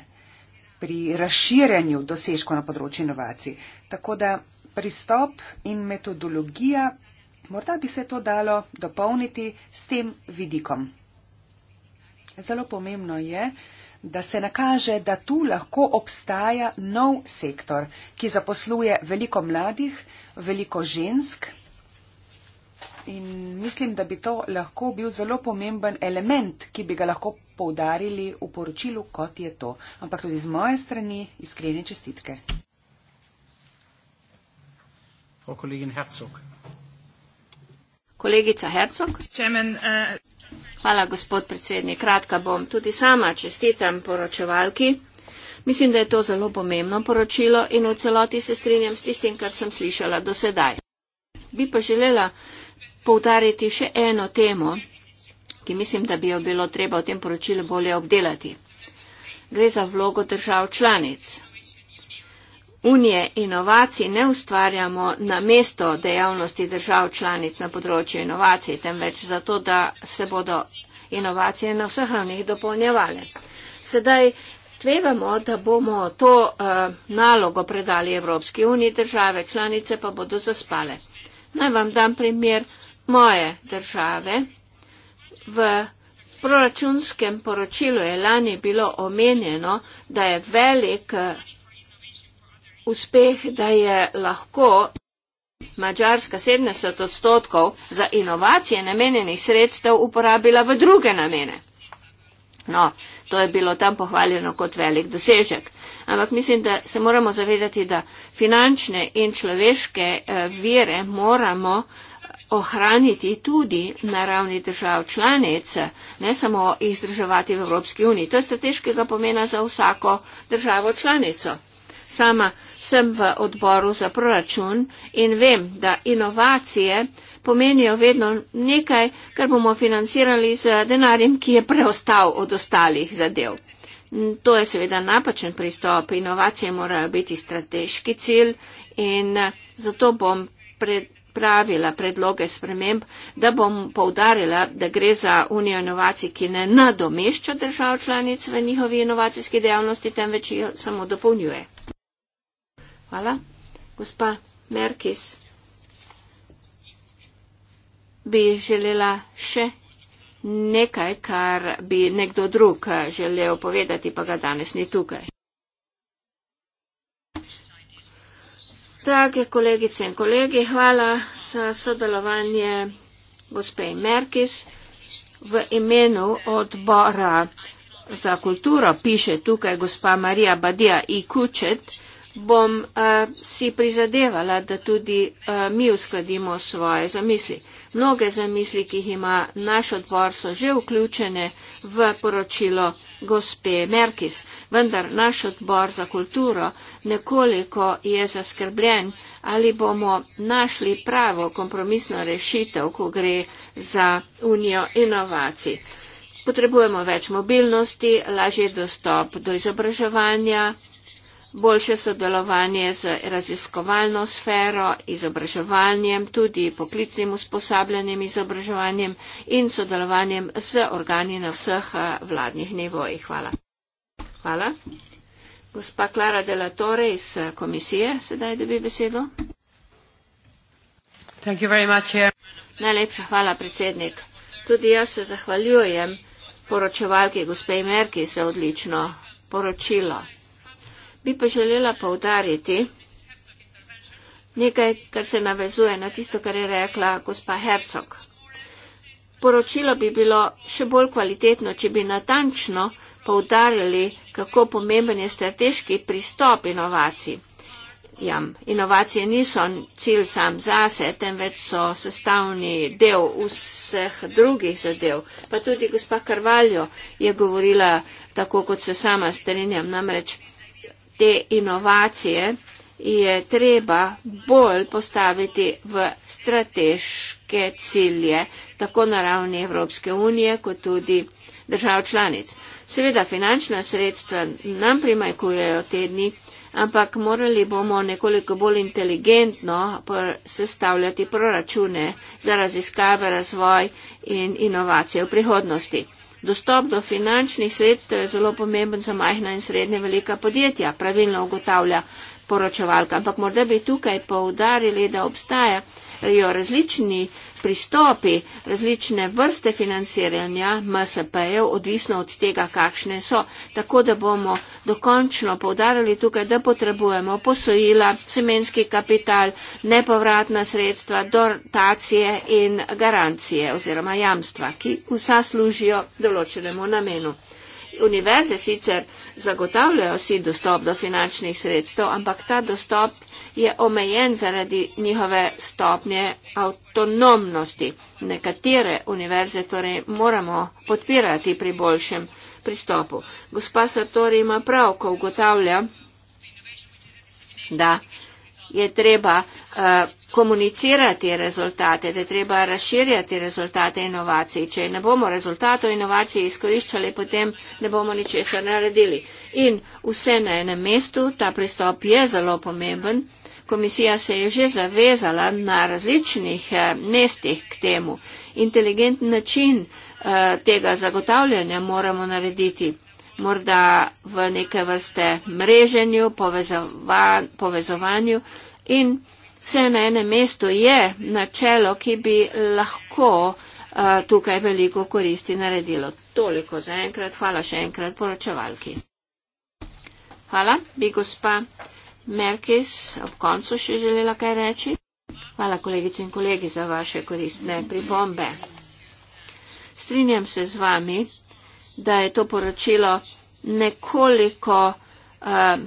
pri razširjanju dosežkov na področju inovacij. Tako da pristop in metodologija, morda bi se to dalo dopolniti s tem vidikom. Zelo pomembno je, da se nakaže, da tu lahko obstaja nov sektor, ki zaposluje veliko mladih, veliko žensk. In mislim, da bi to lahko bil zelo pomemben element, ki bi ga lahko poudarili v poročilu, kot je to. Ampak tudi z moje strani iskrene čestitke. Frau Kollegin Herzog. Kollegica Herzog. Chairman, uh Hvala, gospod predsednik. Kratka bom. Tudi sama čestitam poročevalki. Mislim, da je to zelo pomembno poročilo in v celoti se strinjam s tistim, kar sem slišala do sedaj. Bi pa želela poudariti še eno temo, ki mislim, da bi jo bilo treba v tem poročilu bolje obdelati. Gre za vlogo držav članic unije inovacij ne ustvarjamo na mesto dejavnosti držav članic na področju inovacij, temveč zato, da se bodo inovacije na vseh ravnih dopolnjevale. Sedaj tvegamo, da bomo to uh, nalogo predali Evropski uniji, države članice pa bodo zaspale. Naj vam dam primer moje države. V proračunskem poročilu je lani bilo omenjeno, da je velik uh, uspeh, da je lahko Mačarska 70 odstotkov za inovacije namenjenih sredstev uporabila v druge namene. No, to je bilo tam pohvaljeno kot velik dosežek. Ampak mislim, da se moramo zavedati, da finančne in človeške eh, vire moramo eh, ohraniti tudi na ravni držav članic, ne samo izdrževati v Evropski uniji. To je strateškega pomena za vsako državo članico. Sama sem v odboru za proračun in vem, da inovacije pomenijo vedno nekaj, kar bomo financirali z denarjem, ki je preostal od ostalih zadev. To je seveda napačen pristop. Inovacije morajo biti strateški cilj in eh, zato bom pripravila predloge sprememb, da bom povdarila, da gre za unijo inovacij, ki ne nadomešča držav članic v njihovi inovacijski dejavnosti, temveč jo samo dopolnjuje. Hvala. Gospa Merkis, bi želela še nekaj, kar bi nekdo drug želel povedati, pa ga danes ni tukaj. Drage kolegice in kolegi, hvala za sodelovanje gospe Merkis v imenu odbora za kulturo. Piše tukaj gospa Marija Badija Ikučet bom uh, si prizadevala, da tudi uh, mi uskladimo svoje zamisli. Mnoge zamisli, ki jih ima naš odbor, so že vključene v poročilo gospe Merkis, vendar naš odbor za kulturo nekoliko je zaskrbljen, ali bomo našli pravo kompromisno rešitev, ko gre za unijo inovacij. Potrebujemo več mobilnosti, lažji dostop do izobraževanja, boljše sodelovanje z raziskovalno sfero, izobraževanjem, tudi poklicnim usposabljanjem, izobraževanjem in sodelovanjem z organi na vseh eh, vladnih nivojih. Hvala. Hvala. Gospa Klara Delatore iz eh, komisije, sedaj dobi besedo. Najlepša hvala, predsednik. Tudi jaz se zahvaljujem poročevalki gospe Merki za odlično poročilo. Bi pa želela povdariti nekaj, kar se navezuje na tisto, kar je rekla gospa Hercog. Poročilo bi bilo še bolj kvalitetno, če bi natančno povdarjali, kako pomemben je strateški pristop inovacij. Jam, inovacije niso cilj sam zase, temveč so sestavni del vseh drugih zadev. Pa tudi gospa Karvaljo je govorila tako, kot se sama strinjam. Namreč te inovacije je treba bolj postaviti v strateške cilje, tako na ravni Evropske unije, kot tudi držav članic. Seveda finančna sredstva nam primajkujejo tedni, ampak morali bomo nekoliko bolj inteligentno sestavljati proračune za raziskave, razvoj in inovacije v prihodnosti. Dostop do finančnih sredstev je zelo pomemben za majhna in srednje velika podjetja, pravilno ugotavlja poročevalka. Ampak morda bi tukaj poudarili, da obstaja jo različni pristopi, različne vrste financiranja MSP-jev, odvisno od tega, kakšne so. Tako da bomo dokončno povdarjali tukaj, da potrebujemo posojila, semenski kapital, nepovratna sredstva, dotacije in garancije oziroma jamstva, ki vsa služijo določenemu namenu. Univerze sicer zagotavljajo si dostop do finančnih sredstev, ampak ta dostop je omejen zaradi njihove stopnje avtonomnosti. Nekatere univerze torej moramo podpirati pri boljšem pristopu. Gospa Sartori ima prav, ko ugotavlja, da je treba uh, komunicirati rezultate, da je treba razširjati rezultate inovacij. Če ne bomo rezultatov inovacij izkoriščali, potem ne bomo ničesar naredili. In vse na enem mestu, ta pristop je zelo pomemben komisija se je že zavezala na različnih eh, mestih k temu. Inteligenten način eh, tega zagotavljanja moramo narediti. Morda v neke vrste mreženju, povezovanju in vse na enem mestu je načelo, ki bi lahko eh, tukaj veliko koristi naredilo. Toliko za enkrat. Hvala še enkrat poročevalki. Hvala, bi gospa. Merkis ob koncu še želela kaj reči. Hvala kolegice in kolegi za vaše koristne pripombe. Strinjam se z vami, da je to poročilo nekoliko uh,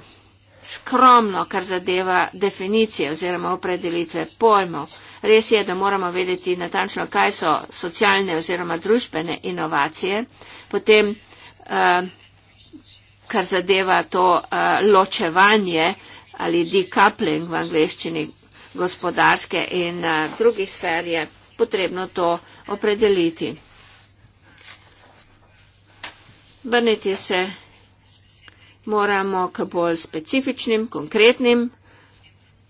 skromno, kar zadeva definicije oziroma opredelitve pojmov. Res je, da moramo vedeti natančno, kaj so socialne oziroma družbene inovacije, potem, uh, kar zadeva to uh, ločevanje uh, ali decoupling v angleščini gospodarske in eh, drugih sfer je potrebno to opredeliti. Vrniti se moramo k bolj specifičnim, konkretnim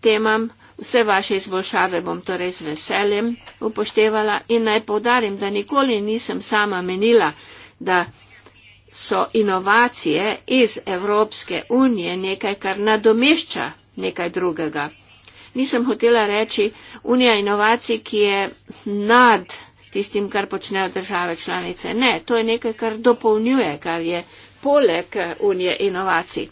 temam. Vse vaše izboljšave bom torej z veseljem upoštevala in naj povdarim, da nikoli nisem sama menila, da so inovacije iz Evropske unije nekaj, kar nadomešča nekaj drugega. Nisem hotela reči, unija inovacij, ki je nad tistim, kar počnejo države članice. Ne, to je nekaj, kar dopolnjuje, kar je poleg eh, unije inovacij.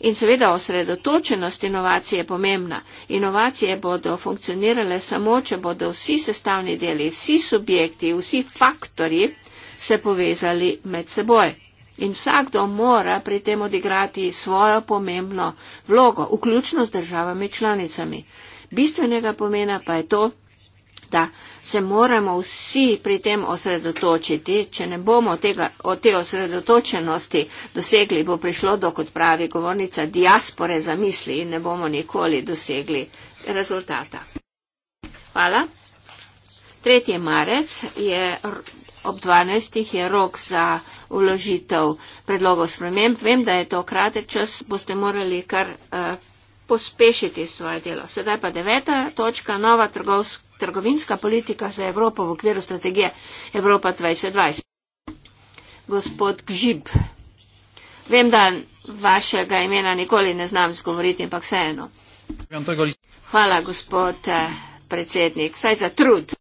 In seveda osredotočenost inovacije je pomembna. Inovacije bodo funkcionirale samo, če bodo vsi sestavni deli, vsi subjekti, vsi faktori se povezali med seboj. In vsakdo mora pri tem odigrati svojo pomembno vlogo, vključno z državami članicami. Bistvenega pomena pa je to, da se moramo vsi pri tem osredotočiti. Če ne bomo tega, od te osredotočenosti dosegli, bo prišlo do, kot pravi govornica, diaspore za misli in ne bomo nikoli dosegli rezultata. Hvala. 3. marec je ob 12. je rok za uložitev predlogov sprememb. Vem, da je to kratek čas, boste morali kar eh, pospešiti svoje delo. Sedaj pa deveta točka, nova trgovinska politika za Evropo v okviru strategije Evropa 2020. Gospod Gžib, vem, da vašega imena nikoli ne znam zgovoriti, ampak vseeno. Hvala, gospod eh, predsednik, saj za trud.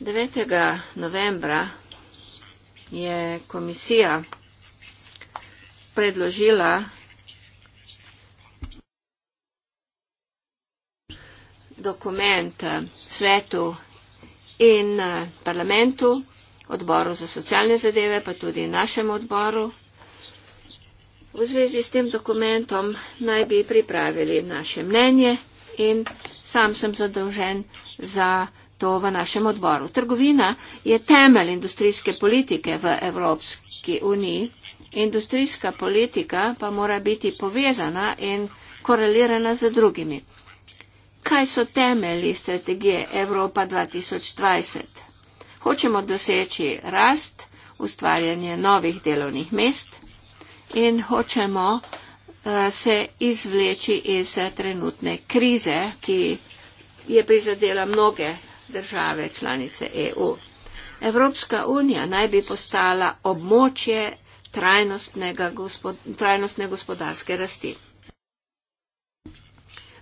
9. novembra je komisija predložila dokument svetu in eh, parlamentu, odboru za socialne zadeve, pa tudi našemu odboru. V zvezi s tem dokumentom naj bi pripravili naše mnenje in sam sem zadolžen za to v našem odboru. Trgovina je temelj industrijske politike v Evropski uniji. Industrijska politika pa mora biti povezana in korelirana z drugimi. Kaj so temelji strategije Evropa 2020? Hočemo doseči rast, ustvarjanje novih delovnih mest in hočemo uh, se izvleči iz eh, trenutne krize, ki je prizadela mnoge države članice EU. Evropska unija naj bi postala območje trajnostne gospodarske rasti.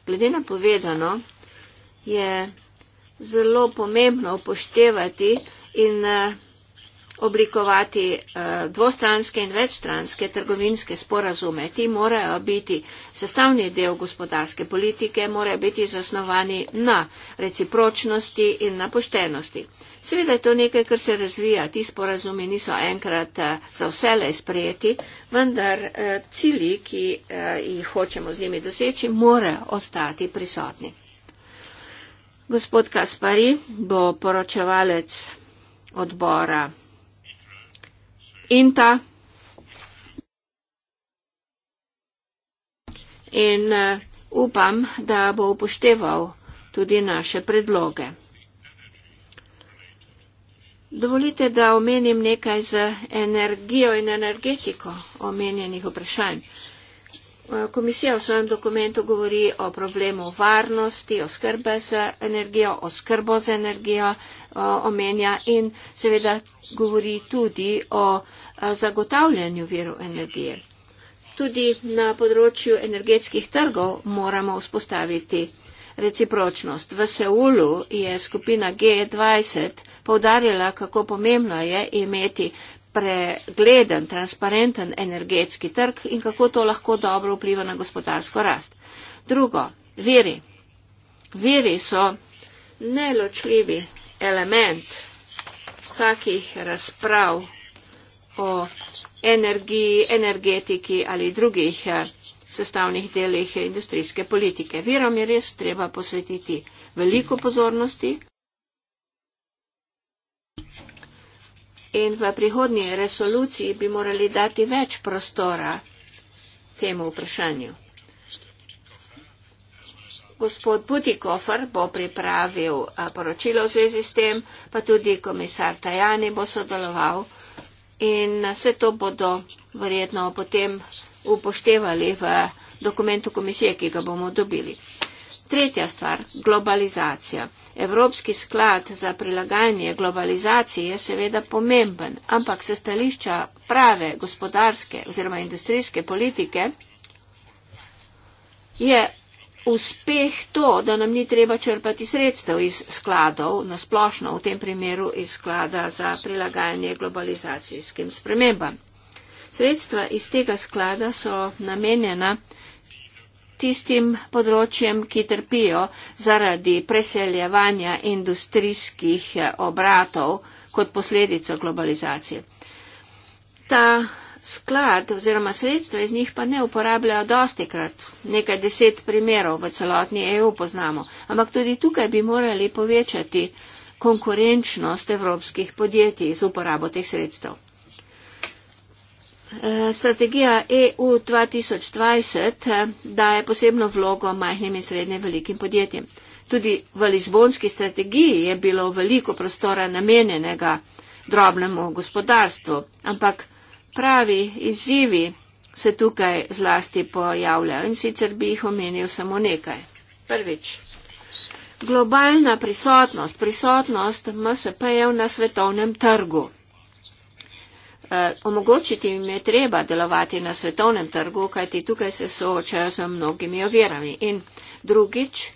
Glede na povedano, je zelo pomembno upoštevati in eh, oblikovati eh, dvostranske in večstranske trgovinske sporazume. Ti morajo biti sestavni del gospodarske politike, morajo biti zasnovani na recipročnosti in na poštenosti. Seveda je to nekaj, kar se razvija. Ti sporazumi niso enkrat eh, za vsele sprejeti, vendar eh, cilji, ki jih hočemo z njimi doseči, morajo ostati prisotni. Gospod Kaspari bo poročevalec odbora in ta. In uh, upam, da bo upošteval tudi naše predloge. Dovolite, da omenim nekaj z energijo in energetiko omenjenih vprašanj. Eh, komisija v svojem dokumentu govori o problemu varnosti, o skrbe z energijo, o skrbo z energijo, omenja in seveda govori tudi o zagotavljanju virov energije. Tudi na področju energetskih trgov moramo vzpostaviti recipročnost. V Seulu je skupina G20 povdarjala, kako pomembno je imeti pregleden, transparenten energetski trg in kako to lahko dobro vpliva na gospodarsko rast. Drugo, viri. Viri so neločljivi element vsakih razprav o energiji, energetiki ali drugih eh, sestavnih delih industrijske politike. Virom je res treba posvetiti veliko pozornosti. In v prihodnji resoluciji bi morali dati več prostora temu vprašanju gospod Budikofer bo pripravil poročilo v zvezi s tem, pa tudi komisar Tajani bo sodeloval in vse to bodo verjetno potem upoštevali v dokumentu komisije, ki ga bomo dobili. Tretja stvar, globalizacija. Evropski sklad za prilagajanje globalizaciji je seveda pomemben, ampak se stališča prave gospodarske oziroma industrijske politike je uspeh to, da nam ni treba črpati sredstev iz skladov, nasplošno v tem primeru iz sklada za prilagajanje globalizacijskim spremembam. Sredstva iz tega sklada so namenjena tistim področjem, ki trpijo zaradi preseljevanja industrijskih obratov kot posledica globalizacije. Ta sklad oziroma sredstva iz njih pa ne uporabljajo dosti krat. Nekaj deset primerov v celotni EU poznamo. Ampak tudi tukaj bi morali povečati konkurenčnost evropskih podjetij z uporabo teh sredstev. E, strategija EU 2020 e, daje posebno vlogo majhnim in srednje velikim podjetjem. Tudi v Lizbonski strategiji je bilo veliko prostora namenjenega drobnemu gospodarstvu, ampak pravi izzivi se tukaj zlasti pojavljajo in sicer bi jih omenil samo nekaj. Prvič, globalna prisotnost, prisotnost MSP-jev na svetovnem trgu. E, omogočiti jim je treba delovati na svetovnem trgu, kajti tukaj se soočajo z mnogimi ovirami. In drugič, e,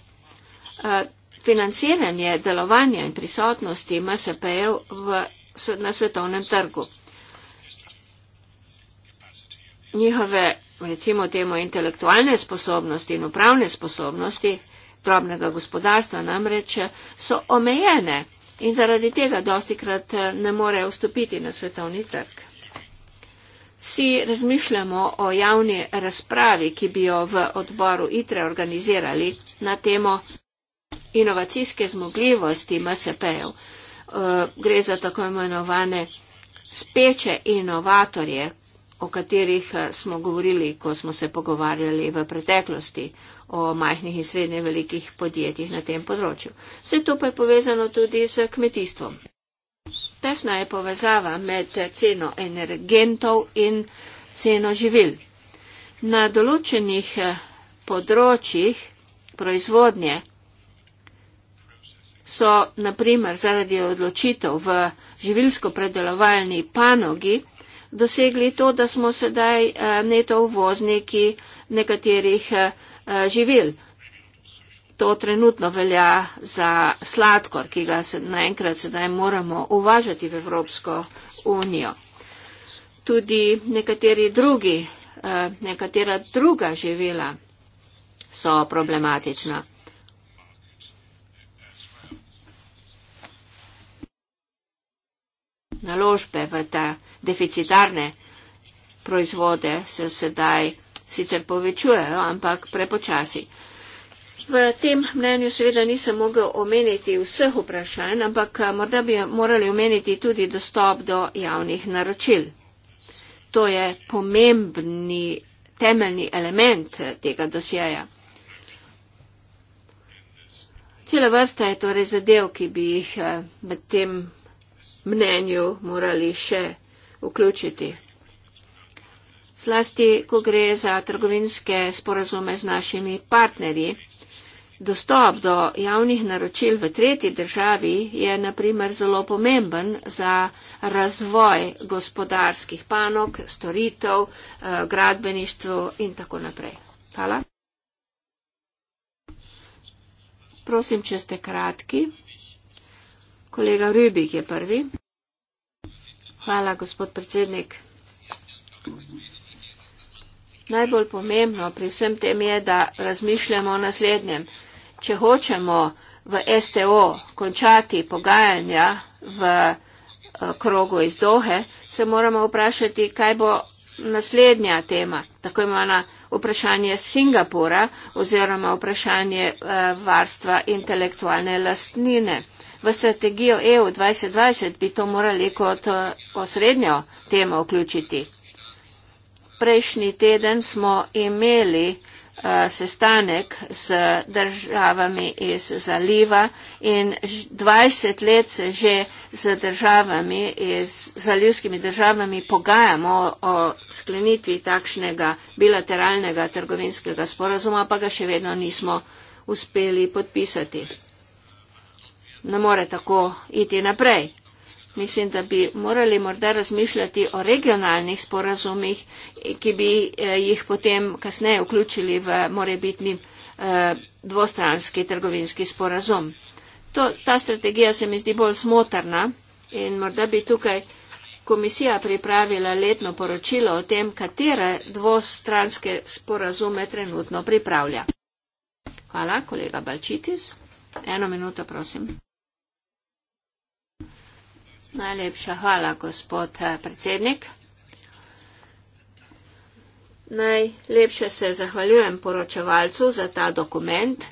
financiranje delovanja in prisotnosti MSP-jev na svetovnem trgu njihove, recimo temu, intelektualne sposobnosti in upravne sposobnosti drobnega gospodarstva namreč so omejene in zaradi tega dosti krat eh, ne morejo vstopiti na svetovni trg. Vsi razmišljamo o javni razpravi, ki bi jo v odboru ITRE organizirali na temo inovacijske zmogljivosti MSP-jev. Eh, gre za tako imenovane speče inovatorje, o katerih eh, smo govorili, ko smo se pogovarjali v preteklosti o majhnih in srednje velikih podjetjih na tem področju. Vse to pa je povezano tudi z kmetijstvom. Tesna je povezava med ceno energentov in ceno živil. Na določenih eh, področjih proizvodnje so, naprimer, zaradi odločitev v živilsko predelovalni panogi, dosegli to, da smo sedaj eh, neto uvozniki nekaterih eh, eh, živil. To trenutno velja za sladkor, ki ga se naenkrat sedaj moramo uvažati v Evropsko unijo. Tudi nekateri drugi, nekatera druga živila so problematična. Naložbe v ta deficitarne proizvode se sedaj sicer povečujejo, ampak prepočasi. V tem mnenju seveda nisem mogel omeniti vseh vprašanj, ampak eh, morda bi morali omeniti tudi dostop do javnih naročil. To je pomembni temeljni element eh, tega dosjeja. Cela vrsta je torej zadev, ki bi jih eh, v tem mnenju morali še vključiti. Zlasti, ko gre za trgovinske sporazume z našimi partnerji. Dostop do javnih naročil v tretji državi je na primer zelo pomemben za razvoj gospodarskih panok, storitev, eh, gradbeništvo in tako naprej. Hvala. Prosim, če ste kratki. Kolega Rübik je prvi. Hvala, gospod predsednik. Najbolj pomembno pri vsem tem je, da razmišljamo o naslednjem. Če hočemo v STO končati pogajanja v eh, krogu iz Dohe, se moramo vprašati, kaj bo naslednja tema, tako imena vprašanje Singapura oziroma vprašanje eh, varstva intelektualne lastnine. V strategijo EU 2020 bi to morali kot eh, osrednjo temo vključiti. Prejšnji teden smo imeli Eh, sestanek z državami iz zaliva in 20 let se že z državami, z zalivskimi državami pogajamo o sklenitvi takšnega bilateralnega trgovinskega sporazuma, pa ga še vedno nismo uspeli podpisati. Ne more tako iti naprej mislim, da bi morali morda razmišljati o regionalnih sporazumih, ki bi eh, jih potem kasneje vključili v morebitni eh, dvostranski trgovinski sporazum. To, ta strategija se mi zdi bolj smotrna in morda bi tukaj komisija pripravila letno poročilo o tem, katere dvostranske sporazume trenutno pripravlja. Hvala, kolega Balčitis. Eno minuto, prosim. Najlepša hvala, gospod eh, predsednik. Najlepše se zahvaljujem poročevalcu za ta dokument,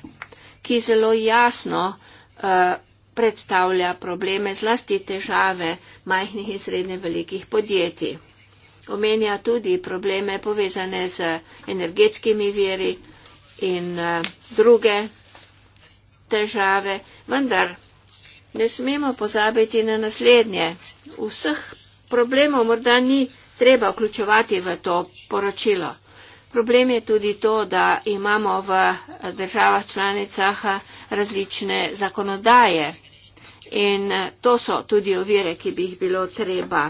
ki zelo jasno uh, predstavlja probleme zlasti težave majhnih in srednje velikih podjetij. Omenja tudi probleme povezane z energetskimi viri in uh, druge težave, vendar ne smemo pozabiti na naslednje. Vseh problemov morda ni treba vključevati v to poročilo. Problem je tudi to, da imamo v državah članicah različne zakonodaje in to so tudi ovire, ki bi jih bilo treba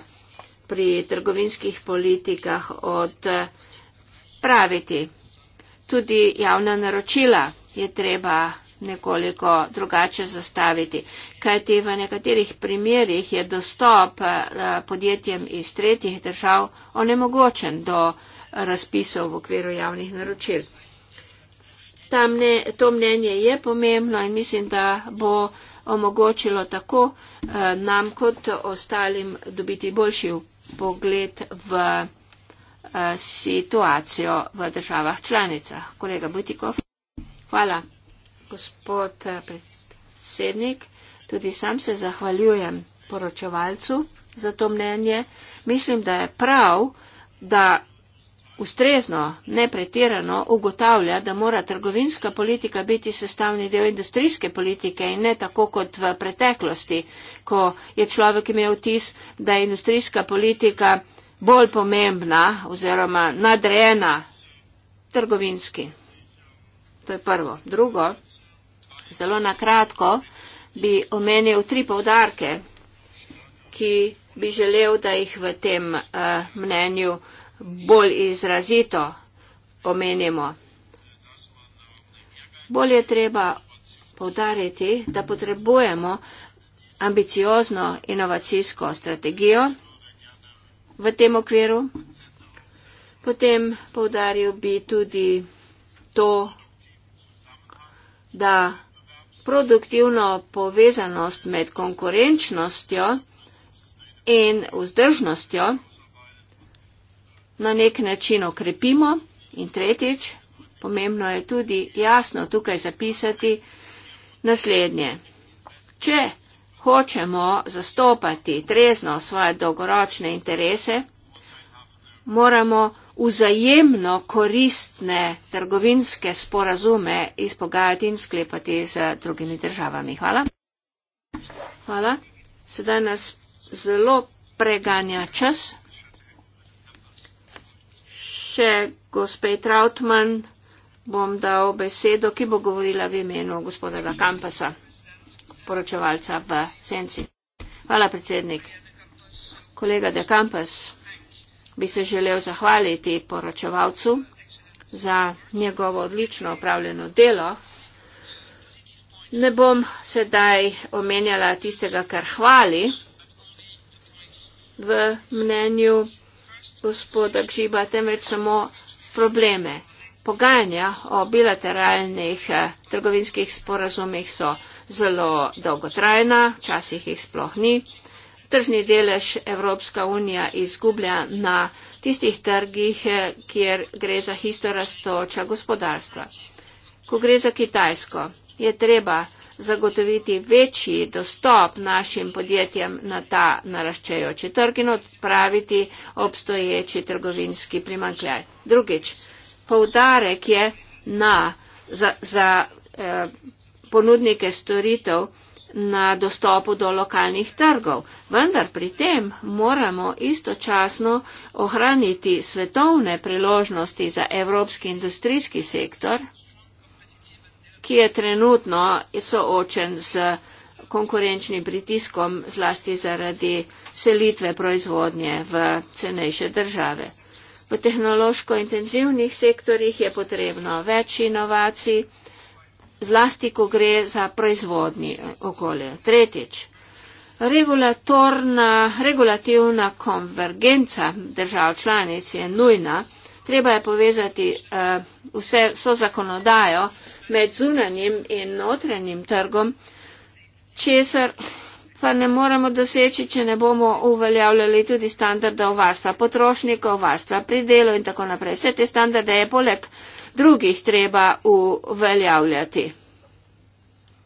pri trgovinskih politikah odpraviti. Tudi javna naročila je treba nekoliko drugače zastaviti. Kajti v nekaterih primerjih je dostop eh, podjetjem iz tretjih držav onemogočen do razpisov v okviru javnih naročil. Mne, to mnenje je pomembno in mislim, da bo omogočilo tako eh, nam kot ostalim dobiti boljši pogled v eh, situacijo v državah članicah. Kolega Butikov. Hvala gospod eh, predsednik, tudi sam se zahvaljujem poročevalcu za to mnenje. Mislim, da je prav, da ustrezno, ne pretirano ugotavlja, da mora trgovinska politika biti sestavni del industrijske politike in ne tako kot v preteklosti, ko je človek imel vtis, da je industrijska politika bolj pomembna oziroma nadrejena trgovinski. To je prvo. Drugo zelo na kratko bi omenil tri povdarke, ki bi želel, da jih v tem uh, mnenju bolj izrazito omenimo. Bolje je treba povdariti, da potrebujemo ambiciozno inovacijsko strategijo v tem okviru. Potem povdaril bi tudi to, da produktivno povezanost med konkurenčnostjo in vzdržnostjo na nek način okrepimo. In tretjič, pomembno je tudi jasno tukaj zapisati naslednje. Če hočemo zastopati trezno svoje dolgoročne interese, moramo vzajemno koristne trgovinske sporazume izpogajati in sklepati z drugimi državami. Hvala. Hvala. Sedaj nas zelo preganja čas. Še gospej Trautmann bom dal besedo, ki bo govorila v imenu gospoda Dakampasa, poročevalca v Senci. Hvala, predsednik. Kolega Dakampas. De bi se želel zahvaliti poročevalcu za njegovo odlično opravljeno delo. Ne bom sedaj omenjala tistega, kar hvali v mnenju gospoda Gžiba, temveč samo probleme. Pogajanja o bilateralnih eh, trgovinskih sporazumih so zelo dolgotrajna, včasih jih sploh ni tržni delež Evropska unija izgublja na tistih trgih, eh, kjer gre za historastoča gospodarstva. Ko gre za Kitajsko, je treba zagotoviti večji dostop našim podjetjem na ta naraščajoči trg in odpraviti obstoječi trgovinski primankljaj. Drugič, poudarek je na za, za eh, ponudnike storitev na dostopu do lokalnih trgov. Vendar pri tem moramo istočasno ohraniti svetovne priložnosti za evropski industrijski sektor, ki je trenutno soočen s konkurenčnim pritiskom zlasti zaradi selitve proizvodnje v cenejše države. V tehnološko intenzivnih sektorjih je potrebno več inovacij, zlasti, ko gre za proizvodni okolje. Tretjič, regulativna konvergenca držav članic je nujna. Treba je povezati uh, vse so zakonodajo med zunanjim in notranjim trgom, česar pa ne moremo doseči, če ne bomo uveljavljali tudi standardov varstva potrošnikov, varstva pri delu in tako naprej. Vse te standarde je poleg uh, drugih treba uveljavljati.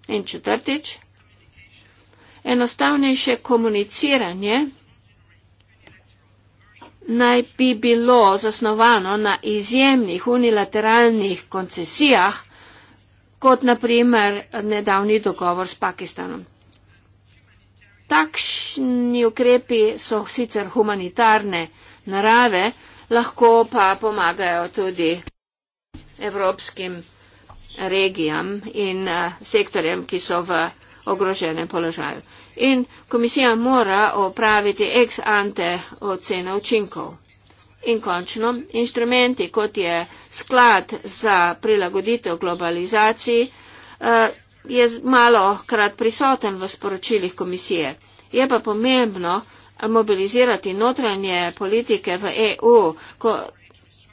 In četrtič, enostavnejše komuniciranje naj bi bilo zasnovano na izjemnih unilateralnih koncesijah, kot naprimer nedavni dogovor s Pakistanom. Takšni ukrepi so sicer humanitarne narave, lahko pa pomagajo tudi evropskim regijam in eh, sektorjem, ki so v ogroženem položaju. In komisija mora opraviti ex ante ocene učinkov. In končno, inštrumenti, kot je sklad za prilagoditev globalizaciji, eh, je malo krat prisoten v sporočilih komisije. Je pa pomembno mobilizirati notranje politike v EU, kot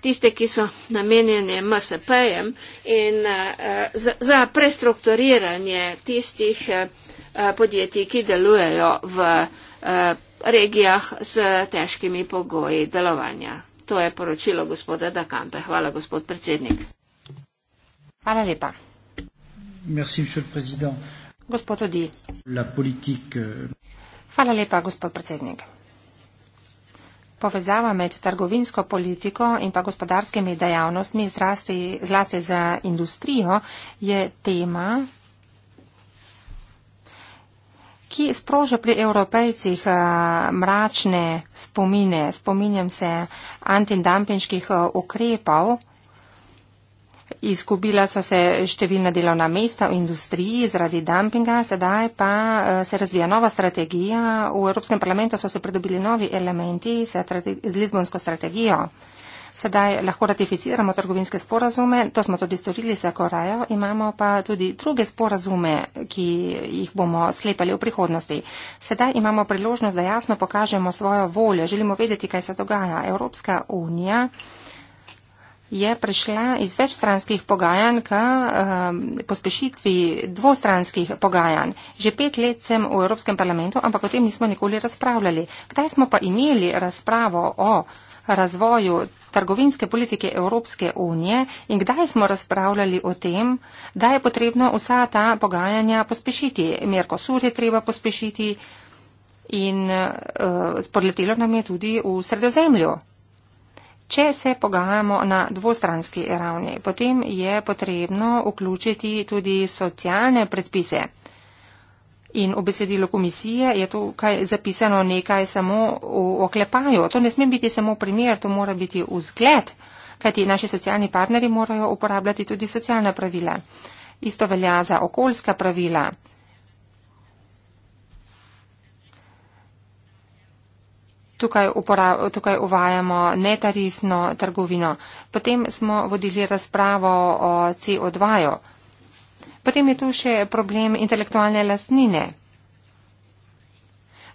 tiste, ki so namenjene MSP-jem in uh, za, za prestrukturiranje tistih uh, podjetij, ki delujejo v uh, regijah s težkimi pogoji delovanja. To je poročilo gospoda Dakampe. Hvala, gospod predsednik. Hvala lepa. Merci, gospod Odi. Euh, Hvala lepa, gospod predsednik. Povezava med trgovinsko politiko in pa gospodarskimi dejavnostmi, zlasti, zlasti za industrijo, je tema, ki sproža pri evropejcih eh, mračne spomine. Spominjam se antidampinških eh, ukrepov izgubila so se številna delovna mesta v industriji zaradi dumpinga, sedaj pa eh, se razvija nova strategija. V Evropskem parlamentu so se pridobili novi elementi z Lizbonsko strategijo. Sedaj lahko ratificiramo trgovinske sporazume, to smo tudi storili za Korejo, imamo pa tudi druge sporazume, ki jih bomo sklepali v prihodnosti. Sedaj imamo priložnost, da jasno pokažemo svojo voljo, želimo vedeti, kaj se dogaja. Evropska unija je prišla iz večstranskih pogajanj k um, pospešitvi dvostranskih pogajanj. Že pet let sem v Evropskem parlamentu, ampak o tem nismo nikoli razpravljali. Kdaj smo pa imeli razpravo o razvoju trgovinske politike Evropske unije in kdaj smo razpravljali o tem, da je potrebno vsa ta pogajanja pospešiti. Merkosur je treba pospešiti in uh, spodletelo nam je tudi v sredozemlju. Če se pogajamo na dvostranski ravni, potem je potrebno vključiti tudi socialne predpise. In v besedilu komisije je tukaj zapisano nekaj samo v oklepaju. To ne sme biti samo primer, to mora biti vzgled, kajti naši socialni partnerji morajo uporabljati tudi socialna pravila. Isto velja za okoljska pravila. Tukaj, tukaj uvajamo netarifno trgovino. Potem smo vodili razpravo o CO2. -ju. Potem je tu še problem intelektualne lastnine.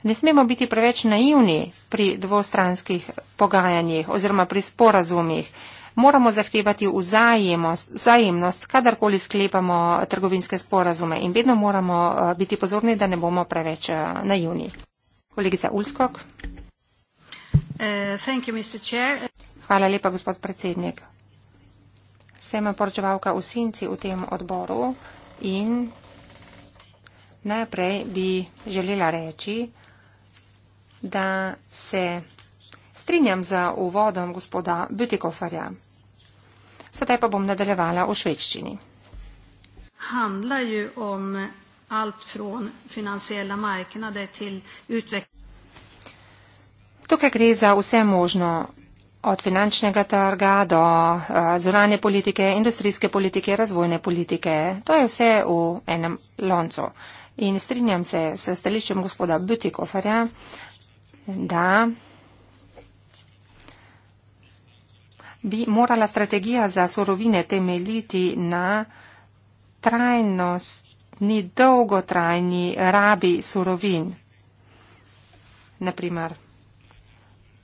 Ne smemo biti preveč naivni pri dvostranskih pogajanjih oziroma pri sporazumih. Moramo zahtevati vzajemnost, kadarkoli sklepamo trgovinske sporazume in vedno moramo eh, biti pozorni, da ne bomo preveč eh, naivni. Kolegica Ulskog. Eh, Hvala lepa, gospod predsednik. Sem poročevalka v Sinci v tem odboru in najprej bi želela reči, da se strinjam za uvodom gospoda Bütikoferja. Sedaj pa bom nadaljevala v švečščini. Handla ju om alt fron financijela majkina, da je til utvekljena. Tukaj gre za vse možno, od finančnega trga do uh, zunanje politike, industrijske politike, razvojne politike. To je vse v enem loncu. In strinjam se s stališčem gospoda Butikoferja, da bi morala strategija za sorovine temeljiti na trajnostni, dolgotrajni rabi sorovin. Naprimer,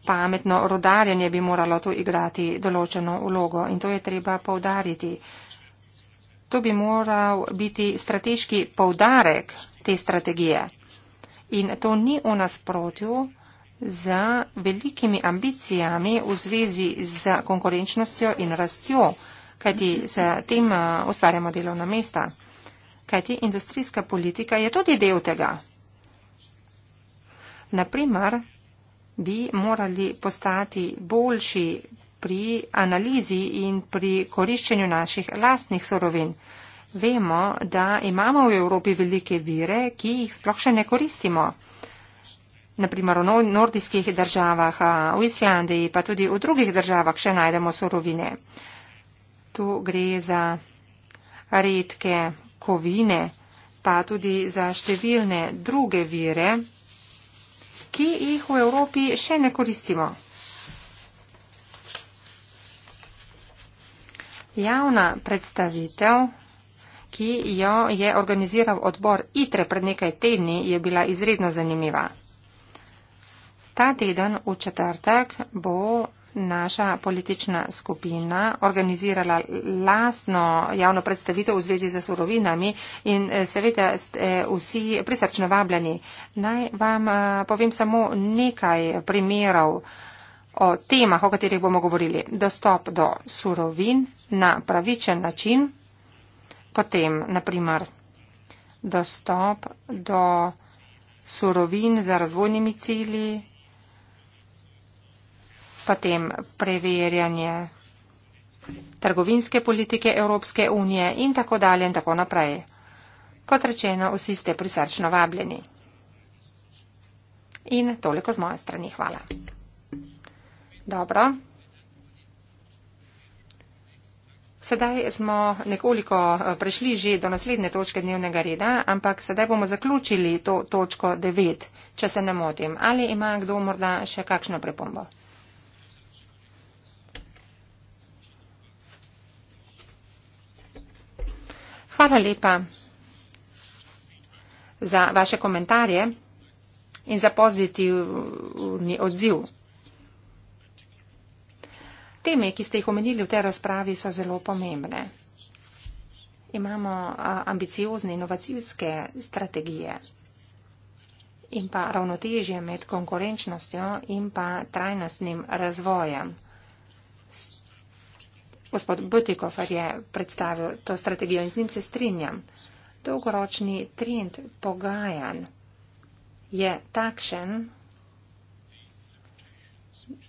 pametno rodarjenje bi moralo tu igrati določeno vlogo in to je treba povdariti. To bi moral biti strateški povdarek te strategije in to ni v nasprotju z velikimi ambicijami v zvezi z konkurenčnostjo in rastjo, kajti s tem eh, ustvarjamo delovna mesta, kajti industrijska politika je tudi del tega. Naprimer, bi morali postati boljši pri analizi in pri koriščenju naših lastnih sorovin. Vemo, da imamo v Evropi velike vire, ki jih sploh še ne koristimo. Naprimer v nordijskih državah, v Islandiji, pa tudi v drugih državah še najdemo sorovine. Tu gre za redke kovine, pa tudi za številne druge vire, ki jih v Evropi še ne koristimo. Javna predstavitev, ki jo je organiziral odbor ITRE pred nekaj tedni, je bila izredno zanimiva. Ta teden v četrtek bo naša politična skupina organizirala lastno javno predstavitev v zvezi z surovinami in eh, seveda ste vsi prisrčno vabljeni. Naj vam eh, povem samo nekaj primerov o temah, o katerih bomo govorili. Dostop do surovin na pravičen način, potem naprimer dostop do surovin za razvojnimi cilji, potem preverjanje trgovinske politike Evropske unije in tako dalje in tako naprej. Kot rečeno, vsi ste prisrčno vabljeni. In toliko z moje strani. Hvala. Dobro. Sedaj smo nekoliko eh, prešli že do naslednje točke dnevnega reda, ampak sedaj bomo zaključili to točko 9, če se ne motim. Ali ima kdo morda še kakšno pripombo? Hvala lepa za vaše komentarje in za pozitivni odziv. Teme, ki ste jih omenili v tej razpravi, so zelo pomembne. Imamo ambiciozne inovacijske strategije in pa ravnotežje med konkurenčnostjo in pa trajnostnim razvojem. Gospod Butikofer je predstavil to strategijo in z njim se strinjam. Dolgoročni trend pogajan je takšen,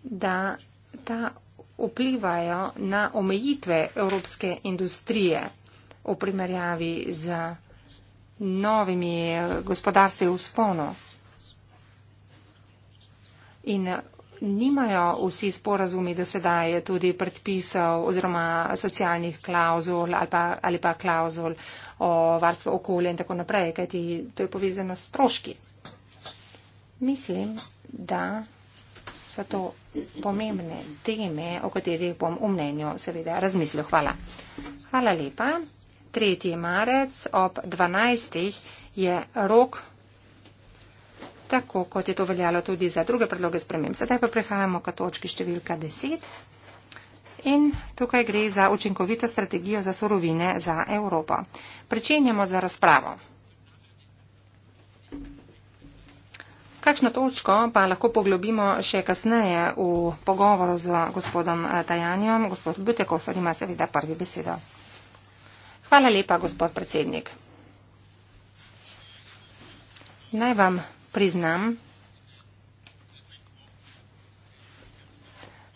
da ta vplivajo na omejitve evropske industrije v primerjavi z novimi gospodarstvi v sponu. In nimajo vsi sporazumi, da se daje tudi predpisov oziroma socialnih klauzul ali pa, ali pa klauzul o varstvu okolja in tako naprej, kajti to je povezano s stroški. Mislim, da so to pomembne teme, o katerih bom v mnenju seveda razmislil. Hvala. Hvala lepa. 3. marec ob 12. je rok tako kot je to veljalo tudi za druge predloge sprememb. Sedaj pa prehajamo k točki številka 10 in tukaj gre za učinkovito strategijo za sorovine za Evropo. Pričenjamo za razpravo. Kakšno točko pa lahko poglobimo še kasneje v pogovoru z gospodom eh, Tajanjem. Gospod Butekofer ima seveda prvi besedo. Hvala lepa, gospod predsednik. Naj vam priznam,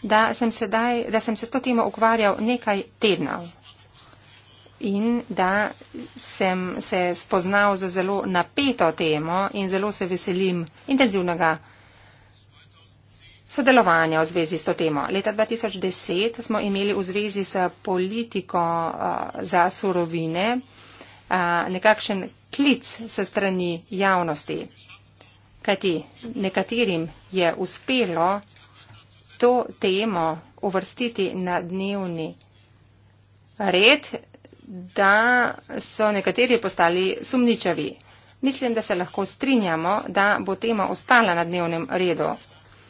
da sem, sedaj, da sem se s to temo ukvarjal nekaj tednov in da sem se spoznal za zelo napeto temo in zelo se veselim intenzivnega sodelovanja v zvezi s to temo. Leta 2010 smo imeli v zvezi s politiko uh, za surovine uh, nekakšen klic se strani javnosti kajti nekaterim je uspelo to temo uvrstiti na dnevni red, da so nekateri postali sumničavi. Mislim, da se lahko strinjamo, da bo tema ostala na dnevnem redu.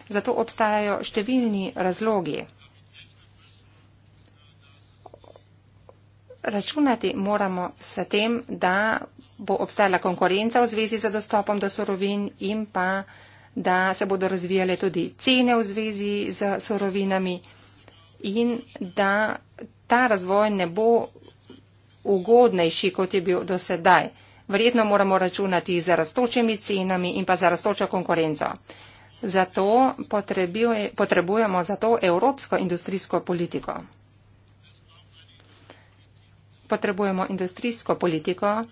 Zato obstajajo številni razlogi. računati moramo s tem, da bo obstajala konkurenca v zvezi z dostopom do sorovin in pa, da se bodo razvijale tudi cene v zvezi z sorovinami in da ta razvoj ne bo ugodnejši, kot je bil do sedaj. Verjetno moramo računati z rastočimi cenami in pa z rastočo konkurenco. Zato potrebujemo za to evropsko industrijsko politiko potrebujemo industrijsko politiko,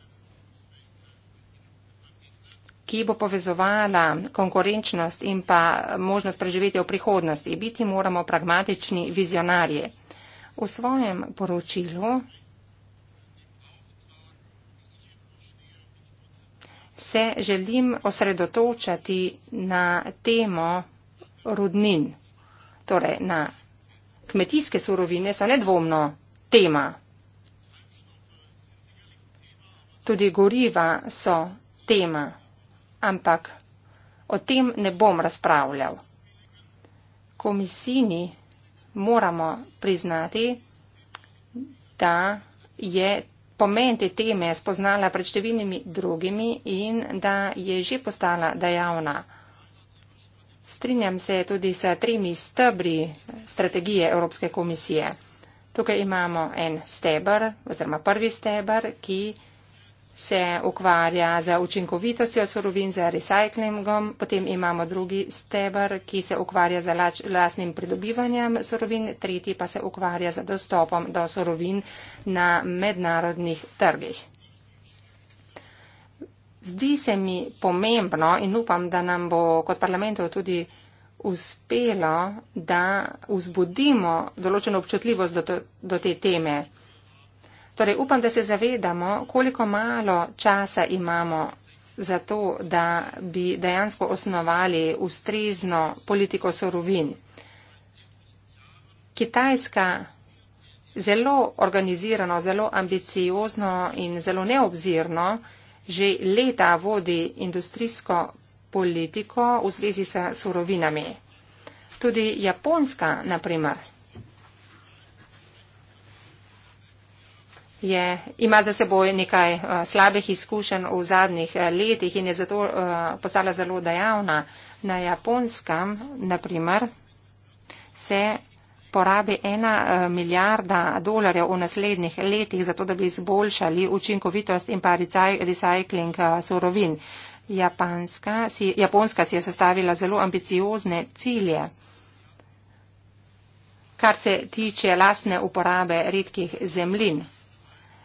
ki bo povezovala konkurenčnost in pa možnost preživetja v prihodnosti. Biti moramo pragmatični vizionarji. V svojem poročilu se želim osredotočati na temo rudnin, torej na kmetijske surovine, so nedvomno tema tudi goriva so tema, ampak o tem ne bom razpravljal. Komisini moramo priznati, da je pomen te teme spoznala pred številnimi drugimi in da je že postala dejavna. Strinjam se tudi s tremi stebri strategije Evropske komisije. Tukaj imamo en stebr oziroma prvi stebr, ki se ukvarja z učinkovitostjo sorovin, z recyklingom, potem imamo drugi stebr, ki se ukvarja z lastnim pridobivanjem sorovin, tretji pa se ukvarja z dostopom do sorovin na mednarodnih trgih. Zdi se mi pomembno in upam, da nam bo kot parlamentu tudi uspelo, da vzbudimo določeno občutljivost do, to, do te teme. Torej, upam, da se zavedamo, koliko malo časa imamo za to, da bi dejansko osnovali ustrezno politiko sorovin. Kitajska zelo organizirano, zelo ambiciozno in zelo neobzirno že leta vodi industrijsko politiko v zvezi s sorovinami. Tudi Japonska, naprimer, je, ima za seboj nekaj uh, slabih izkušenj v zadnjih eh, letih in je zato uh, postala zelo dejavna. Na japonskem, naprimer, se porabi ena milijarda dolarjev v naslednjih letih, zato da bi izboljšali učinkovitost in pa recikling surovin. Japonska si, Japonska si je sestavila zelo ambiciozne cilje, kar se tiče lastne uporabe redkih zemlin.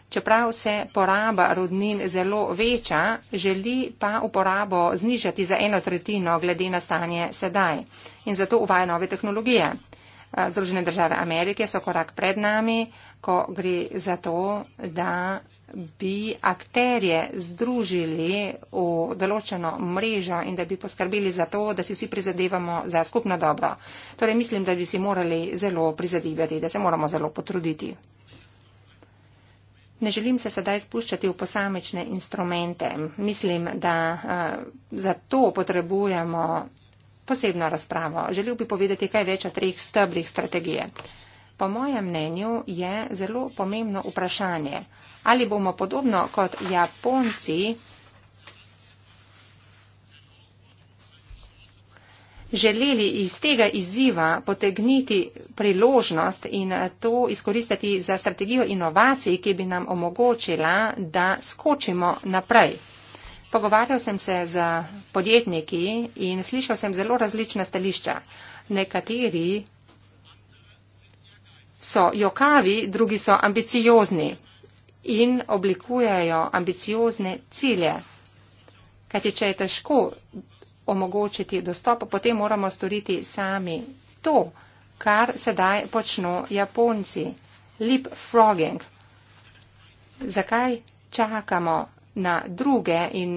Čeprav se poraba rudnin zelo veča, želi pa uporabo znižati za eno tretjino glede na stanje sedaj in zato uvaja nove tehnologije. Eh, Združene države Amerike so korak pred nami, ko gre za to, da bi akterje združili v določeno mrežo in da bi poskrbeli za to, da si vsi prizadevamo za skupno dobro. Torej mislim, da bi si morali zelo prizadevati, da se moramo zelo potruditi. Ne želim se sedaj spuščati v posamečne instrumente. Mislim, da uh, za to potrebujemo posebno razpravo. Želel bi povedati kaj več o treh stebrih strategije. Po mojem mnenju je zelo pomembno vprašanje, ali bomo podobno kot Japonci želeli iz tega izziva potegniti priložnost in to izkoristiti za strategijo inovacij, ki bi nam omogočila, da skočimo naprej. Pogovarjal sem se z podjetniki in slišal sem zelo različna stališča. Nekateri so jokavi, drugi so ambiciozni in oblikujejo ambiciozne cilje. Kajti, če je težko omogočiti dostop, potem moramo storiti sami to, kar sedaj počno Japonci. Leapfrogging. Zakaj čakamo na druge in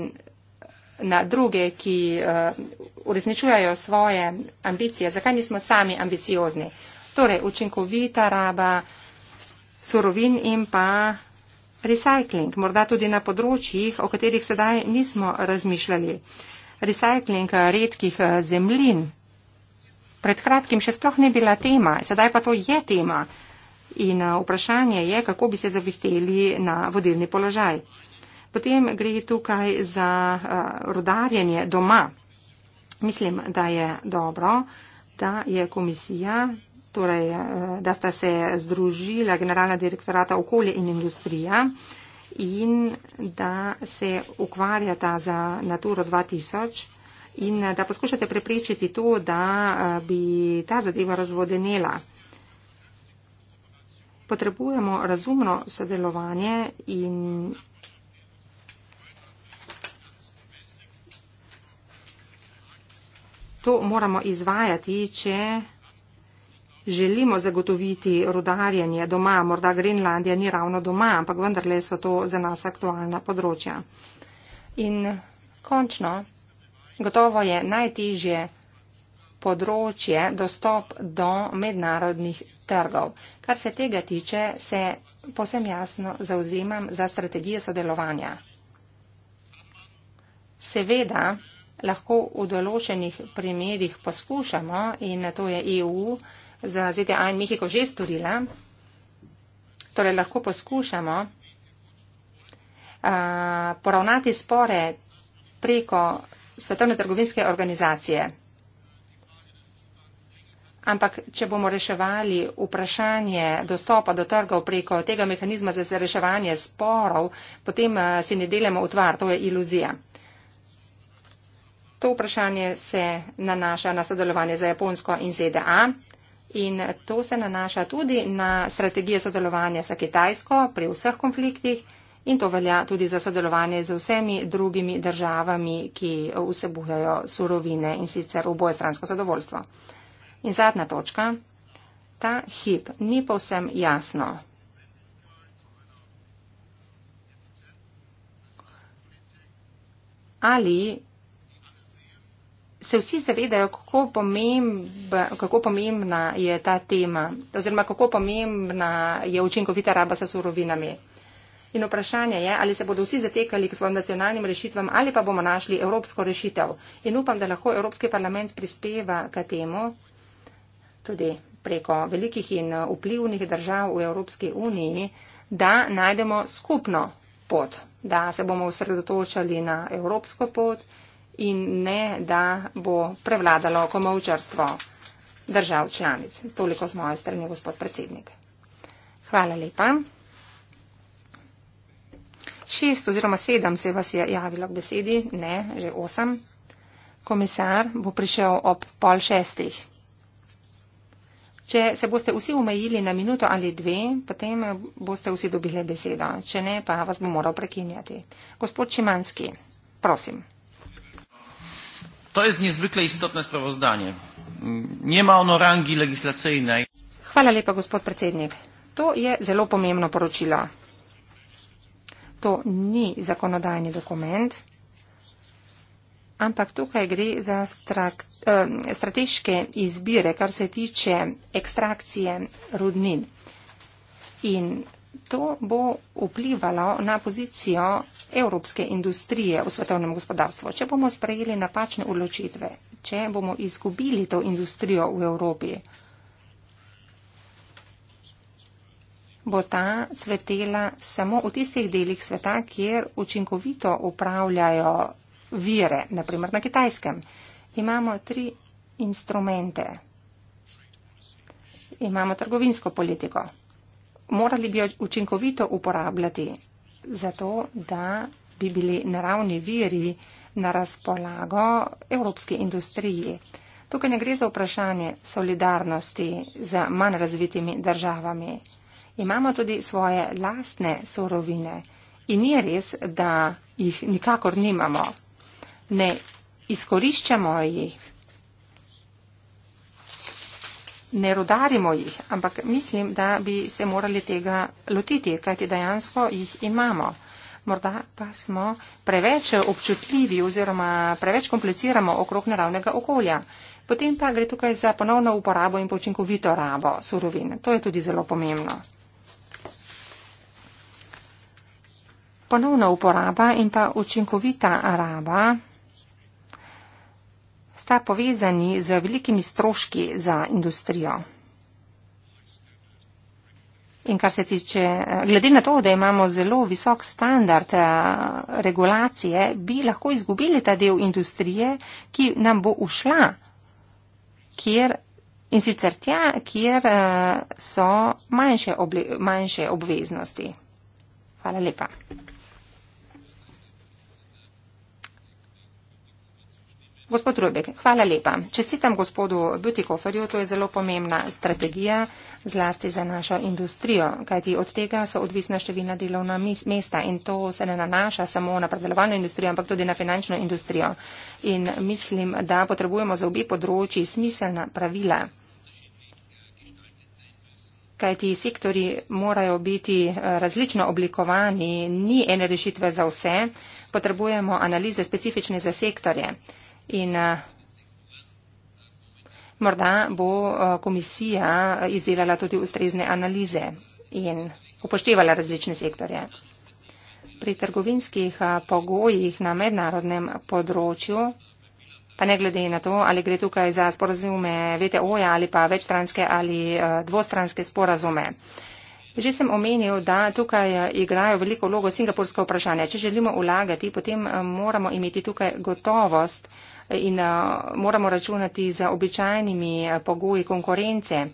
na druge, ki uh, eh, uresničujajo svoje ambicije? Zakaj nismo sami ambiciozni? Torej, učinkovita raba surovin in pa recycling, morda tudi na področjih, o katerih sedaj nismo razmišljali. Uh, recikling eh, redkih eh, zemljin. Pred kratkim še sploh ni bila tema, sedaj pa to je tema. In eh, vprašanje je, kako bi se zavihteli na vodilni položaj. Potem gre tukaj za rodarjenje doma. Mislim, da je dobro, da je komisija, torej, da sta se združila generalna direktorata okolje in industrija in da se ukvarjata za Naturo 2000 in eh, da poskušate preprečiti to, da eh, bi ta zadeva razvodenela. Potrebujemo razumno sodelovanje in to moramo izvajati, če želimo zagotoviti rudarjenje doma, morda Grenlandija ni ravno doma, ampak vendarle so to za nas aktualna področja. In končno, gotovo je najtežje področje dostop do mednarodnih trgov. Kar se tega tiče, se posem jasno zauzemam za strategije sodelovanja. Seveda, lahko v določenih primerjih poskušamo in to je EU, z ZDA in Mehiko že storila. Torej lahko poskušamo a, poravnati spore preko Svetovne trgovinske organizacije. Ampak, če bomo reševali vprašanje dostopa do trgov preko tega mehanizma za reševanje sporov, potem si ne delamo utvar, to je iluzija. To vprašanje se nanaša na sodelovanje za Japonsko in ZDA. In to se nanaša tudi na strategije sodelovanja sa Kitajsko pri vseh konfliktih in to velja tudi za sodelovanje z vsemi drugimi državami, ki vsebujejo surovine in sicer v boje stransko zadovoljstvo. In zadnja točka. Ta hip ni povsem jasno. Ali se vsi zavedajo, kako, pomemb, kako pomembna je ta tema oziroma kako pomembna je učinkovita raba sa surovinami. In vprašanje je, ali se bodo vsi zatekali k svojim nacionalnim rešitvam ali pa bomo našli evropsko rešitev. In upam, da lahko Evropski parlament prispeva k temu tudi preko velikih in uh, vplivnih držav v Evropski uniji, da najdemo skupno pot, da se bomo osredotočali na evropsko pot in ne, da bo prevladalo komovčarstvo držav članic. Toliko z moje strani, gospod predsednik. Hvala lepa. Šest oziroma sedem se vas je javilo k besedi, ne, že osem. Komisar bo prišel ob pol šestih. Če se boste vsi omejili na minuto ali dve, potem boste vsi dobili besedo. Če ne, pa vas bo moral prekinjati. Gospod Čimanski, prosim to jest niezwykle istotne sprawozdanie. Nie ma ono rangi legislacyjnej. Hvala lepa, gospod predsednik. To je zelo pomembno poročilo. To ni zakonodajni dokument, ampak tukaj gre za eh, strateške izbire, kar se tiče ekstrakcije rudnin. In to bo vplivalo na pozicijo evropske industrije v svetovnem gospodarstvu. Če bomo sprejeli napačne odločitve, če bomo izgubili to industrijo v Evropi, bo ta cvetela samo v tistih delih sveta, kjer učinkovito upravljajo vire, naprimer na kitajskem. Imamo tri instrumente. Imamo trgovinsko politiko morali bi jo učinkovito uporabljati, zato da bi bili naravni viri na razpolago evropske industrije. Tukaj ne gre za vprašanje solidarnosti z manj razvitimi državami. Imamo tudi svoje lastne sorovine in ni res, da jih nikakor nimamo. Ne izkoriščamo jih ne rodarimo jih, ampak mislim, da bi se morali tega lotiti, kajti dejansko jih imamo. Morda pa smo preveč občutljivi oziroma preveč kompliciramo okrog naravnega okolja. Potem pa gre tukaj za ponovno uporabo in počinkovito rabo surovin. To je tudi zelo pomembno. Ponovna uporaba in pa učinkovita raba sta povezani z velikimi stroški za industrijo. In kar se tiče, glede na to, da imamo zelo visok standard eh, regulacije, bi lahko izgubili ta del industrije, ki nam bo ušla kjer, in sicer tja, kjer eh, so manjše, obli, manjše obveznosti. Hvala lepa. Gospod Rubek, hvala lepa. Čestitam gospodu Butikoferju, to je zelo pomembna strategija, zlasti za našo industrijo, kajti od tega so odvisna številna delovna mesta in to se ne nanaša samo na predelovalno industrijo, ampak tudi na finančno industrijo. In mislim, da potrebujemo za obi področji smiselna pravila, kajti sektori morajo biti eh, različno oblikovani, ni ene rešitve za vse, potrebujemo analize specifične za sektorje. In eh, morda bo eh, komisija izdelala tudi ustrezne analize in upoštevala različne sektorje. Pri trgovinskih eh, pogojih na mednarodnem področju, pa ne glede na to, ali gre tukaj za sporazume VTO-ja ali pa večstranske ali dvostranske sporazume. Že sem omenil, da tukaj igrajo veliko vlogo singapurske vprašanje. Če želimo ulagati, potem moramo imeti tukaj gotovost, in eh, moramo računati z običajnimi eh, pogoji konkurence.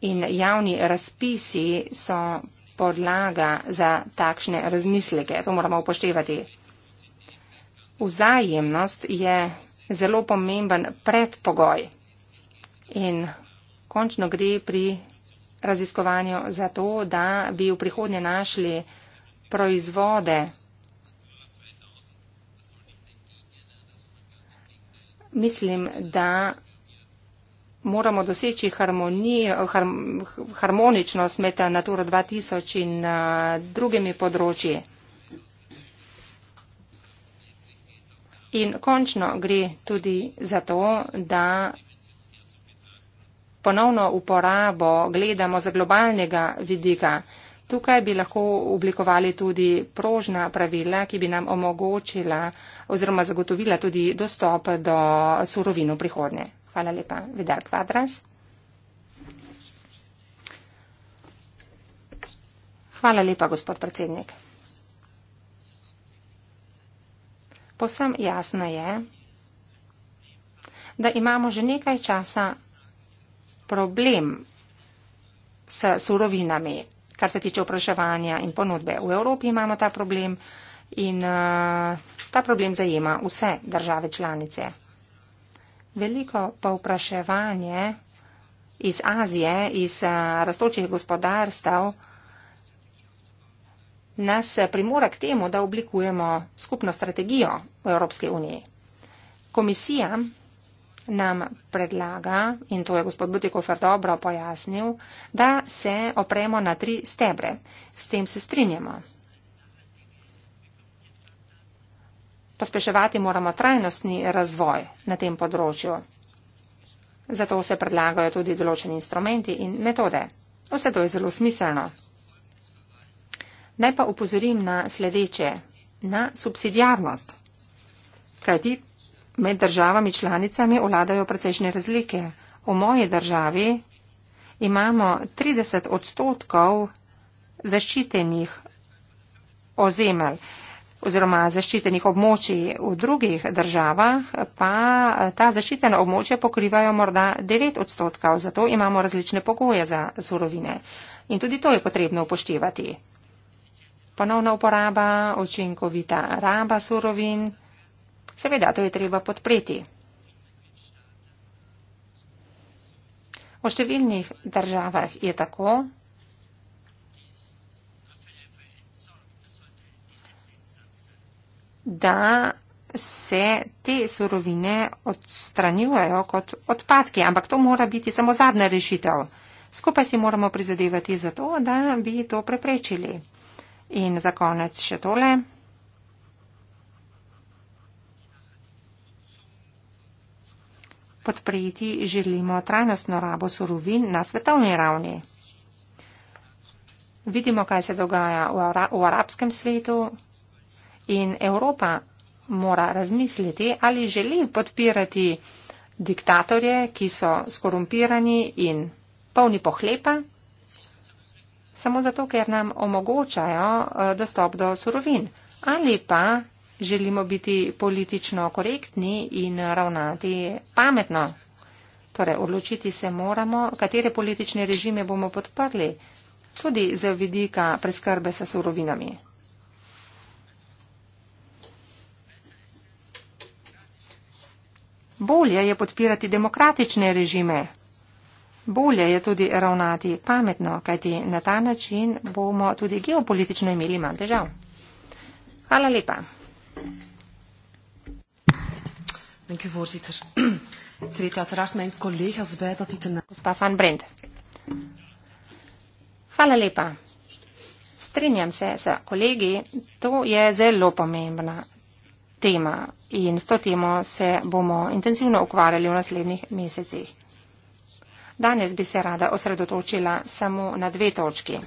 In javni razpisi so podlaga za takšne razmisleke. To moramo upoštevati. Vzajemnost je zelo pomemben predpogoj. In končno gre pri raziskovanju za to, da bi v prihodnje našli proizvode mislim, da moramo doseči harmonijo, harmoničnost med eh, Natura 2000 in eh, drugimi področji. In končno gre tudi za to, da ponovno uporabo gledamo za globalnega vidika. Tukaj bi lahko oblikovali tudi prožna pravila, ki bi nam omogočila oziroma zagotovila tudi dostop do surovino prihodnje. Hvala lepa. Vidar Kvadras. Hvala lepa, gospod predsednik. Posem jasno je, da imamo že nekaj časa problem s surovinami kar se tiče opraševanja in ponudbe. V Evropi imamo ta problem in uh, ta problem zajema vse države članice. Veliko pa vpraševanje iz Azije, iz uh, eh, raztočih gospodarstv nas primora k temu, da oblikujemo skupno strategijo v Evropski uniji. Komisija nam predlaga, in to je gospod Butikofer dobro pojasnil, da se opremo na tri stebre. S tem se strinjamo. Pospeševati moramo trajnostni razvoj na tem področju. Zato se predlagajo tudi določeni instrumenti in metode. Vse to je zelo smiselno. Naj pa upozorim na sledeče, na subsidijarnost. Kajti Med državami članicami vladajo precejšnje razlike. V moji državi imamo 30 odstotkov zaščitenih ozemelj oziroma zaščitenih območij. V drugih državah pa ta zaščitena območja pokrivajo morda 9 odstotkov, zato imamo različne pogoje za surovine. In tudi to je potrebno upoštevati. Ponovna uporaba, učinkovita raba surovin. Seveda, to je treba podpreti. V številnih državah je tako. da se te surovine odstranjujejo kot odpadki, ampak to mora biti samo zadnja rešitev. Skupaj si moramo prizadevati za to, da bi to preprečili. In za konec še tole. podpreti želimo trajnostno rabo surovin na svetovni ravni. Vidimo, kaj se dogaja v, ara v arabskem svetu in Evropa mora razmisliti, ali želi podpirati diktatorje, ki so skorumpirani in polni pohlepa, samo zato, ker nam omogočajo eh, dostop do surovin. Ali pa želimo biti politično korektni in ravnati pametno. Torej, odločiti se moramo, katere politične režime bomo podprli, tudi z vidika preskrbe sa surovinami. Bolje je podpirati demokratične režime. Bolje je tudi ravnati pametno, kajti na ta način bomo tudi geopolitično imeli manj težav. Hvala lepa. Dank u, voorzitter. Ik treed uiteraard mijn collega's bij dat dit een... Gospa van Brent. Hvala lepa. Strenjam se s kolegi, to je zelo pomembna tema in s to temo se bomo intenzivno ukvarjali v naslednjih mesecih. Danes bi se rada osredotočila samo na dve točki.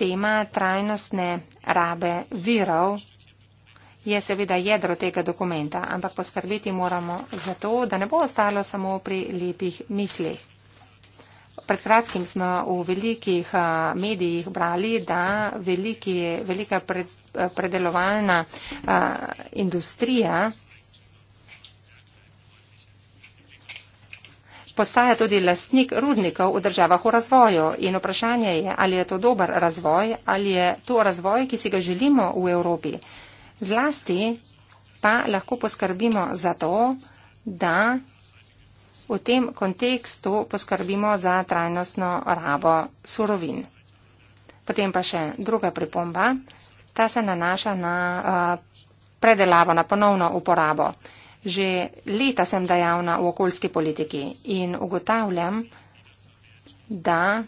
tema trajnostne rabe virov je seveda jedro tega dokumenta, ampak poskrbeti moramo za to, da ne bo ostalo samo pri lepih mislih. Pred kratkim smo v velikih medijih brali, da veliki, velika pred, predelovalna a, industrija postaja tudi lastnik rudnikov v državah v razvoju in vprašanje je, ali je to dober razvoj, ali je to razvoj, ki si ga želimo v Evropi. Zlasti pa lahko poskrbimo za to, da v tem kontekstu poskrbimo za trajnostno rabo surovin. Potem pa še druga pripomba, ta se nanaša na uh, predelavo, na ponovno uporabo. Že leta sem dejavna v okoljski politiki in ugotavljam, da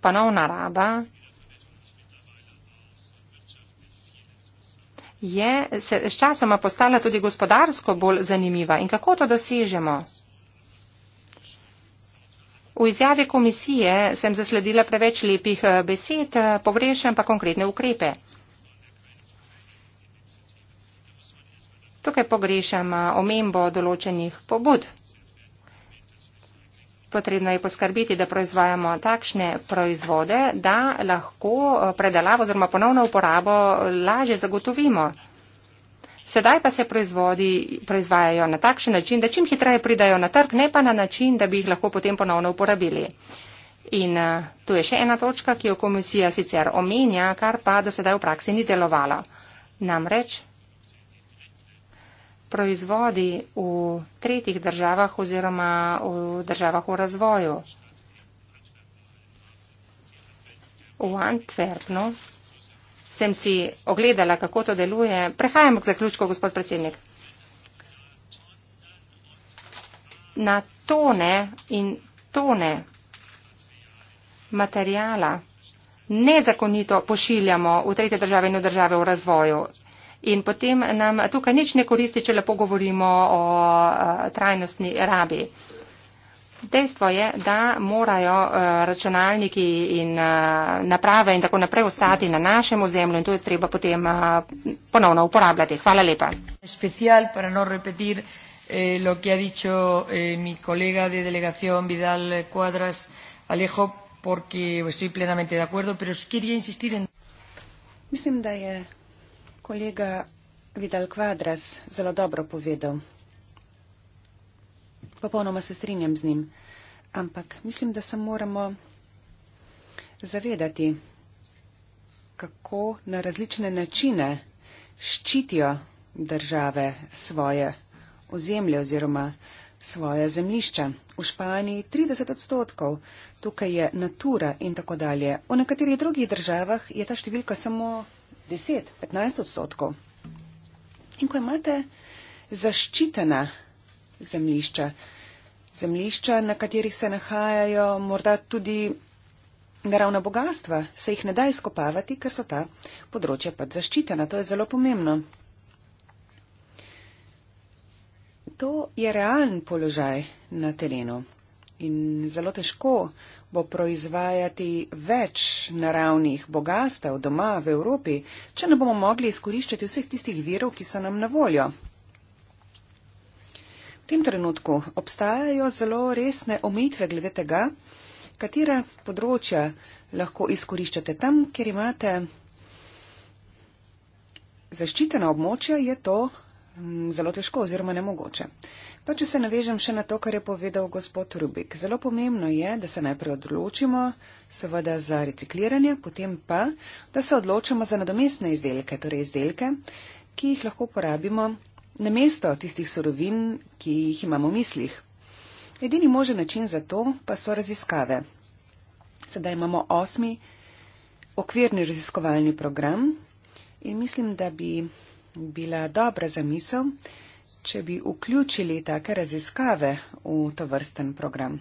ponovna raba je se, s časoma postala tudi gospodarsko bolj zanimiva. In kako to dosežemo? V izjavi komisije sem zasledila preveč lepih eh, besed, eh, pogrešam pa konkretne ukrepe. Tukaj pogrešam omembo določenih pobud. Potrebno je poskrbiti, da proizvajamo takšne proizvode, da lahko predelavo oziroma ponovno uporabo lažje zagotovimo. Sedaj pa se proizvodi proizvajajo na takšen način, da čim hitreje pridajo na trg, ne pa na način, da bi jih lahko potem ponovno uporabili. In tu je še ena točka, ki jo komisija sicer omenja, kar pa do sedaj v praksi ni delovalo. Namreč proizvodi v tretjih državah oziroma v državah v razvoju. V Antwerpnu sem si ogledala, kako to deluje. Prehajam k zaključku, gospod predsednik. Na tone in tone materijala nezakonito pošiljamo v tretje države in v države v razvoju in potem nam tukaj nič ne koristi, če lepo govorimo o eh, trajnostni rabi. Dejstvo je, da morajo eh, računalniki in eh, naprave in tako naprej ostati na našem ozemlju in to je treba potem ponovno uporabljati. Hvala lepa. Especial, no Eh, lo que ha dicho eh, mi colega de delegación Vidal Cuadras Alejo, porque estoy plenamente de acuerdo, pero quería insistir en kolega Vidal Quadras zelo dobro povedal. Popolnoma se strinjam z njim, ampak mislim, da se moramo zavedati, kako na različne načine ščitijo države svoje ozemlje oziroma svoje zemljišča. V Španiji 30 odstotkov, tukaj je natura in tako dalje. V nekaterih drugih državah je ta številka samo 10, 15 odstotkov. In ko imate zaščitena zemljišča, zemljišča, na katerih se nahajajo morda tudi naravna bogatstva, se jih ne da izkopavati, ker so ta področja pa zaščitena. To je zelo pomembno. To je realen položaj na terenu in zelo težko bo proizvajati več naravnih bogastev doma v Evropi, če ne bomo mogli izkoriščati vseh tistih virov, ki so nam na voljo. V tem trenutku obstajajo zelo resne omejitve glede tega, katera področja lahko izkoriščate tam, kjer imate zaščitena območja, je to mm, zelo težko oziroma nemogoče. Pa če se navežem še na to, kar je povedal gospod Rubik. Zelo pomembno je, da se najprej odločimo, seveda za recikliranje, potem pa, da se odločimo za nadomestne izdelke, torej izdelke, ki jih lahko uporabimo na mesto tistih sorovin, ki jih imamo v mislih. Edini možen način za to pa so raziskave. Sedaj imamo osmi okvirni raziskovalni program in mislim, da bi bila dobra zamisel, če bi vključili take raziskave v to vrsten program.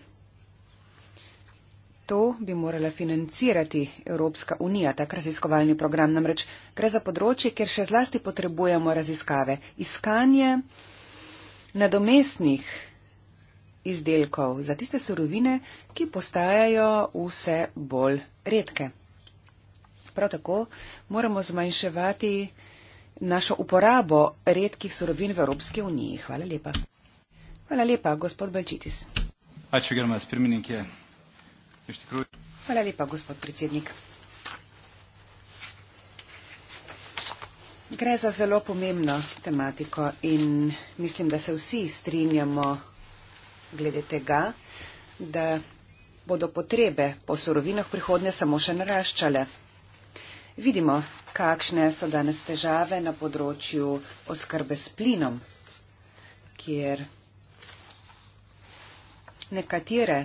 To bi morala financirati Evropska unija, tak raziskovalni program. Namreč gre za področje, kjer še zlasti potrebujemo raziskave. Iskanje nadomestnih izdelkov za tiste surovine, ki postajajo vse bolj redke. Prav tako moramo zmanjševati našo uporabo redkih surovin v Evropski uniji. Hvala lepa. Hvala lepa, gospod Balčitis. Hvala lepa, gospod predsednik. Gre za zelo pomembno tematiko in mislim, da se vsi strinjamo glede tega, da bodo potrebe po surovinah prihodnje samo še naraščale. Vidimo, kakšne so danes težave na področju oskrbe s plinom, kjer nekatere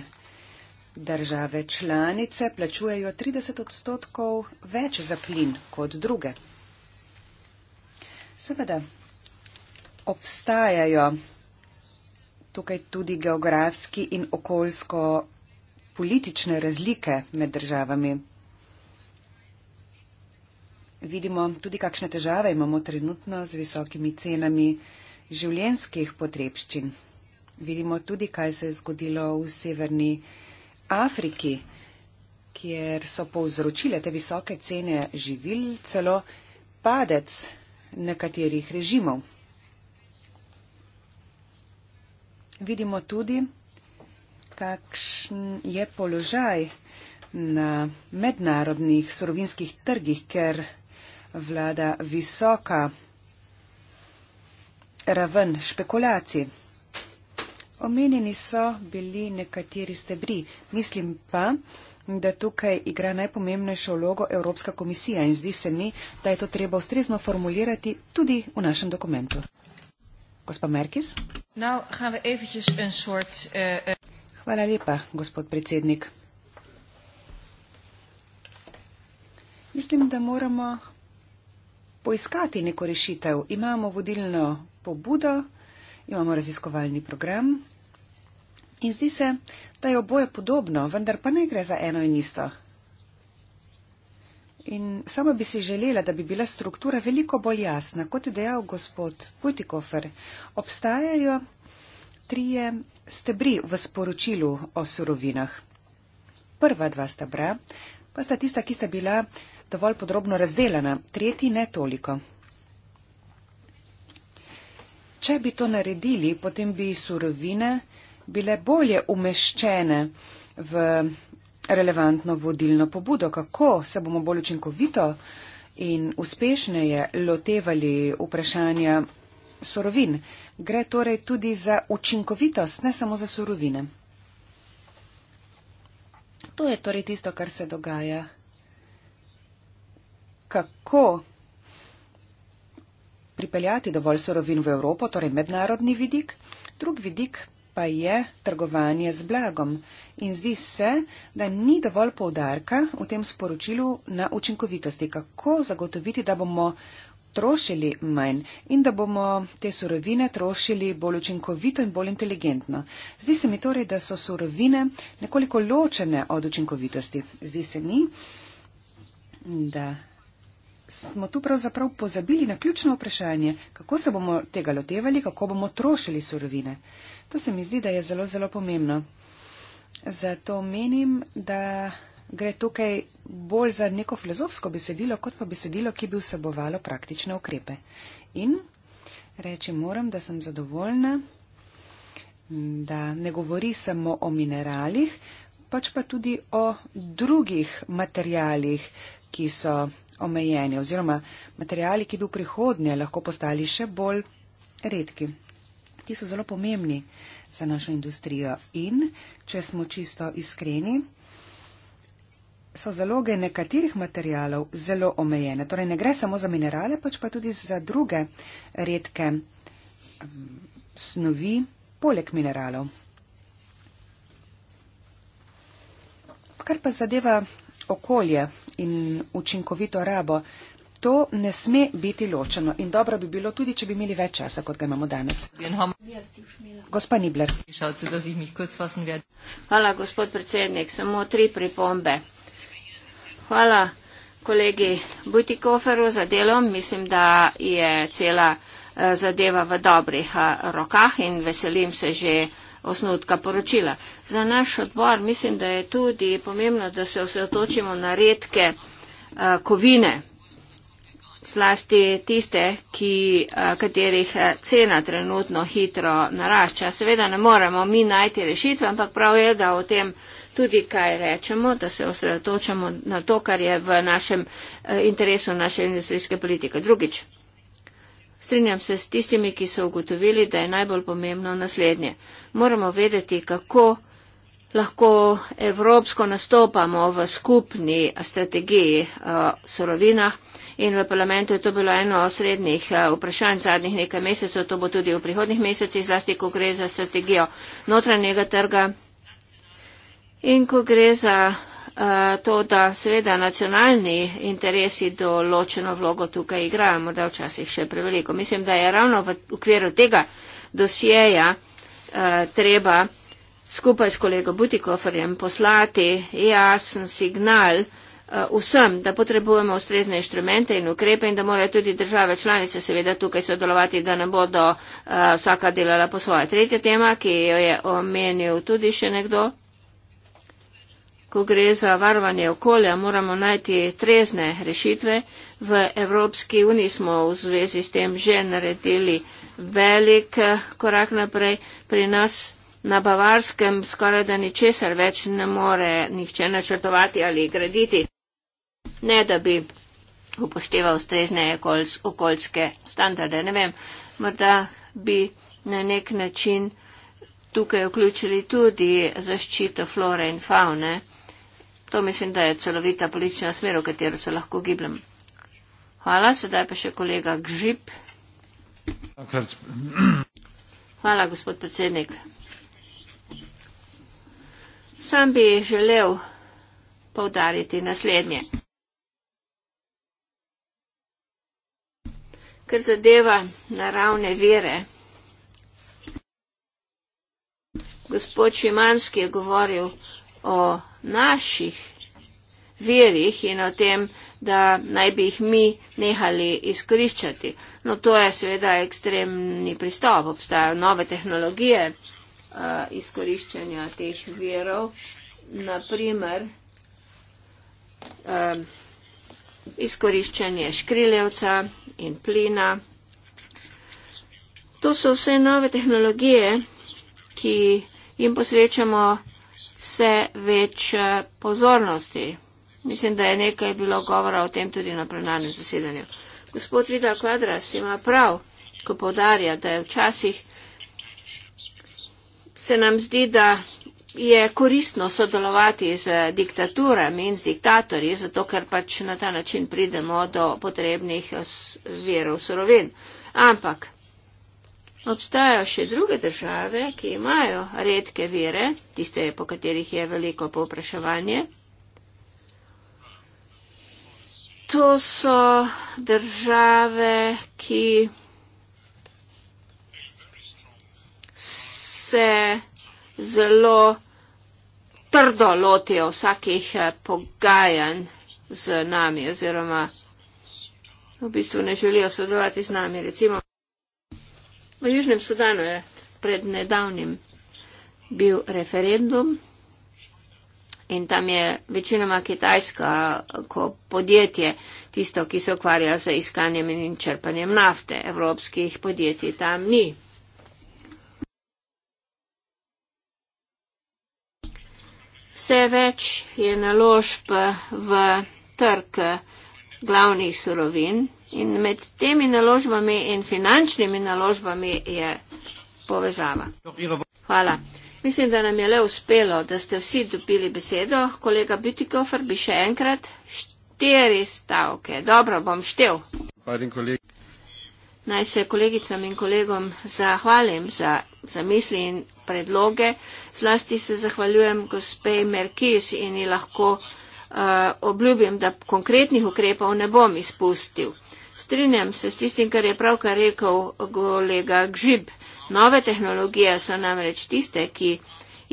države članice plačujejo 30 odstotkov več za plin kot druge. Seveda, obstajajo tukaj tudi geografski in okoljsko politične razlike med državami vidimo tudi, kakšne težave imamo trenutno z visokimi cenami življenskih potrebščin. Vidimo tudi, kaj se je zgodilo v severni Afriki, kjer so povzročile te visoke cene živil celo padec nekaterih režimov. Vidimo tudi, kakšen je položaj na mednarodnih surovinskih trgih, ker vlada visoka raven špekulacij. Omenjeni so bili nekateri stebri. Mislim pa, da tukaj igra najpomembnejšo vlogo Evropska komisija in zdi se mi, da je to treba ustrezno formulirati tudi v našem dokumentu. Gospa Merkis. Eh, eh, Hvala lepa, gospod predsednik. Mislim, da moramo poiskati neko rešitev. Imamo vodilno pobudo, imamo raziskovalni program in zdi se, da je oboje podobno, vendar pa ne gre za eno in isto. In sama bi si želela, da bi bila struktura veliko bolj jasna, kot je dejal gospod Putikofer. Obstajajo trije stebri v sporočilu o surovinah. Prva dva stebra pa sta tista, ki sta bila dovolj podrobno razdelana, tretji ne toliko. Če bi to naredili, potem bi surovine bile bolje umeščene v relevantno vodilno pobudo, kako se bomo bolj učinkovito in uspešneje lotevali vprašanja surovin. Gre torej tudi za učinkovitost, ne samo za surovine. To je torej tisto, kar se dogaja kako pripeljati dovolj sorovin v Evropo, torej mednarodni vidik. Drug vidik pa je trgovanje z blagom. In zdi se, da ni dovolj poudarka v tem sporočilu na učinkovitosti, kako zagotoviti, da bomo trošili manj in da bomo te surovine trošili bolj učinkovito in bolj inteligentno. Zdi se mi torej, da so surovine nekoliko ločene od učinkovitosti. Zdi se mi, da smo tu pravzaprav pozabili na ključno vprašanje, kako se bomo tega lotevali, kako bomo trošili surovine. To se mi zdi, da je zelo, zelo pomembno. Zato menim, da gre tukaj bolj za neko filozofsko besedilo, kot pa besedilo, ki bi vsebovalo praktične ukrepe. In reči moram, da sem zadovoljna, da ne govori samo o mineralih, pač pa tudi o drugih materialih, ki so omejeni oziroma materijali, ki bi v prihodnje lahko postali še bolj redki. Ti so zelo pomembni za našo industrijo in, če smo čisto iskreni, so zaloge nekaterih materijalov zelo omejene. Torej ne gre samo za minerale, pač pa tudi za druge redke mm, snovi poleg mineralov. Kar pa zadeva okolje, in učinkovito rabo. To ne sme biti ločeno in dobro bi bilo tudi, če bi imeli več časa, kot ga imamo danes. Gospa Nibler. Hvala, gospod predsednik. Samo tri pripombe. Hvala, kolegi Butikoferu za delom. Mislim, da je cela eh, zadeva v dobrih eh, rokah in veselim se že osnutka poročila. Za naš odbor mislim, da je tudi pomembno, da se osredotočimo na redke eh, kovine, zlasti tiste, ki, eh, katerih eh, cena trenutno hitro narašča. Seveda ne moremo mi najti rešitve, ampak prav je, da o tem tudi kaj rečemo, da se osredotočamo na to, kar je v našem interesu naše industrijske politike. Drugič. Strinjam se s tistimi, ki so ugotovili, da je najbolj pomembno naslednje. Moramo vedeti, kako lahko evropsko nastopamo v skupni eh, strategiji uh, sorovinah in v parlamentu je to bilo eno od srednjih uh, eh, vprašanj zadnjih nekaj mesecev, to bo tudi v prihodnih mesecih, zlasti ko gre za strategijo notranjega trga in ko gre za. Uh, Eh, to, da seveda nacionalni interesi določeno vlogo tukaj igrajo, morda včasih še preveliko. Mislim, da je ravno v okviru tega dosjeja eh, treba skupaj s kolego Butikoferjem poslati jasen signal eh, vsem, da potrebujemo ustrezne inštrumente in ukrepe in da morajo tudi države članice seveda tukaj sodelovati, da ne bodo vsaka delala po svoje. Tretja tema, ki jo je omenil tudi še nekdo, ko gre za varovanje okolja, moramo najti trezne rešitve. V Evropski uniji smo v zvezi s tem že naredili velik eh, korak naprej. Pri nas na Bavarskem skoraj da ni česar več ne more nihče načrtovati ali graditi. Ne, da bi upošteval strezne okoljske standarde. Ne vem, morda bi na nek način tukaj vključili tudi zaščito flore in faune. To mislim, da je celovita politična smer, v katero se lahko gibljem. Hvala, sedaj pa še kolega Gžip. Hvala, gospod predsednik. Sam bi želel povdariti naslednje. Ker zadeva naravne vere. Gospod Šimanski je govoril o naših verjih in o tem, da naj bi jih mi nehali izkoriščati. No, to je seveda ekstremni pristop. Obstajajo nove tehnologije uh, izkoriščanja teh verov. Naprimer, uh, um, izkoriščanje škriljevca in plina. To so vse nove tehnologije, ki jim posvečamo vse več eh, pozornosti. Mislim, da je nekaj bilo govora o tem tudi na plenarnem zasedanju. Gospod Vida Kvadras ima prav, ko podarja, da je včasih se nam zdi, da je koristno sodelovati z diktaturami in z diktatorji, zato ker pač na ta način pridemo do potrebnih verov surovin. Ampak Obstajajo še druge države, ki imajo redke vire, tiste, po katerih je veliko povpraševanje. To so države, ki se zelo trdo lotijo vsakih eh, pogajanj z nami oziroma v bistvu ne želijo sodelovati z nami. Recimo, V Južnem Sudanu je pred nedavnim bil referendum in tam je večinoma kitajska podjetje tisto, ki se ukvarja z iskanjem in črpanjem nafte. Evropskih podjetij tam ni. Vse več je naložb v trg glavnih surovin, In med temi naložbami in finančnimi naložbami je povezava. Hvala. Mislim, da nam je le uspelo, da ste vsi dobili besedo. Kolega Bütikofer bi še enkrat štiri stavke. Dobro, bom štev. Naj se kolegicam in kolegom zahvalim za, za misli in predloge. Zlasti se zahvaljujem gospej Merkis in ji lahko uh, obljubim, da konkretnih ukrepov ne bom izpustil. Strinjam se s tistim, kar je pravkar rekel kolega Gžib. Nove tehnologije so namreč tiste, ki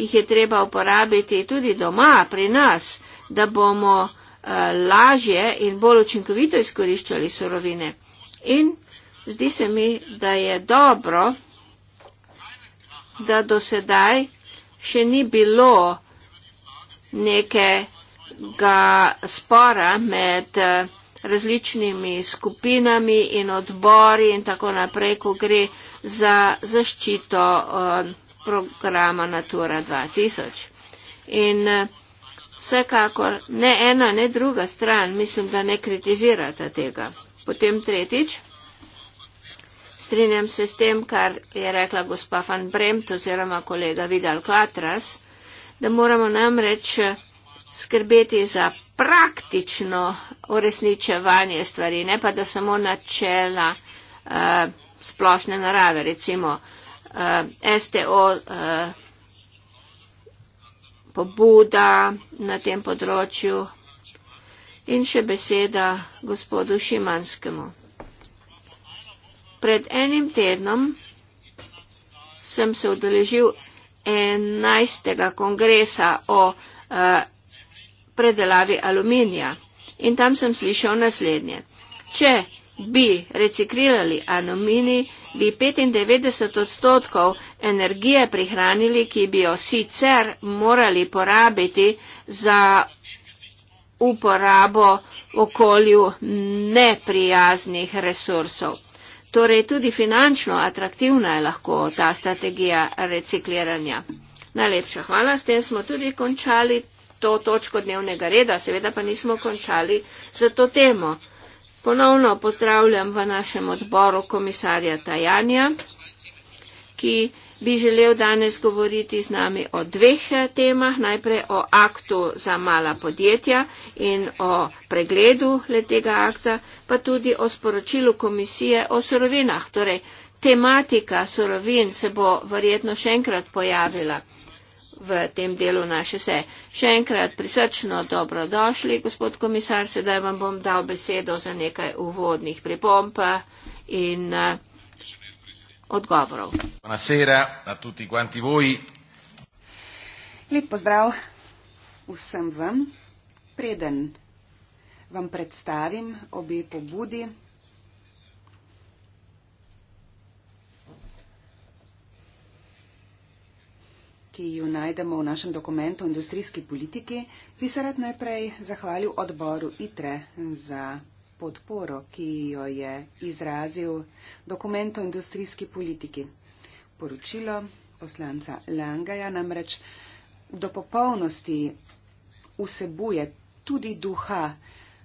jih je treba uporabiti tudi doma, pri nas, da bomo uh, lažje in bolj učinkovito izkoriščali surovine. In zdi se mi, da je dobro, da do sedaj še ni bilo nekega spora med. Uh, različnimi skupinami in odbori in tako naprej, ko gre za zaščito eh, programa Natura 2000. In eh, vsekakor ne ena, ne druga stran, mislim, da ne kritizirata tega. Potem tretjič, strinjam se s tem, kar je rekla gospa Van Bremt oziroma kolega Vidal Quatras, da moramo namreč eh, skrbeti za praktično uresničevanje stvari, ne pa da samo načela uh, splošne narave, recimo uh, eh, STO uh, eh, pobuda na tem področju in še beseda gospodu Šimanskemu. Pred enim tednom sem se udeležil 11. kongresa o uh, predelavi aluminija. In tam sem slišal naslednje. Če bi reciklirali aluminij, bi 95 odstotkov energije prihranili, ki bi jo sicer morali porabiti za uporabo okolju neprijaznih resursov. Torej tudi finančno atraktivna je lahko ta strategija recikliranja. Najlepša hvala, s tem smo tudi končali to točko dnevnega reda, seveda pa nismo končali za to temo. Ponovno pozdravljam v našem odboru komisarja Tajanja, ki bi želel danes govoriti z nami o dveh eh, temah. Najprej o aktu za mala podjetja in o pregledu letega akta, pa tudi o sporočilu komisije o sorovinah. Torej, tematika sorovin se bo verjetno še enkrat pojavila v tem delu naše seje. Še enkrat prisrčno dobrodošli, gospod komisar, sedaj vam bom dal besedo za nekaj uvodnih pripomp eh, in eh, odgovorov. Lep pozdrav vsem vam. Preden vam predstavim obe pobudi, ki jo najdemo v našem dokumentu o industrijski politiki, bi se rad najprej zahvalil odboru ITRE za podporo, ki jo je izrazil dokument o industrijski politiki. Poročilo poslanca Langaja namreč do popolnosti vsebuje tudi duha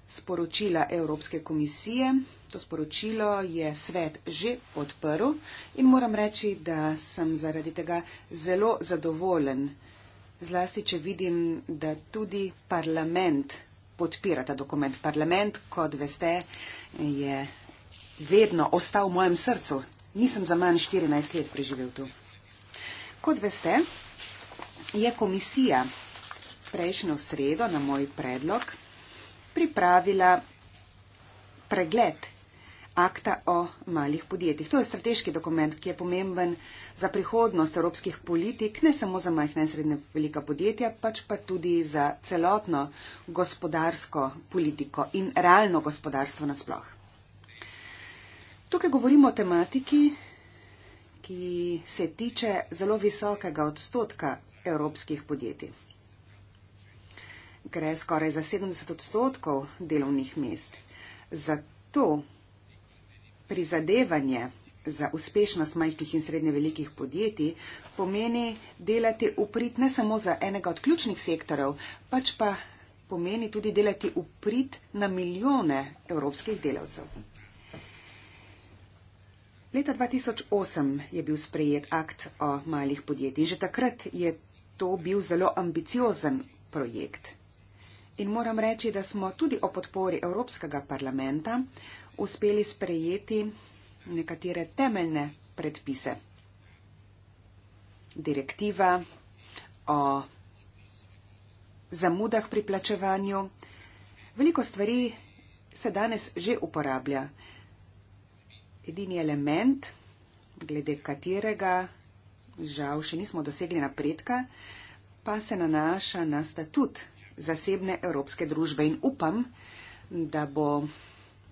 sporočila Evropske komisije To sporočilo je svet že podprl in moram reči, da sem zaradi tega zelo zadovoljen, zlasti če vidim, da tudi parlament podpira ta dokument. Parlament, kot veste, je vedno ostal v mojem srcu. Nisem za manj 14 let preživel tu. Kot veste, je komisija prejšnjo sredo na moj predlog pripravila pregled akta o malih podjetjih. To je strateški dokument, ki je pomemben za prihodnost evropskih politik, ne samo za majhna in srednja velika podjetja, pač pa tudi za celotno gospodarsko politiko in realno gospodarstvo nasploh. Tukaj govorimo o tematiki, ki se tiče zelo visokega odstotka evropskih podjetij. Gre skoraj za 70 odstotkov delovnih mest. Zato prizadevanje za uspešnost majhnih in srednje velikih podjetij pomeni delati uprit ne samo za enega od ključnih sektorov, pač pa pomeni tudi delati uprit na milijone evropskih delavcev. Leta 2008 je bil sprejet akt o malih podjetjih. Že takrat je to bil zelo ambiciozen projekt. In moram reči, da smo tudi o podpori Evropskega parlamenta uspeli sprejeti nekatere temeljne predpise. Direktiva o zamudah pri plačevanju. Veliko stvari se danes že uporablja. Edini element, glede katerega žal še nismo dosegli napredka, pa se nanaša na statut zasebne evropske družbe in upam, da bo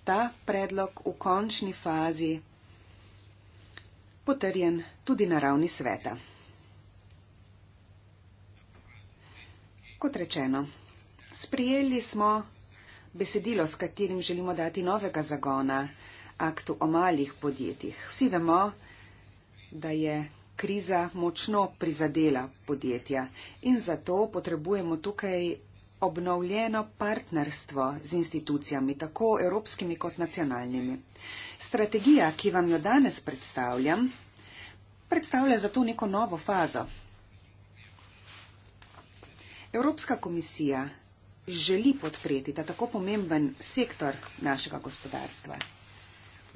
ta predlog v končni fazi potrjen tudi na ravni sveta. Kot rečeno, sprijeli smo besedilo, s katerim želimo dati novega zagona aktu o malih podjetjih. Vsi vemo, da je kriza močno prizadela podjetja in zato potrebujemo tukaj obnovljeno partnerstvo z institucijami, tako evropskimi kot nacionalnimi. Strategija, ki vam jo danes predstavljam, predstavlja zato neko novo fazo. Evropska komisija želi podpreti ta tako pomemben sektor našega gospodarstva.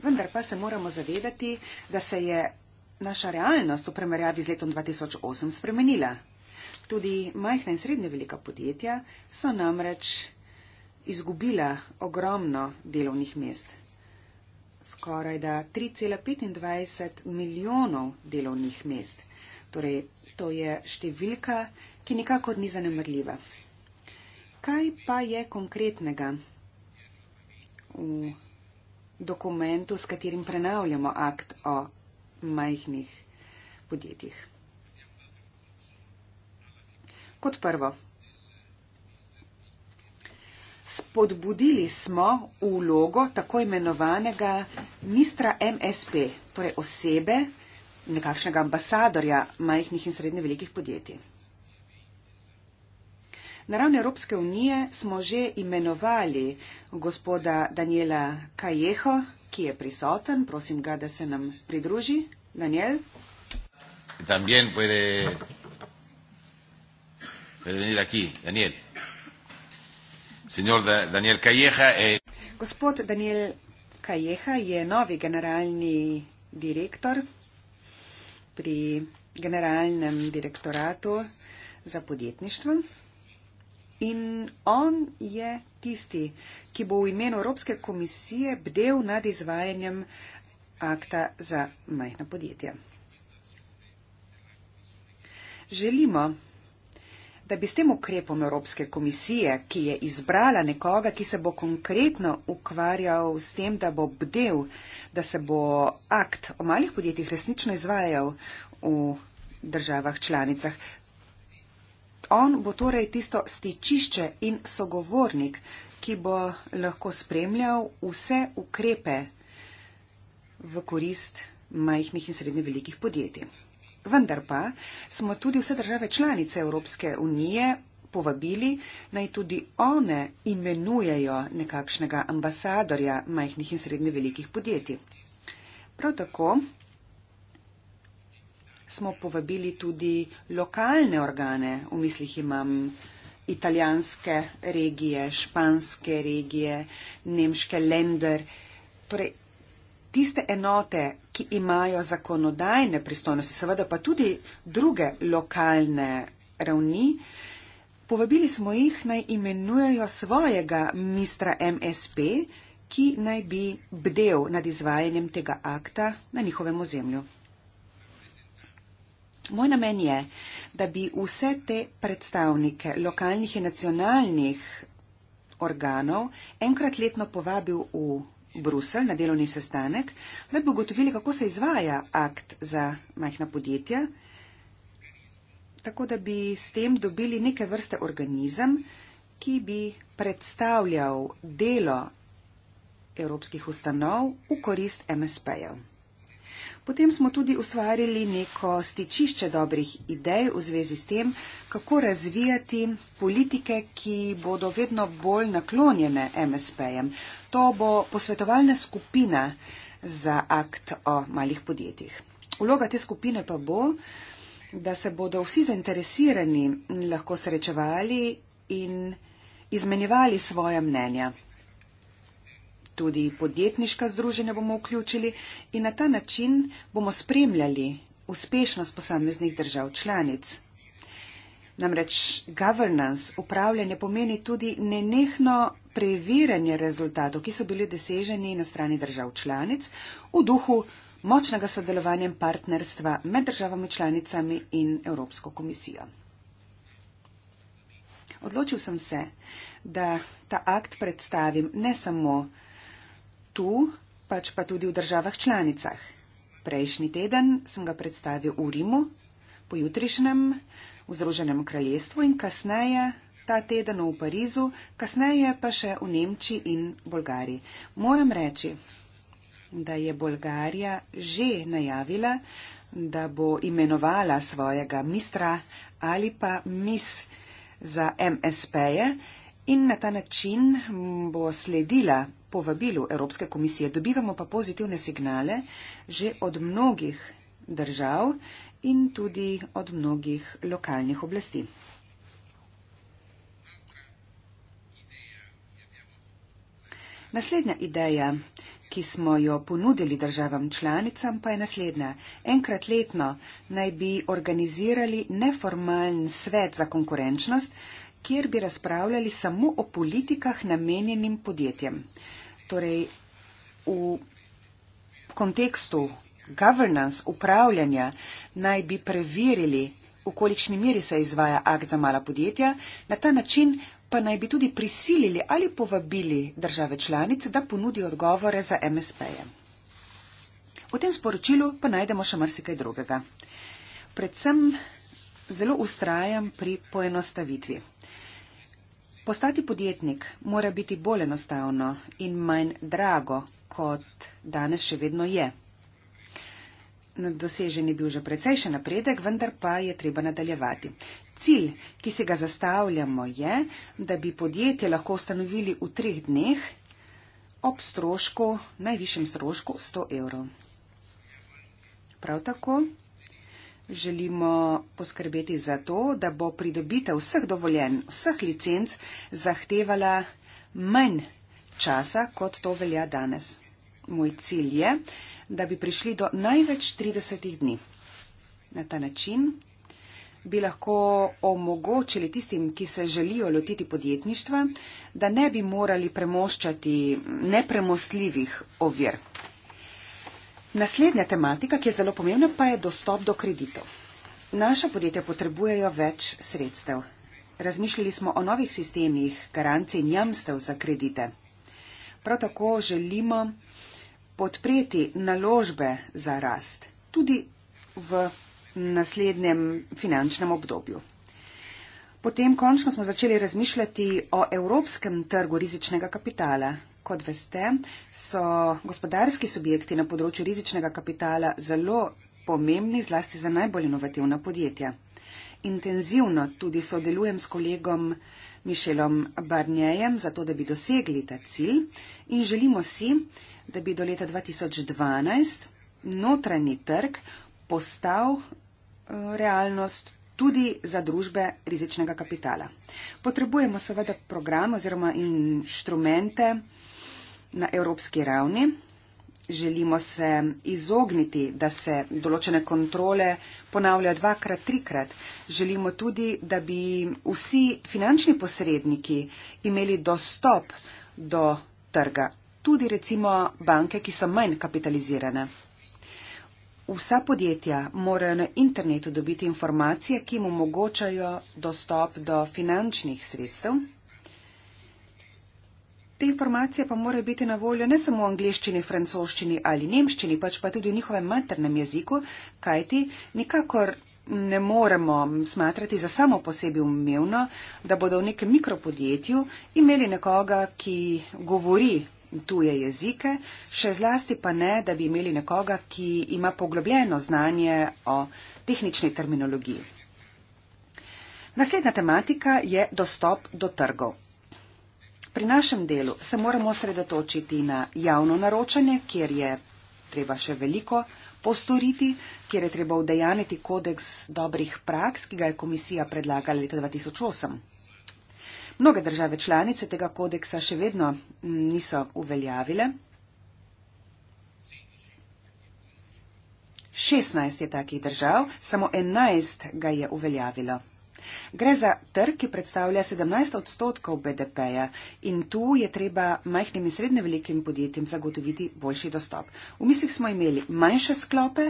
Vendar pa se moramo zavedati, da se je naša realnost v primerjavi z letom 2008 spremenila. Tudi majhna in srednje velika podjetja so namreč izgubila ogromno delovnih mest. Skoraj da 3,25 milijonov delovnih mest. Torej, to je številka, ki nikakor ni zanemrljiva. Kaj pa je konkretnega v dokumentu, s katerim prenavljamo akt o majhnih podjetjih? Kot prvo, spodbudili smo vlogo tako imenovanega ministra MSP, torej osebe, nekakšnega ambasadorja majhnih in srednje velikih podjetij. Na ravni Evropske unije smo že imenovali gospoda Daniela Kajeho, ki je prisoten. Prosim ga, da se nam pridruži. Daniel. También puede de venir aquí, Daniel. Señor da Daniel Calleja. Eh... Gospod Daniel Calleja je novi generalni direktor pri generalnem direktoratu za podjetništvo. In on je tisti, ki bo v imenu Evropske komisije bdel nad izvajanjem akta za majhna podjetja. Želimo, da bi s tem ukrepom Evropske komisije, ki je izbrala nekoga, ki se bo konkretno ukvarjal s tem, da bo bdel, da se bo akt o malih podjetjih resnično izvajal v državah članicah. On bo torej tisto stičišče in sogovornik, ki bo lahko spremljal vse ukrepe v korist majhnih in srednje velikih podjetij. Vendar pa smo tudi vse države članice Evropske unije povabili, naj tudi one imenujejo nekakšnega ambasadorja majhnih in srednje velikih podjetij. Prav tako smo povabili tudi lokalne organe, v mislih imam italijanske regije, španske regije, nemške lender, torej tiste enote, ki imajo zakonodajne pristojnosti, seveda pa tudi druge lokalne ravni, povabili smo jih naj imenujejo svojega ministra MSP, ki naj bi bdel nad izvajanjem tega akta na njihovem ozemlju. Moj namen je, da bi vse te predstavnike lokalnih in nacionalnih organov enkrat letno povabil v Bruselj na delovni sestanek, da bi ugotovili, kako se izvaja akt za majhna podjetja, tako da bi s tem dobili neke vrste organizem, ki bi predstavljal delo evropskih ustanov v korist MSP-jev. Potem smo tudi ustvarili neko stičišče dobrih idej v zvezi s tem, kako razvijati politike, ki bodo vedno bolj naklonjene MSP-jem. To bo posvetovalna skupina za akt o malih podjetjih. Uloga te skupine pa bo, da se bodo vsi zainteresirani lahko srečevali in izmenjevali svoje mnenja. Tudi podjetniška združenja bomo vključili in na ta način bomo spremljali uspešnost posameznih držav članic. Namreč governance upravljanje pomeni tudi nenehno preveranje rezultatov, ki so bili doseženi na strani držav članic v duhu močnega sodelovanja in partnerstva med državami članicami in Evropsko komisijo. Odločil sem se, da ta akt predstavim ne samo tu, pač pa tudi v državah članicah. Prejšnji teden sem ga predstavil v Rimu, pojutrišnjem v Združenem kraljestvu in kasneje ta teden v Parizu, kasneje pa še v Nemčiji in Bolgariji. Moram reči, da je Bolgarija že najavila, da bo imenovala svojega mistra ali pa mis za MSP-je in na ta način bo sledila povabilu Evropske komisije, dobivamo pa pozitivne signale že od mnogih držav in tudi od mnogih lokalnih oblasti. Naslednja ideja, ki smo jo ponudili državam članicam, pa je naslednja. Enkrat letno naj bi organizirali neformalen svet za konkurenčnost, kjer bi razpravljali samo o politikah namenjenim podjetjem torej v kontekstu governance upravljanja naj bi preverili, v kolikšni meri se izvaja akt za mala podjetja, na ta način pa naj bi tudi prisilili ali povabili države članice, da ponudijo odgovore za MSP-je. V tem sporočilu pa najdemo še marsikaj drugega. Predvsem zelo ustrajam pri poenostavitvi. Postati podjetnik mora biti bolj enostavno in manj drago, kot danes še vedno je. Dosežen je bil že precejšen napredek, vendar pa je treba nadaljevati. Cilj, ki si ga zastavljamo, je, da bi podjetje lahko ustanovili v treh dneh ob strošku, najvišjem strošku 100 evrov. Prav tako želimo poskrbeti za to, da bo pridobitev vseh dovoljen, vseh licenc zahtevala manj časa, kot to velja danes. Moj cilj je, da bi prišli do največ 30 dni. Na ta način bi lahko omogočili tistim, ki se želijo lotiti podjetništva, da ne bi morali premoščati nepremostljivih ovir. Naslednja tematika, ki je zelo pomembna, pa je dostop do kreditov. Naša podjetja potrebujejo več sredstev. Razmišljali smo o novih sistemih garancij in jamstev za kredite. Prav tako želimo podpreti naložbe za rast tudi v naslednjem finančnem obdobju. Potem končno smo začeli razmišljati o evropskem trgu rizičnega kapitala, Kot veste, so gospodarski subjekti na področju rizičnega kapitala zelo pomembni, zlasti za najbolj inovativna podjetja. Intenzivno tudi sodelujem s kolegom Mišelom Barnjejem, zato da bi dosegli ta cilj in želimo si, da bi do leta 2012 notranji trg postal eh, realnost tudi za družbe rizičnega kapitala. Potrebujemo seveda program oziroma inštrumente, na evropski ravni. Želimo se izogniti, da se določene kontrole ponavljajo dvakrat, trikrat. Želimo tudi, da bi vsi finančni posredniki imeli dostop do trga, tudi recimo banke, ki so manj kapitalizirane. Vsa podjetja morajo na internetu dobiti informacije, ki jim omogočajo dostop do finančnih sredstev. Te informacije pa morajo biti na voljo ne samo v angliščini, francoščini ali nemščini, pač pa tudi v njihovem maternem jeziku, kajti nikakor ne moremo smatrati za samo posebi umevno, da bodo v nekem mikropodjetju imeli nekoga, ki govori tuje jezike, še zlasti pa ne, da bi imeli nekoga, ki ima poglobljeno znanje o tehnični terminologiji. Naslednja tematika je dostop do trgov. Pri našem delu se moramo sredotočiti na javno naročanje, kjer je treba še veliko postoriti, kjer je treba udejaniti kodeks dobrih praks, ki ga je komisija predlagala leta 2008. Mnoge države članice tega kodeksa še vedno mm, niso uveljavile. 16 je takih držav, samo 11 ga je uveljavilo. Gre za trg, ki predstavlja 17 odstotkov BDP-ja in tu je treba majhnim in srednje velikim podjetjem zagotoviti boljši dostop. V mislih smo imeli manjše sklope,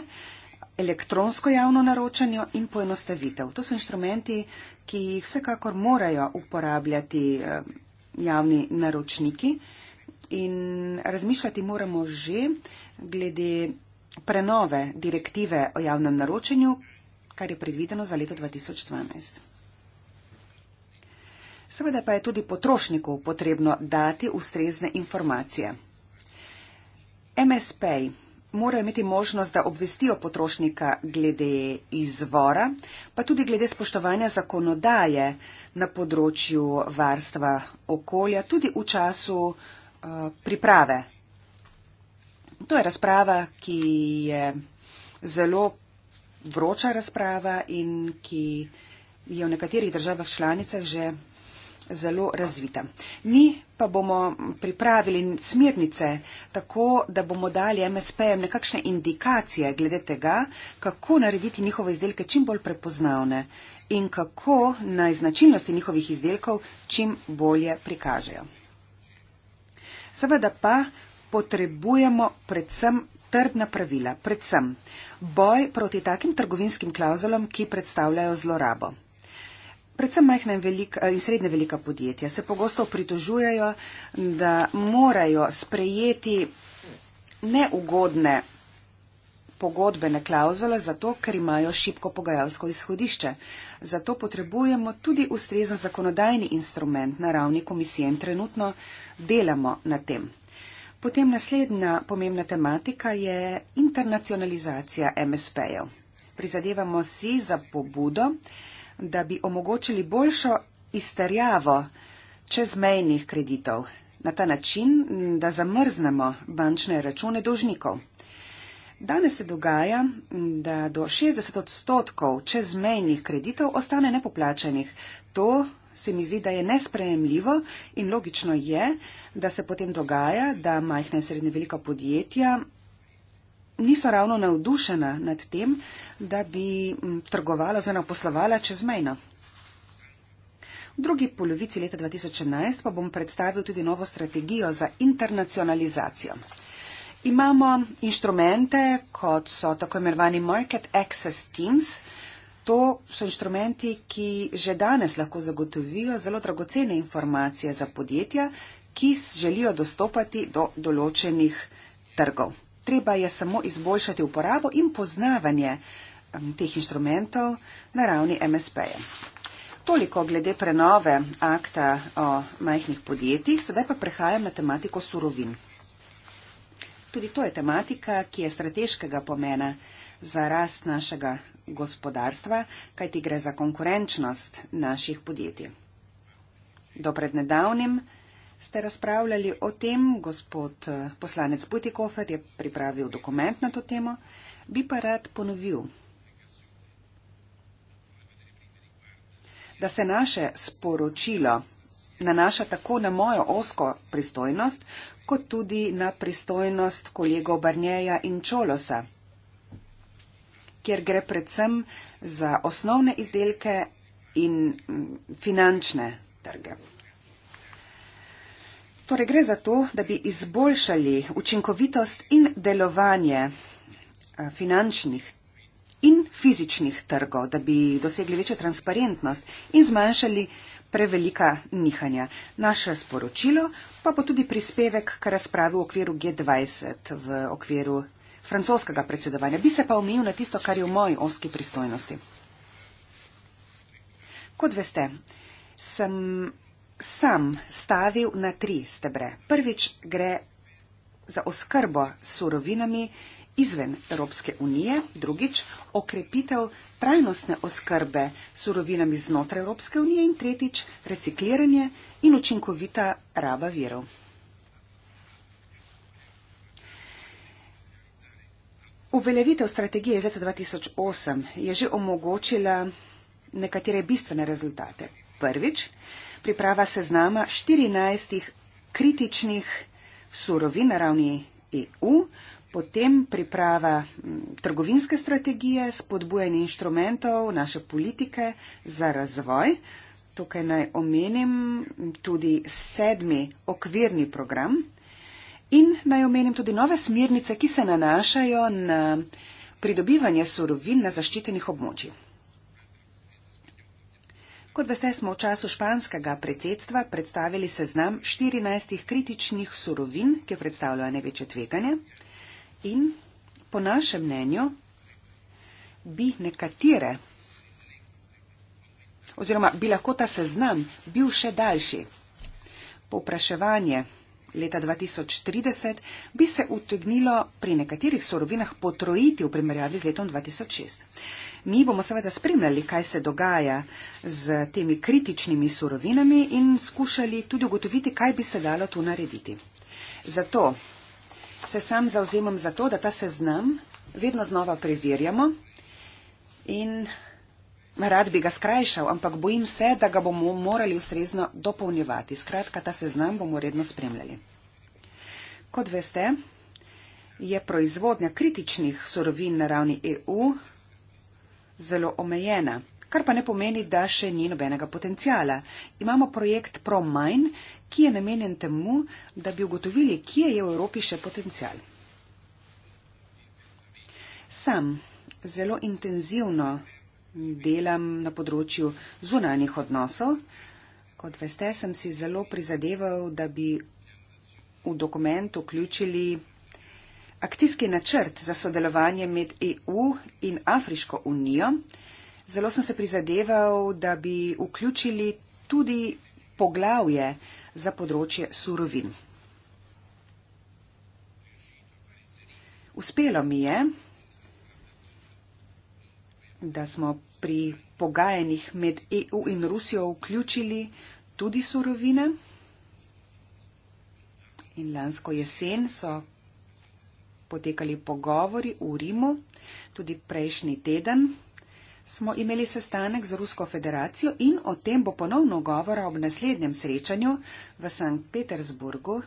elektronsko javno naročanje in poenostavitev. To so inštrumenti, ki jih vsekakor morajo uporabljati eh, javni naročniki in razmišljati moramo že glede prenove direktive o javnem naročanju, kar je predvideno za leto 2012. Seveda pa je tudi potrošniku potrebno dati ustrezne informacije. MSP morajo imeti možnost, da obvestijo potrošnika glede izvora, pa tudi glede spoštovanja zakonodaje na področju varstva okolja, tudi v času uh, priprave. To je razprava, ki je zelo vroča razprava in ki je v nekaterih državah članicah že zelo razvita. Mi pa bomo pripravili smernice tako, da bomo dali MSP-jem nekakšne indikacije glede tega, kako narediti njihove izdelke čim bolj prepoznavne in kako naj značilnosti njihovih izdelkov čim bolje prikažejo. Seveda pa potrebujemo predvsem trdna pravila, predvsem boj proti takim trgovinskim klauzulom, ki predstavljajo zlorabo predvsem majhna in, velika, eh, in srednje velika podjetja, se pogosto pritožujejo, da morajo sprejeti neugodne pogodbene klauzule, zato ker imajo šibko pogajalsko izhodišče. Zato potrebujemo tudi ustrezen zakonodajni instrument na ravni komisije in trenutno delamo na tem. Potem naslednja pomembna tematika je internacionalizacija MSP-jev. Prizadevamo si za pobudo, da bi omogočili boljšo izterjavo čezmejnih kreditov na ta način, da zamrznemo bančne račune dolžnikov. Danes se dogaja, da do 60 odstotkov čezmejnih kreditov ostane nepoplačenih. To se mi zdi, da je nesprejemljivo in logično je, da se potem dogaja, da majhne in srednje velika podjetja niso ravno navdušena nad tem, da bi mm, trgovala oziroma poslovala čezmejno. V drugi polovici leta 2011 pa bom predstavil tudi novo strategijo za internacionalizacijo. Imamo inštrumente, kot so tako imenovani Market Access Teams. To so inštrumenti, ki že danes lahko zagotovijo zelo dragocene informacije za podjetja, ki želijo dostopati do določenih trgov treba je samo izboljšati uporabo in poznavanje teh inštrumentov na ravni MSP. -je. Toliko glede prenove akta o majhnih podjetjih, sedaj pa prehajam na tematiko surovin. Tudi to je tematika, ki je strateškega pomena za rast našega gospodarstva, kajti gre za konkurenčnost naših podjetij. Do prednedavnim ste razpravljali o tem, gospod eh, poslanec Butikofer je pripravil dokument na to temo, bi pa rad ponovil, da se naše sporočilo nanaša tako na mojo osko pristojnost, kot tudi na pristojnost kolegov Barnjeja in Čolosa, kjer gre predvsem za osnovne izdelke in mm, finančne trge. Torej gre za to, da bi izboljšali učinkovitost in delovanje eh, finančnih in fizičnih trgov, da bi dosegli večjo transparentnost in zmanjšali prevelika nihanja. Naše sporočilo pa bo tudi prispevek k razpravi v okviru G20, v okviru francoskega predsedovanja. Bi se pa omejil na tisto, kar je v moji oski pristojnosti. Kot veste, sem sam stavil na tri stebre. Prvič gre za oskrbo s surovinami izven Evropske unije, drugič okrepitev trajnostne oskrbe s surovinami znotraj Evropske unije in tretjič recikliranje in učinkovita raba virov. Uveljavitev strategije iz leta 2008 je že omogočila nekatere bistvene rezultate. Prvič, priprava seznama 14 kritičnih surovin na ravni EU, potem priprava trgovinske strategije, spodbujanje inštrumentov naše politike za razvoj. Tukaj naj omenim tudi sedmi okvirni program in naj omenim tudi nove smernice, ki se nanašajo na pridobivanje surovin na zaščitenih območjih. Kot veste, smo v času španskega predsedstva predstavili seznam 14 kritičnih surovin, ki predstavljajo največje tveganje. In po našem mnenju bi nekatere, oziroma bi lahko ta seznam bil še daljši. Popraševanje leta 2030 bi se utegnilo pri nekaterih surovinah potrojiti v primerjavi z letom 2006. Mi bomo seveda spremljali, kaj se dogaja z temi kritičnimi surovinami in skušali tudi ugotoviti, kaj bi se dalo tu narediti. Zato se sam zauzemam za to, da ta seznam vedno znova preverjamo in rad bi ga skrajšal, ampak bojim se, da ga bomo morali ustrezno dopolnjevati. Skratka, ta seznam bomo redno spremljali. Kot veste, je proizvodnja kritičnih surovin na ravni EU zelo omejena, kar pa ne pomeni, da še ni nobenega potencijala. Imamo projekt ProMine, ki je namenjen temu, da bi ugotovili, kje je v Evropi še potencijal. Sam zelo intenzivno delam na področju zunanjih odnosov. Kot veste, sem si zelo prizadeval, da bi v dokument vključili Akcijski načrt za sodelovanje med EU in Afriško unijo. Zelo sem se prizadeval, da bi vključili tudi poglavje za področje surovin. Uspelo mi je, da smo pri pogajanjih med EU in Rusijo vključili tudi surovine. In lansko jesen so potekali pogovori v Rimu, tudi prejšnji teden smo imeli sestanek z Rusko federacijo in o tem bo ponovno govora ob naslednjem srečanju v Sankt Petersburgu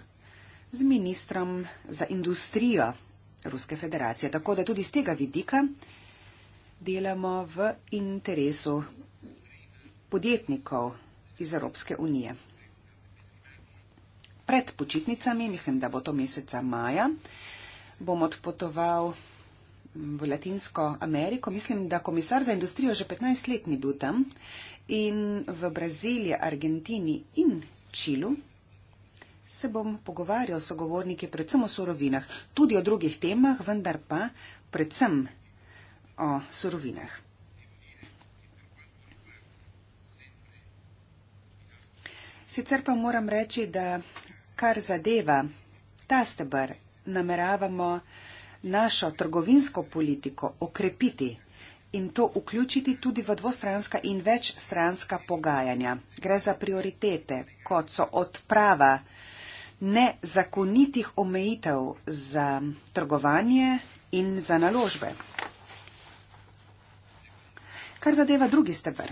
z ministrom za industrijo Ruske federacije. Tako da tudi z tega vidika delamo v interesu podjetnikov iz Evropske unije. Pred počitnicami, mislim, da bo to meseca maja, bom odpotoval v Latinsko Ameriko. Mislim, da komisar za industrijo že 15 let ni bil tam in v Braziliji, Argentini in Čilu se bom pogovarjal s sogovorniki predvsem o surovinah, tudi o drugih temah, vendar pa predvsem o surovinah. Sicer pa moram reči, da kar zadeva ta stebr nameravamo našo trgovinsko politiko okrepiti in to vključiti tudi v dvostranska in večstranska pogajanja. Gre za prioritete, kot so odprava nezakonitih omejitev za trgovanje in za naložbe. Kar zadeva drugi stebr.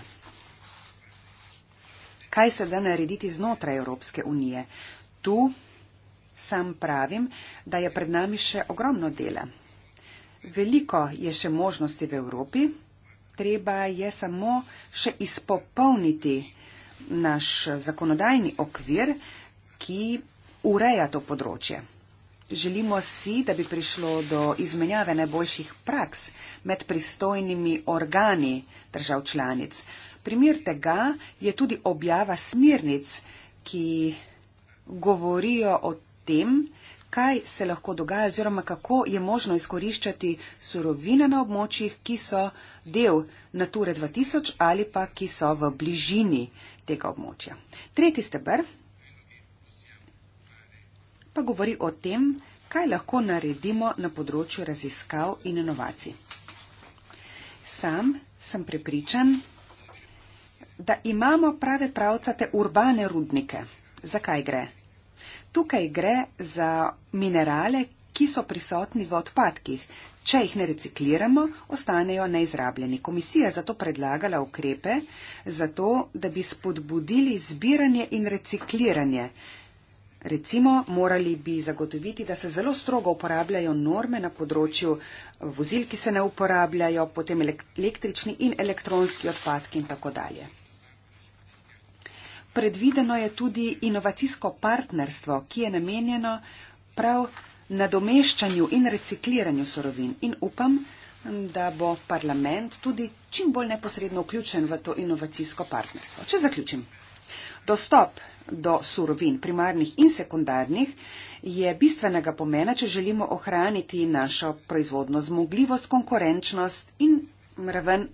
Kaj se da narediti znotraj Evropske unije? Tu Sam pravim, da je pred nami še ogromno dela. Veliko je še možnosti v Evropi, treba je samo še izpopolniti naš zakonodajni okvir, ki ureja to področje. Želimo si, da bi prišlo do izmenjave najboljših praks med pristojnimi organi držav članic. Primer tega je tudi objava smirnic, ki govorijo o tem, kaj se lahko dogaja oziroma kako je možno izkoriščati surovine na območjih, ki so del Nature 2000 ali pa ki so v bližini tega območja. Tretji stebr pa govori o tem, kaj lahko naredimo na področju raziskav in inovacij. Sam sem prepričan, da imamo prave pravcate urbane rudnike. Zakaj gre? Tukaj gre za minerale, ki so prisotni v odpadkih. Če jih ne recikliramo, ostanejo neizrabljeni. Komisija je zato predlagala ukrepe, zato, da bi spodbudili zbiranje in recikliranje. Recimo, morali bi zagotoviti, da se zelo strogo uporabljajo norme na področju vozil, ki se ne uporabljajo, potem električni in elektronski odpadki in tako dalje predvideno je tudi inovacijsko partnerstvo, ki je namenjeno prav nadomeščanju in recikliranju sorovin. In upam, da bo parlament tudi čim bolj neposredno vključen v to inovacijsko partnerstvo. Če zaključim. Dostop do surovin primarnih in sekundarnih je bistvenega pomena, če želimo ohraniti našo proizvodno zmogljivost, konkurenčnost in raven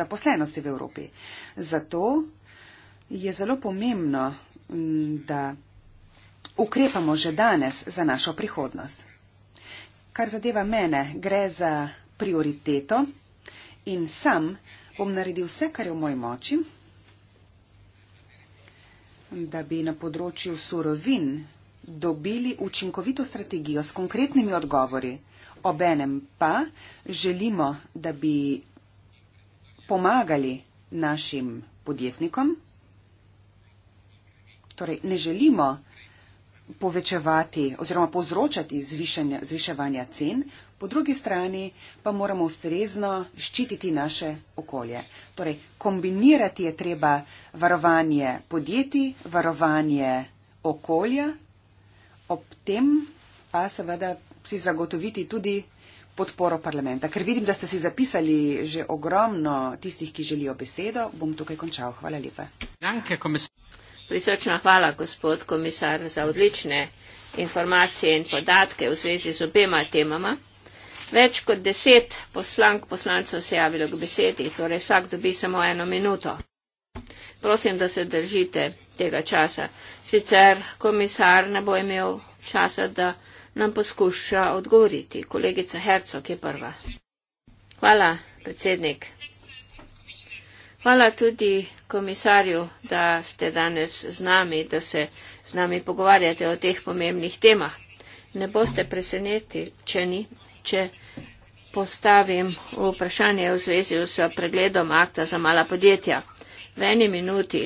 zaposlenosti v Evropi. Zato je zelo pomembno, da ukrepamo že danes za našo prihodnost. Kar zadeva mene, gre za prioriteto in sam bom naredil vse, kar je v moji moči, da bi na področju surovin dobili učinkovito strategijo s konkretnimi odgovori. Obenem pa želimo, da bi pomagali našim podjetnikom, torej ne želimo povečevati oziroma povzročati zviševanja cen, po drugi strani pa moramo ustrezno ščititi naše okolje. Torej, kombinirati je treba varovanje podjetij, varovanje okolja, ob tem pa seveda si zagotoviti tudi podporo parlamenta. Ker vidim, da ste si zapisali že ogromno tistih, ki želijo besedo, bom tukaj končal. Hvala lepa. Danke, Prisrčna hvala, gospod komisar, za odlične informacije in podatke v zvezi z obema temama. Več kot deset poslank poslancev se javilo k besedi, torej vsak dobi samo eno minuto. Prosim, da se držite tega časa. Sicer komisar ne bo imel časa, da nam poskuša odgovoriti. Kolegica Hercog je prva. Hvala, predsednik. Hvala tudi komisarju, da ste danes z nami, da se z nami pogovarjate o teh pomembnih temah. Ne boste presenečeni, če postavim vprašanje v zvezi s pregledom akta za mala podjetja. V eni minuti,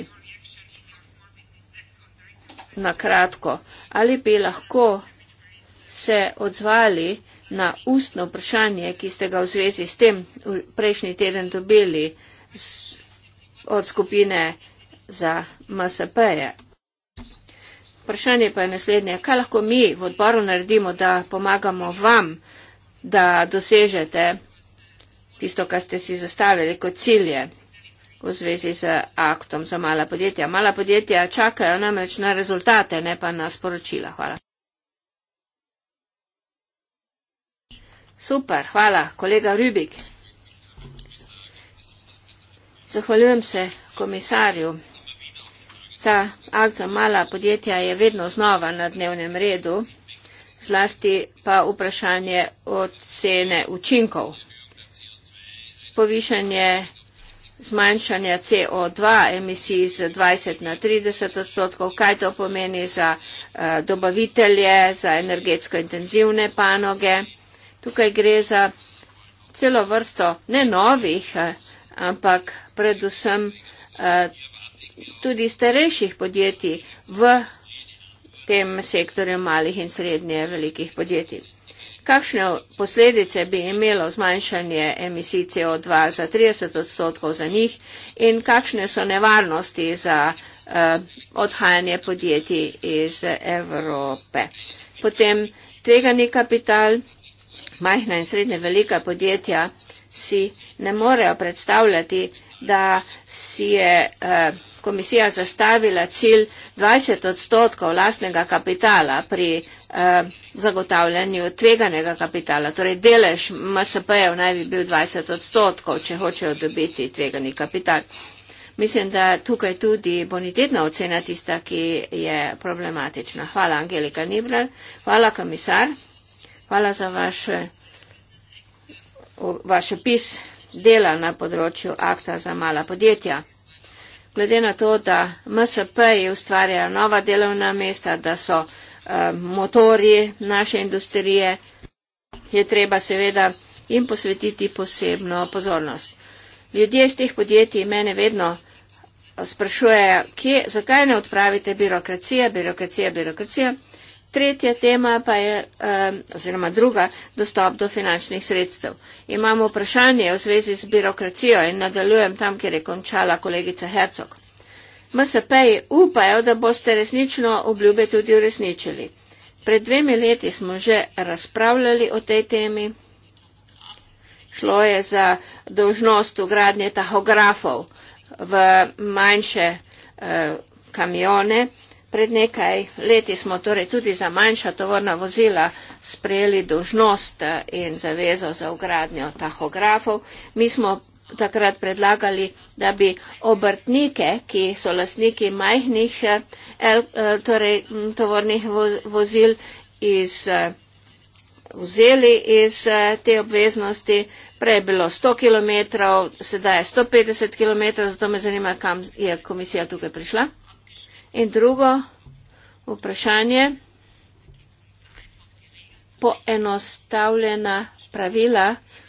na kratko, ali bi lahko se odzvali na ustno vprašanje, ki ste ga v zvezi s tem prejšnji teden dobili od skupine za MSP-je. Vprašanje pa je naslednje, kaj lahko mi v odboru naredimo, da pomagamo vam, da dosežete tisto, kar ste si zastavili kot cilje v zvezi z aktom za mala podjetja. Mala podjetja čakajo namreč na rezultate, ne pa na sporočila. Hvala. Super, hvala. Kolega Rubik. Zahvaljujem se komisarju. Ta akt za mala podjetja je vedno znova na dnevnem redu, zlasti pa vprašanje ocene učinkov. Povišanje zmanjšanja CO2 emisij z 20 na 30 odstotkov, kaj to pomeni za eh, dobavitelje, za energetsko intenzivne panoge. Tukaj gre za celo vrsto ne novih eh, ampak predvsem eh, tudi starejših podjetij v tem sektorju malih in srednje velikih podjetij. Kakšne posledice bi imelo zmanjšanje emisij CO2 za 30 odstotkov za njih in kakšne so nevarnosti za uh, odhajanje podjetij iz Evrope. Potem tvegani kapital, majhna in srednje velika podjetja si ne morejo predstavljati, da si je eh, komisija zastavila cilj 20 odstotkov lastnega kapitala pri eh, zagotavljanju tveganega kapitala. Torej delež MSP-ev naj bi bil 20 odstotkov, če hočejo dobiti tvegani kapital. Mislim, da tukaj tudi bonitetna ocena tista, ki je problematična. Hvala, Angelika Nibler. Hvala, komisar. Hvala za vaše vaš opis dela na področju akta za mala podjetja. Glede na to, da MSP je ustvarjala nova delovna mesta, da so uh, eh, motori naše industrije, je treba seveda in posvetiti posebno pozornost. Ljudje iz teh podjetij mene vedno eh, sprašujejo, kje, zakaj ne odpravite birokracija, birokracija, birokracija. Tretja tema pa je, eh, oziroma druga, dostop do finančnih sredstev. Imamo vprašanje v zvezi z birokracijo in nadaljujem tam, kjer je končala kolegica Hercog. MSP-ji upajo, da boste resnično obljube tudi uresničili. Pred dvemi leti smo že razpravljali o tej temi. Šlo je za dožnost ugradnje tahografov v manjše eh, kamione. Pred nekaj leti smo torej tudi za manjša tovorna vozila sprejeli dožnost eh, in zavezo za ugradnjo tahografov. Mi smo takrat predlagali, da bi obrtnike, ki so lastniki majhnih eh, eh, torej, tovornih vozil, iz, vzeli iz te obveznosti. Prej je bilo 100 km, sedaj je 150 km, zato me zanima, kam je komisija tukaj prišla. In drugo vprašanje, poenostavljena pravila,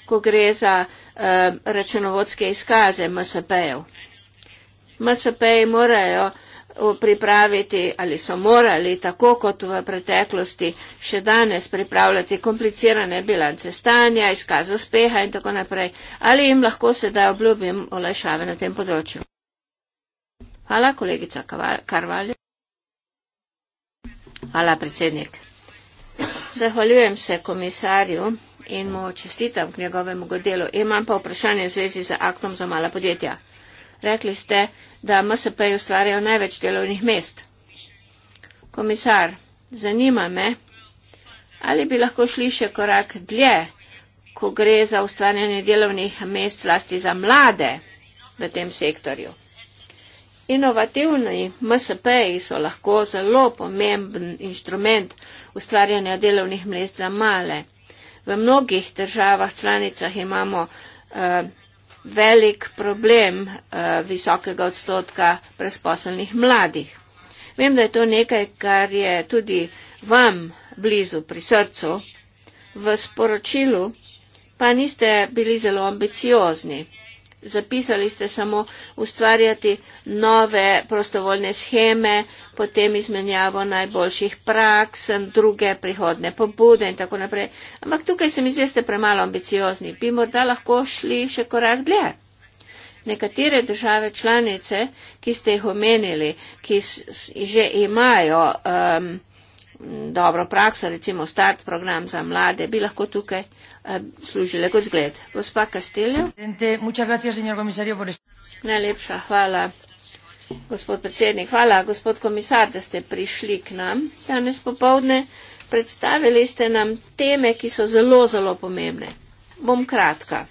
ko gre za uh, računovodske izkaze MSP-jev. MSP-ji morajo eh, pripraviti ali so morali, tako kot v preteklosti, še danes pripravljati komplicirane bilance stanja, izkaz uspeha in tako naprej. Ali jim lahko sedaj obljubim olajšave na tem področju? Hvala, kolegica Karvalj. Hvala, predsednik. Zahvaljujem se komisarju in mu čestitam k njegovemu godelu. Imam pa vprašanje v zvezi z aktom za mala podjetja. Rekli ste, da MSP ustvarjajo največ delovnih mest. Komisar, zanima me, ali bi lahko šli še korak dlje, ko gre za ustvarjanje delovnih mest, zlasti za mlade v tem sektorju. Inovativni MSP-ji so lahko zelo pomemben inštrument ustvarjanja delovnih mest za male. V mnogih državah članicah imamo uh, velik problem uh, visokega odstotka presposobnih mladih. Vem, da je to nekaj, kar je tudi vam blizu pri srcu. V sporočilu pa niste bili zelo ambiciozni zapisali ste samo ustvarjati nove prostovoljne scheme, potem izmenjavo najboljših praks, druge prihodne pobude in tako naprej. Ampak tukaj se mi zdi, ste premalo ambiciozni. Bi morda lahko šli še korak dlje. Nekatere države članice, ki ste jih omenili, ki že imajo. Um, dobro prakso, recimo start program za mlade, bi lahko tukaj eh, služile kot zgled. Gospa Kastelja. Najlepša hvala, gospod predsednik. Hvala, gospod komisar, da ste prišli k nam danes popovdne. Predstavili ste nam teme, ki so zelo, zelo pomembne. Bom kratka.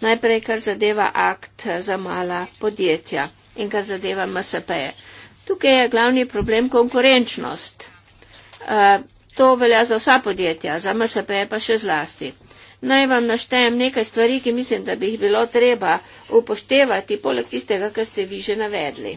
Najprej, kar zadeva akt za mala podjetja in kar zadeva MSP. -je. Tukaj je glavni problem konkurenčnost. To velja za vsa podjetja, za MSP pa še zlasti. Naj vam naštejem nekaj stvari, ki mislim, da bi jih bilo treba upoštevati, poleg tistega, kar ste vi že navedli.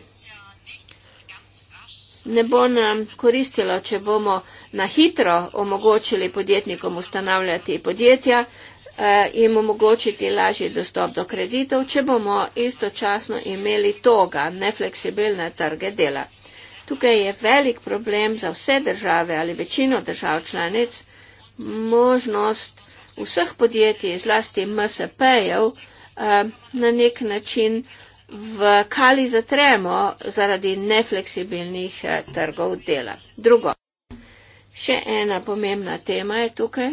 Ne bo nam koristilo, če bomo na hitro omogočili podjetnikom ustanavljati podjetja e, in omogočiti lažji dostop do kreditov, če bomo istočasno imeli toga, nefleksibilne trge dela. Tukaj je velik problem za vse države ali večino držav članic možnost vseh podjetij, zlasti MSP-jev, eh, na nek način v kali zatremo zaradi nefleksibilnih eh, trgov dela. Drugo. Še ena pomembna tema je tukaj.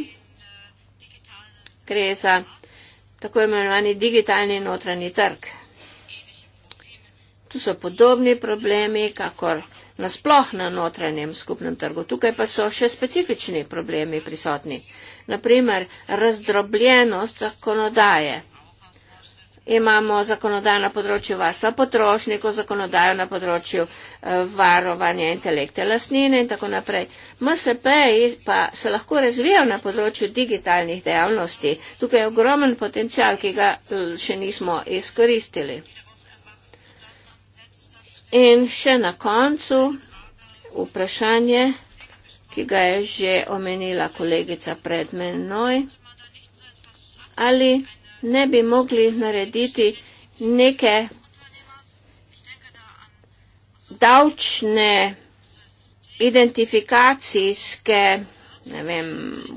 Gre za tako imenovani digitalni notranji trg. Tu so podobni problemi, kakor nasploh na notranjem skupnem trgu. Tukaj pa so še specifični problemi prisotni. Naprimer, razdrobljenost zakonodaje. Imamo zakonodajo na področju varstva potrošnikov, zakonodajo na področju eh, varovanja intelekte lasnine in tako naprej. MSP pa se lahko razvijajo na področju digitalnih dejavnosti. Tukaj je ogromen potencial, ki ga eh, še nismo izkoristili. In še na koncu vprašanje, ki ga je že omenila kolegica pred menoj. Ali ne bi mogli narediti neke davčne identifikacijske ne vem,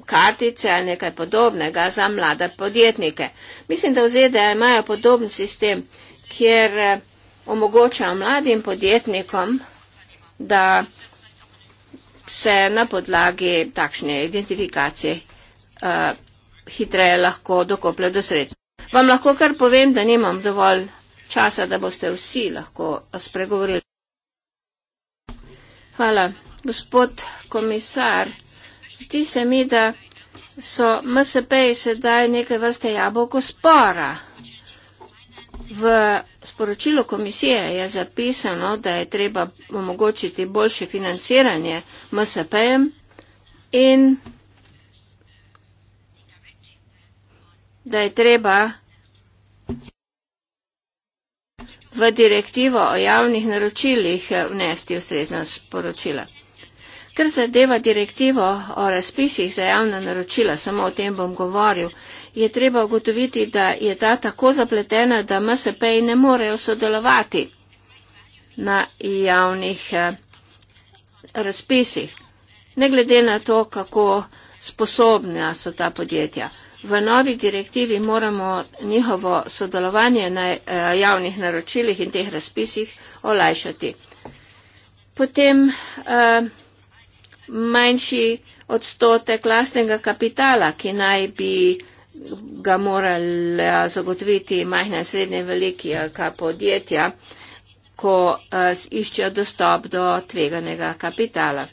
kartice ali nekaj podobnega za mlade podjetnike. Mislim, da v ZDA imajo podoben sistem, kjer eh, omogoča mladim podjetnikom, da se na podlagi takšne identifikacije uh, hitreje lahko dokople do sredstva. Vam lahko kar povem, da nimam dovolj časa, da boste vsi lahko spregovorili. Hvala. Gospod komisar, ti se mi, da so MSP sedaj nekaj vrste jabolko spora. V sporočilu komisije je zapisano, da je treba omogočiti boljše financiranje MSP-jem in da je treba v direktivo o javnih naročilih vnesti ustrezna sporočila. Ker zadeva direktivo o razpisih za javna naročila, samo o tem bom govoril, je treba ugotoviti, da je ta tako zapletena, da MSP-ji ne morejo sodelovati na javnih eh, razpisih. Ne glede na to, kako sposobna so ta podjetja. V novi direktivi moramo njihovo sodelovanje na eh, javnih naročilih in teh razpisih olajšati. Potem eh, manjši odstotek lastnega kapitala, ki naj bi ga morali zagotoviti majhne, srednje, velike podjetja, ko eh, iščejo dostop do tveganega kapitala.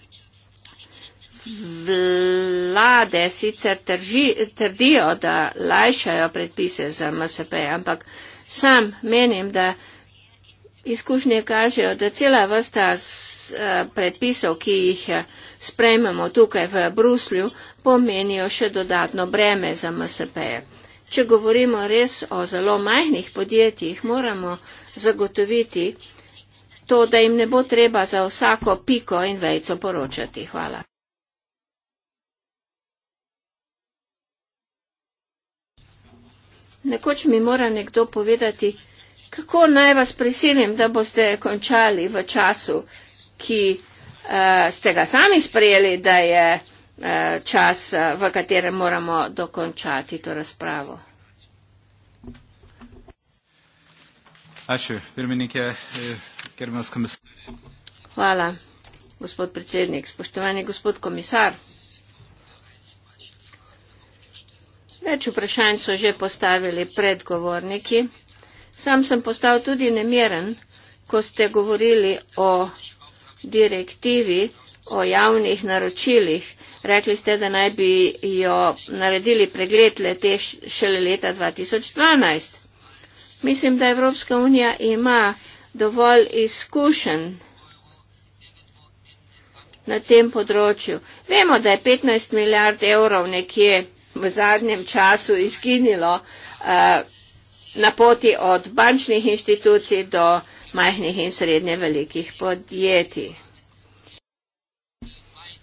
Vlade sicer trži, trdijo, da lajšajo predpise za MSP, ampak sam menim, da izkušnje kažejo, da cela vrsta eh, predpisov, ki jih eh, sprejmemo tukaj v Bruslju, pomenijo še dodatno breme za MSP. Če govorimo res o zelo majhnih podjetjih, moramo zagotoviti to, da jim ne bo treba za vsako piko in vejco poročati. Hvala. Nekoč mi mora nekdo povedati, kako naj vas prisilim, da boste končali v času, ki uh, ste ga sami sprejeli, da je uh, čas, uh, v katerem moramo dokončati to razpravo. Ja, Hvala, gospod predsednik. Spoštovani gospod komisar. Več vprašanj so že postavili predgovorniki. Sam sem postal tudi nemiren, ko ste govorili o direktivi, o javnih naročilih. Rekli ste, da naj bi jo naredili pregled lete šele leta 2012. Mislim, da Evropska unija ima dovolj izkušen na tem področju. Vemo, da je 15 milijard evrov nekje v zadnjem času izginilo. Uh, na poti od bančnih inštitucij do majhnih in srednje velikih podjetij.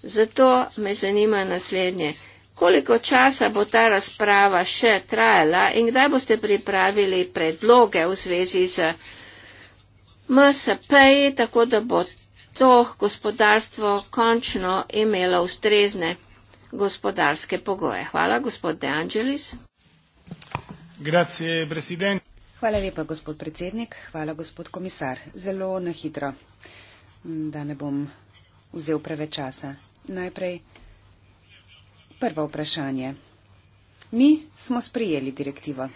Zato me zanima naslednje. Koliko časa bo ta razprava še trajala in kdaj boste pripravili predloge v zvezi z MSP-ji, tako da bo to gospodarstvo končno imelo ustrezne gospodarske pogoje? Hvala, gospod De Angelis. Hvala lepa, gospod predsednik. Hvala, gospod komisar. Zelo na hitro, da ne bom vzel preveč časa. Najprej prvo vprašanje. Mi smo sprijeli direktivo.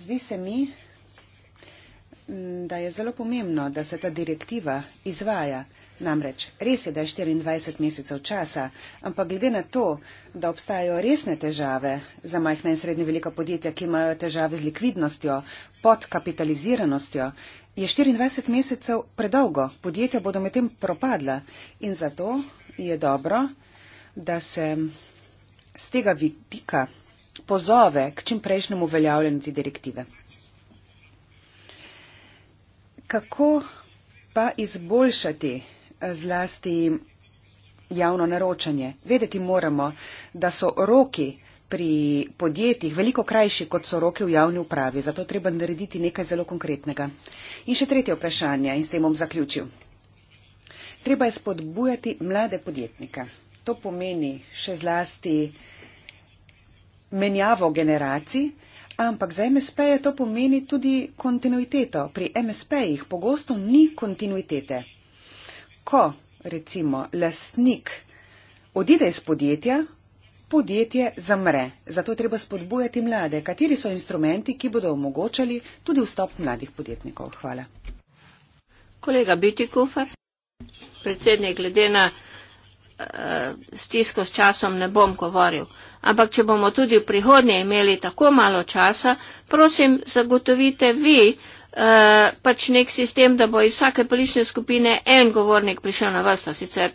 Zdi se mi, da je zelo pomembno, da se ta direktiva izvaja. Namreč res je, da je 24 mesecev časa, ampak glede na to, da obstajajo resne težave za majhna in srednje velika podjetja, ki imajo težave z likvidnostjo, podkapitaliziranostjo, je 24 mesecev predolgo. Podjetja bodo medtem propadla in zato je dobro, da se z tega vidika pozove k čim prejšnjemu uveljavljanju te direktive kako pa izboljšati eh, zlasti javno naročanje. Vedeti moramo, da so roki pri podjetjih veliko krajši, kot so roke v javni upravi. Zato treba narediti nekaj zelo konkretnega. In še tretje vprašanje in s tem bom zaključil. Treba je spodbujati mlade podjetnike. To pomeni še zlasti menjavo generacij, Ampak za MSP-je to pomeni tudi kontinuiteto. Pri MSP-jih pogosto ni kontinuitete. Ko recimo lasnik odide iz podjetja, podjetje zamre. Zato je treba spodbujati mlade, kateri so instrumenti, ki bodo omogočali tudi vstop mladih podjetnikov. Hvala. Kolega Bitikufer, predsednik, glede na uh, stisko s časom ne bom govoril ampak če bomo tudi v prihodnje imeli tako malo časa, prosim, zagotovite vi eh, pač nek sistem, da bo iz vsake politične skupine en govornik prišel na vrsto, sicer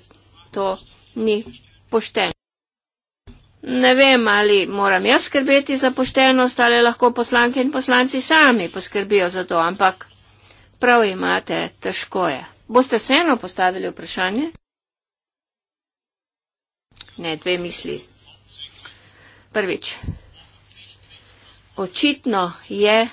to ni pošteno. Ne vem, ali moram jaz skrbeti za poštenost, ali lahko poslanke in poslanci sami poskrbijo za to, ampak prav imate, težko je. Boste vseeno postavili vprašanje? Ne, dve misli prvič. Očitno je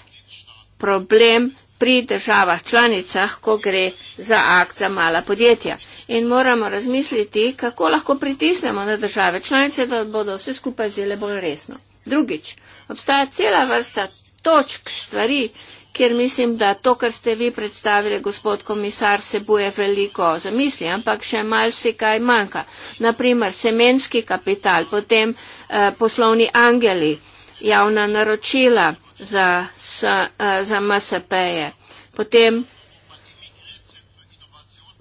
problem pri državah članicah, ko gre za akt za mala podjetja. In moramo razmisliti, kako lahko pritisnemo na države članice, da bodo vse skupaj vzele bolj resno. Drugič, obstaja cela vrsta točk stvari, kjer mislim, da to, kar ste vi predstavili, gospod komisar, se boje veliko zamisli, ampak še malce kaj manjka. Naprimer, semenski kapital, potem Eh, poslovni angeli, javna naročila za, sa, eh, za MSP-je. Potem,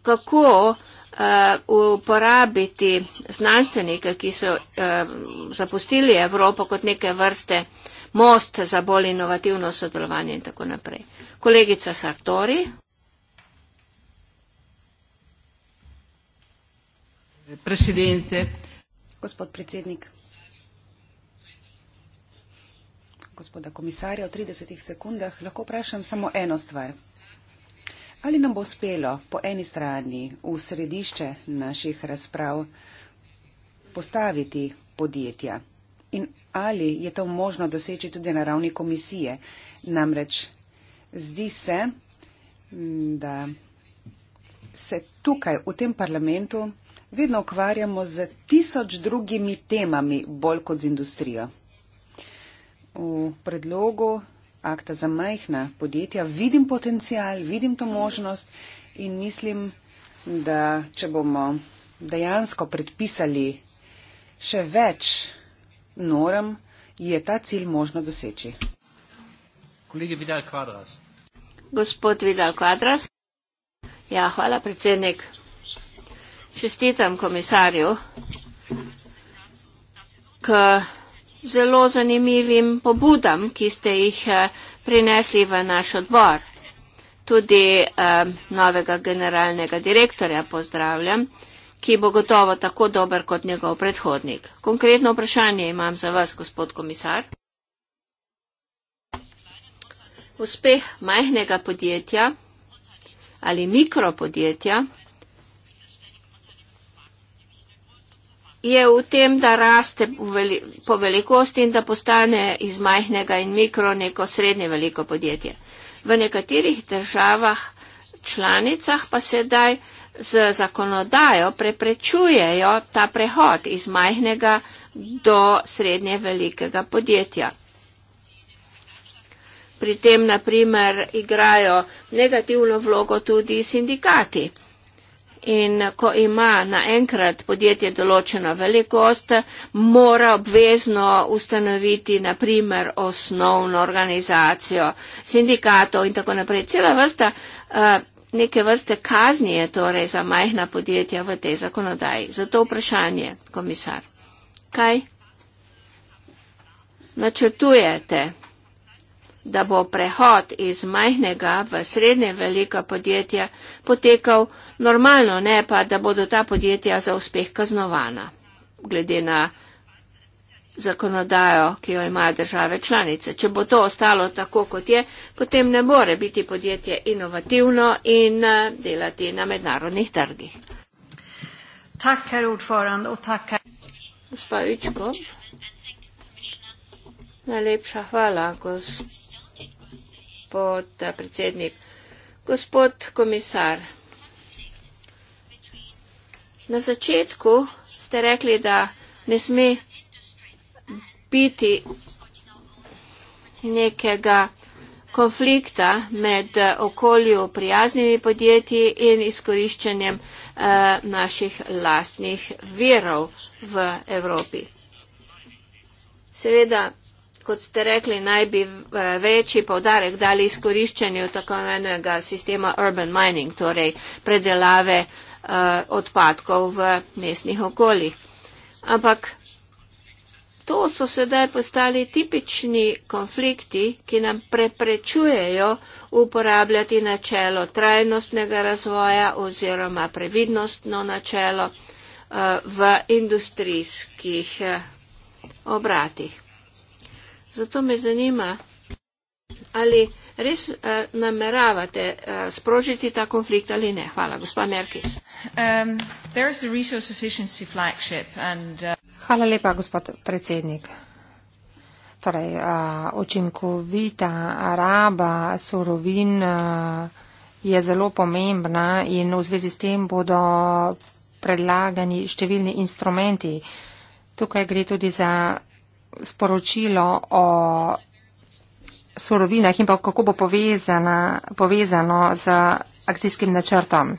kako eh, uporabiti znanstvenike, ki so zapustili Evropo kot neke vrste most za bolj inovativno sodelovanje in tako naprej. Kolegica Sartori. Presidente. Gospod predsednik. gospoda komisarja v 30 sekundah, lahko vprašam samo eno stvar. Ali nam bo uspelo po eni strani v središče naših razprav postaviti podjetja in ali je to možno doseči tudi na ravni komisije? Namreč zdi se, da se tukaj v tem parlamentu vedno ukvarjamo z tisoč drugimi temami, bolj kot z industrijo v predlogu akta za majhna podjetja vidim potencial, vidim to možnost in mislim, da če bomo dejansko predpisali še več norem, je ta cilj možno doseči. Gospod Vidal Kvadras. Ja, hvala, predsednik. Čestitam komisarju, ker zelo zanimivim pobudam, ki ste jih eh, prinesli v naš odbor. Tudi eh, novega generalnega direktorja pozdravljam, ki bo gotovo tako dober kot njegov predhodnik. Konkretno vprašanje imam za vas, gospod komisar. Uspeh majhnega podjetja ali mikropodjetja je v tem, da raste veli po velikosti in da postane iz majhnega in mikro neko srednje veliko podjetje. V nekaterih državah članicah pa sedaj z zakonodajo preprečujejo ta prehod iz majhnega do srednje velikega podjetja. Pri tem, naprimer, igrajo negativno vlogo tudi sindikati. In ko ima naenkrat podjetje določeno velikost, mora obvezno ustanoviti naprimer osnovno organizacijo, sindikato in tako naprej. Cela vrsta eh, neke vrste kazni je torej za majhna podjetja v tej zakonodaji. Zato vprašanje, komisar. Kaj načrtujete? da bo prehod iz majhnega v srednje velika podjetja potekal normalno, ne pa, da bodo ta podjetja za uspeh kaznovana, glede na zakonodajo, ki jo imajo države članice. Če bo to ostalo tako, kot je, potem ne more biti podjetje inovativno in eh, delati na mednarodnih trgih. Takar, odforand, otakar. Gospa Ičko. Najlepša hvala, gospod gospod predsednik. Gospod komisar, na začetku ste rekli, da ne sme biti nekega konflikta med okolju prijaznimi podjetji in izkoriščanjem eh, naših lastnih verov v Evropi. Seveda, kot ste rekli, naj bi eh, večji povdarek dali izkoriščanju tako enega sistema urban mining, torej predelave eh, odpadkov v mestnih okoljih. Ampak to so sedaj postali tipični konflikti, ki nam preprečujejo uporabljati načelo trajnostnega razvoja oziroma previdnostno načelo eh, v industrijskih obratih. Zato me zanima, ali res uh, nameravate uh, sprožiti ta konflikt ali ne. Hvala, gospa Merkis. Um, and, uh... Hvala lepa, gospod predsednik. Torej, uh, učinkovita raba surovin uh, je zelo pomembna in v zvezi s tem bodo predlagani številni instrumenti. Tukaj gre tudi za sporočilo o sorovinah in pa kako bo povezana, povezano z akcijskim načrtom.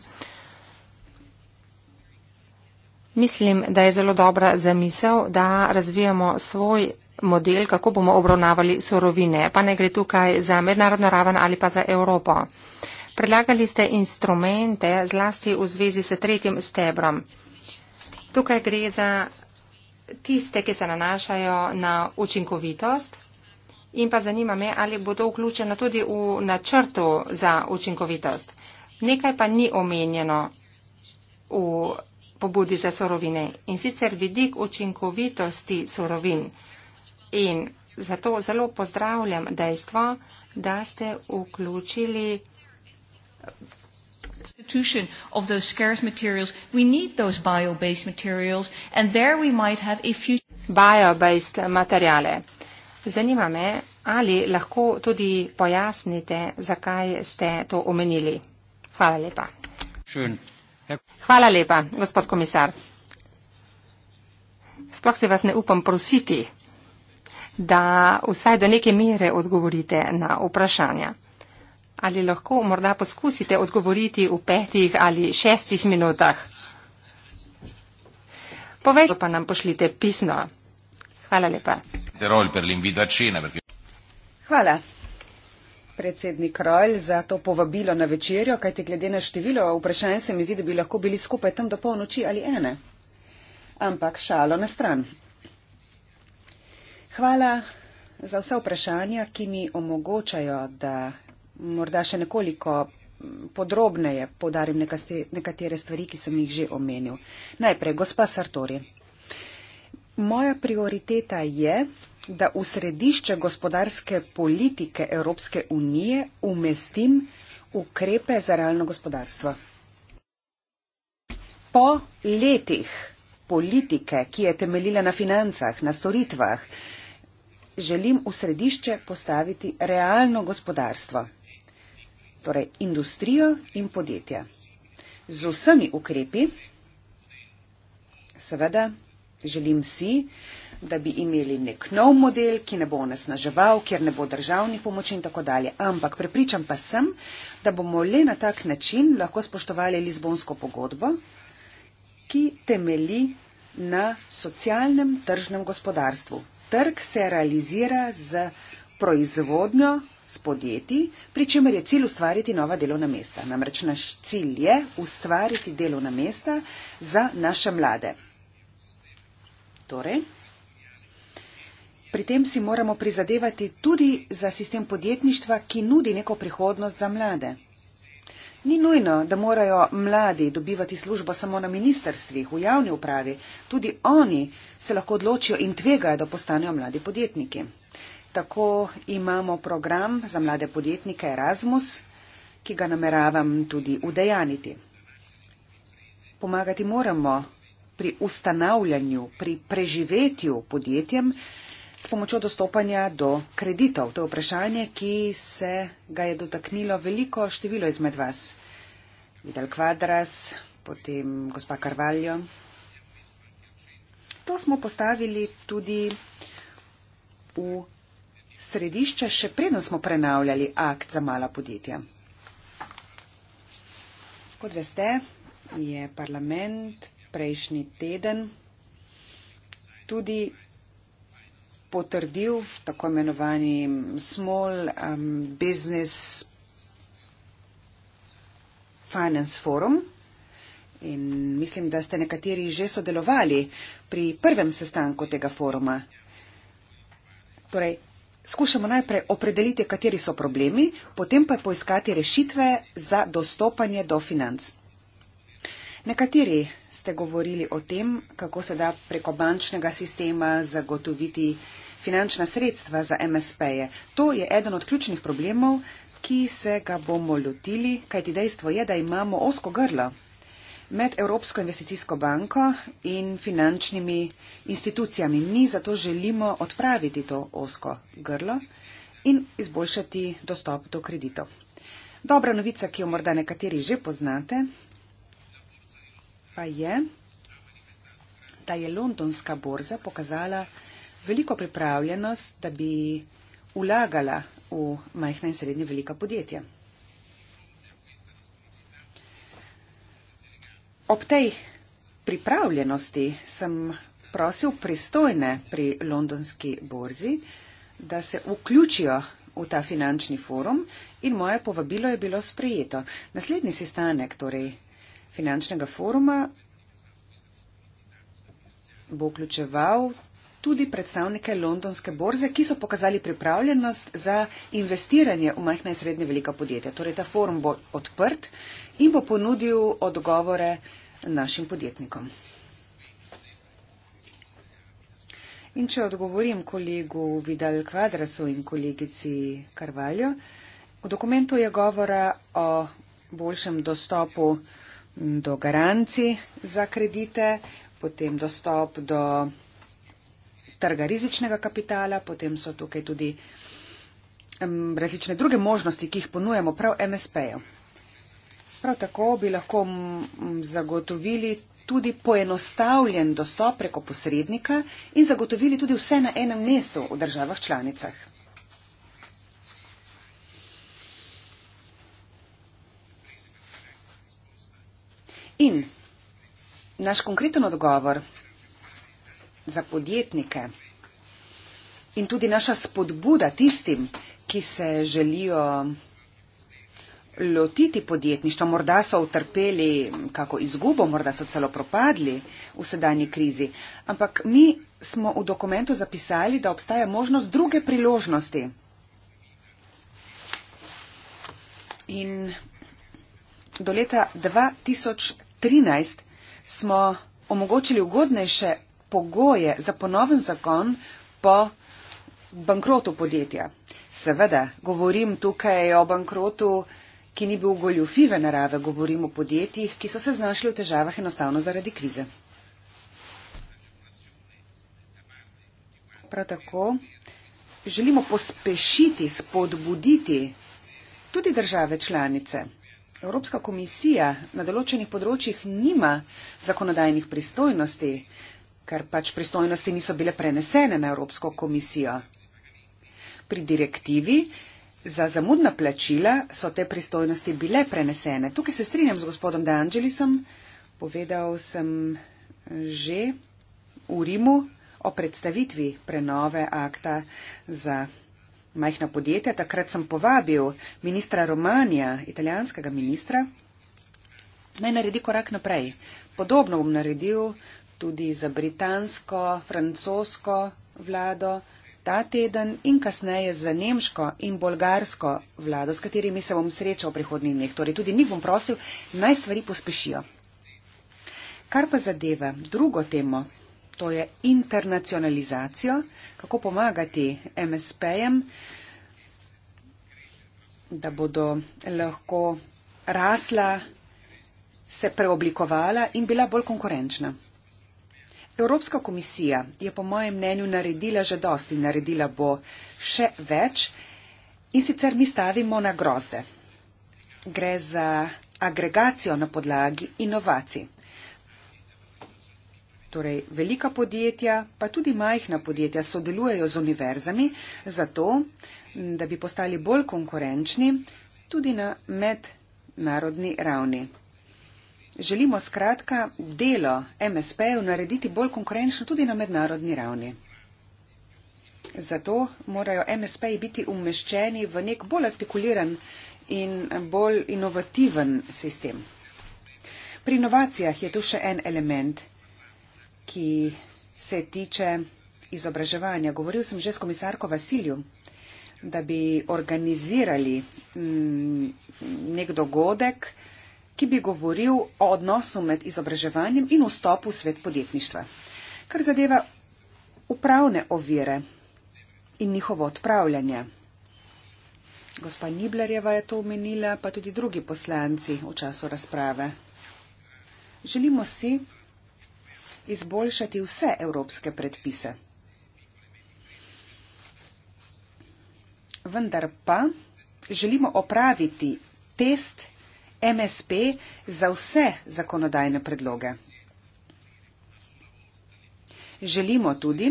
Mislim, da je zelo dobra zamisel, da razvijamo svoj model, kako bomo obravnavali sorovine, pa ne gre tukaj za mednarodno raven ali pa za Evropo. Predlagali ste instrumente zlasti v zvezi s tretjim stebrom. Tukaj gre za tiste, ki se nanašajo na učinkovitost. In pa zanima me, ali bo to vključeno tudi v načrtu za učinkovitost. Nekaj pa ni omenjeno v pobudi za sorovine in sicer vidik učinkovitosti sorovin. In zato zelo pozdravljam dejstvo, da ste vključili substitution of those scarce materials, we need those bio-based materials, and there we might have a future. Bio-based materiale. Zanima me, ali lahko tudi pojasnite, zakaj ste to omenili. Hvala lepa. Hvala lepa, gospod komisar. Sploh se vas ne upam prositi, da vsaj do neke mere odgovorite na vprašanja. Ali lahko morda poskusite odgovoriti v petih ali šestih minutah? Povejte pa nam pošljite pisno. Hvala lepa. Hvala, predsednik Rojl, za to povabilo na večerjo, kajti glede na število vprašanj se mi zdi, da bi lahko bili skupaj tam do polnoči ali ene. Ampak šalo na stran. Hvala za vsa vprašanja, ki mi omogočajo, da morda še nekoliko podrobneje podarim nekatere stvari, ki sem jih že omenil. Najprej, gospa Sartori. Moja prioriteta je, da v središče gospodarske politike Evropske unije umestim ukrepe za realno gospodarstvo. Po letih politike, ki je temeljila na financah, na storitvah, želim v središče postaviti realno gospodarstvo torej industrijo in podjetja. Z vsemi ukrepi seveda želim si, da bi imeli nek nov model, ki ne bo onesnaževal, kjer ne bo državni pomoči in tako dalje. Ampak prepričam pa sem, da bomo le na tak način lahko spoštovali Lizbonsko pogodbo, ki temeli na socialnem tržnem gospodarstvu. Trg se realizira z proizvodnjo s podjetji, pri čemer je cilj ustvariti nova delovna mesta. Namreč naš cilj je ustvariti delovna mesta za naše mlade. Torej, pri tem si moramo prizadevati tudi za sistem podjetništva, ki nudi neko prihodnost za mlade. Ni nujno, da morajo mladi dobivati službo samo na ministerstvih, v javni upravi. Tudi oni se lahko odločijo in tvegajo, da postanejo mladi podjetniki. Tako imamo program za mlade podjetnike Erasmus, ki ga nameravam tudi udejaniti. Pomagati moramo pri ustanavljanju, pri preživetju podjetjem s pomočjo dostopanja do kreditov. To je vprašanje, ki se ga je dotaknilo veliko število izmed vas. Videl Kvadras, potem gospa Karvaljo. To smo postavili tudi v središče, še preden smo prenavljali akt za mala podjetja. Kot veste, je parlament prejšnji teden tudi potrdil tako imenovani Small um, Business Finance Forum. In mislim, da ste nekateri že sodelovali pri prvem sestanku tega foruma. Torej, Skušamo najprej opredeliti, kateri so problemi, potem pa poiskati rešitve za dostopanje do financ. Nekateri ste govorili o tem, kako se da preko bančnega sistema zagotoviti finančna sredstva za MSP-je. To je eden od ključnih problemov, ki se ga bomo lotili, kajti dejstvo je, da imamo osko grlo med Evropsko investicijsko banko in finančnimi institucijami. Mi zato želimo odpraviti to osko grlo in izboljšati dostop do kreditov. Dobra novica, ki jo morda nekateri že poznate, pa je, da je londonska borza pokazala veliko pripravljenost, da bi vlagala v majhna in srednje velika podjetja. Ob tej pripravljenosti sem prosil pristojne pri londonski borzi, da se vključijo v ta finančni forum in moje povabilo je bilo sprejeto. Naslednji sestanek torej, finančnega foruma bo vključeval tudi predstavnike londonske borze, ki so pokazali pripravljenost za investiranje v majhna in srednje velika podjetja. Torej, ta forum bo odprt in bo ponudil odgovore našim podjetnikom. In če odgovorim kolegu Vidal Kvadrasu in kolegici Karvaljo, v dokumentu je govora o boljšem dostopu do garanci za kredite, potem dostop do trga rizičnega kapitala, potem so tukaj tudi um, različne druge možnosti, ki jih ponujemo prav MSP-ju. Prav tako bi lahko zagotovili tudi poenostavljen dostop preko posrednika in zagotovili tudi vse na enem mestu v državah članicah. In naš konkreten odgovor za podjetnike in tudi naša spodbuda tistim, ki se želijo lotiti podjetništva. Morda so utrpeli kako izgubo, morda so celo propadli v sedanji krizi. Ampak mi smo v dokumentu zapisali, da obstaja možnost druge priložnosti. In do leta 2013 smo omogočili ugodnejše pogoje za ponoven zakon po bankrotu podjetja. Seveda, govorim tukaj o bankrotu, ki ni bil goljufive narave, govorim o podjetjih, ki so se znašli v težavah enostavno zaradi krize. Prav tako želimo pospešiti, spodbuditi tudi države članice. Evropska komisija na določenih področjih nima zakonodajnih pristojnosti, ker pač pristojnosti niso bile prenesene na Evropsko komisijo. Pri direktivi za zamudna plačila so te pristojnosti bile prenesene. Tukaj se strinjam z gospodom De Angelisom, povedal sem že v Rimu o predstavitvi prenove akta za majhna podjetja. Takrat sem povabil ministra Romanja, italijanskega ministra, naj naredi korak naprej. Podobno bom naredil tudi za britansko, francosko vlado ta teden in kasneje za nemško in bolgarsko vlado, s katerimi se bom srečal v prihodnjih dneh. Torej tudi njih bom prosil, naj stvari pospešijo. Kar pa zadeva drugo temo, to je internacionalizacijo, kako pomagati MSP-jem, da bodo lahko rasla, se preoblikovala in bila bolj konkurenčna. Evropska komisija je po mojem mnenju naredila že dosti, naredila bo še več in sicer mi stavimo na grozde. Gre za agregacijo na podlagi inovacij. Torej, velika podjetja, pa tudi majhna podjetja sodelujejo z univerzami zato, da bi postali bolj konkurenčni tudi na mednarodni ravni. Želimo skratka delo MSP-ju narediti bolj konkurenčno tudi na mednarodni ravni. Zato morajo MSP-ji biti umeščeni v nek bolj artikuliran in bolj inovativen sistem. Pri inovacijah je tu še en element, ki se tiče izobraževanja. Govoril sem že s komisarko Vasilju, da bi organizirali mm, nek dogodek, ki bi govoril o odnosu med izobraževanjem in vstopu v svet podjetništva. Kar zadeva upravne ovire in njihovo odpravljanje. Gospa Niblerjeva je to omenila, pa tudi drugi poslanci v času razprave. Želimo si izboljšati vse evropske predpise. Vendar pa želimo opraviti test MSP za vse zakonodajne predloge. Želimo tudi,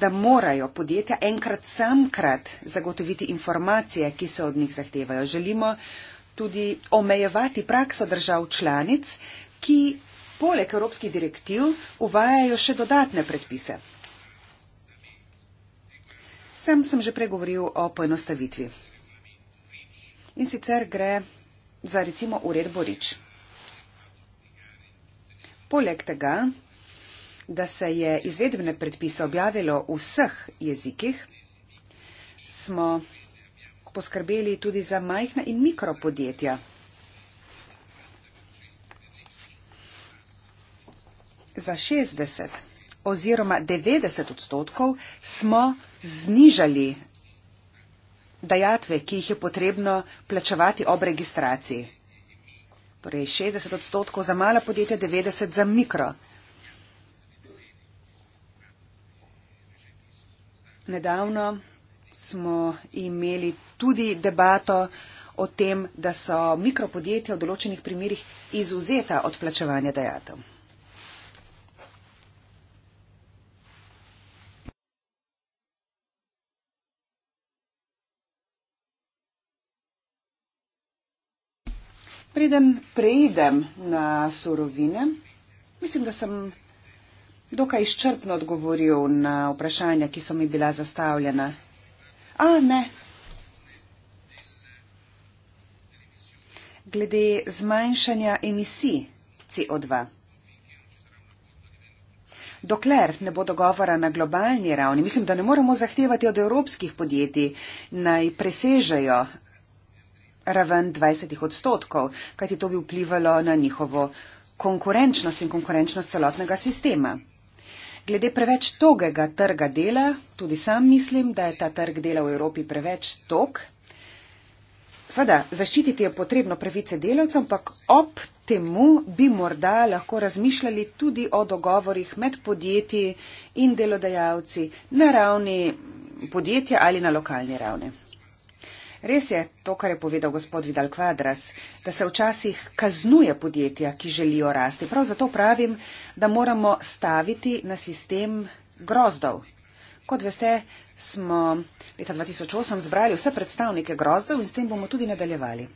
da morajo podjetja enkrat samkrat zagotoviti informacije, ki se od njih zahtevajo. Želimo tudi omejevati prakso držav članic, ki poleg evropskih direktiv uvajajo še dodatne predpise. Sam sem že pregovoril o poenostavitvi. In sicer gre za recimo uredbo Rič. Poleg tega, da se je izvedbene predpise objavilo v vseh jezikih, smo poskrbeli tudi za majhna in mikropodjetja. Za 60 oziroma 90 odstotkov smo znižali dajatve, ki jih je potrebno plačevati ob registraciji. Torej 60 odstotkov za mala podjetja, 90 za mikro. Nedavno smo imeli tudi debato o tem, da so mikropodjetja v določenih primerjih izuzeta od plačevanja dajatev. preden preidem na surovine, mislim, da sem dokaj izčrpno odgovoril na vprašanja, ki so mi bila zastavljena. A ne. Glede zmanjšanja emisij CO2. Dokler ne bo dogovora na globalni ravni, mislim, da ne moremo zahtevati od evropskih podjetij naj presežejo raven 20 odstotkov, kajti to bi vplivalo na njihovo konkurenčnost in konkurenčnost celotnega sistema. Glede preveč togega trga dela, tudi sam mislim, da je ta trg dela v Evropi preveč tog. Sveda, zaščititi je potrebno pravice delavcev, ampak ob temu bi morda lahko razmišljali tudi o dogovorih med podjetji in delodajalci na ravni podjetja ali na lokalni ravni. Res je to, kar je povedal gospod Vidal Quadras, da se včasih kaznuje podjetja, ki želijo rasti. Prav zato pravim, da moramo staviti na sistem grozdov. Kot veste, smo leta 2008 zbrali vse predstavnike grozdov in s tem bomo tudi nadaljevali.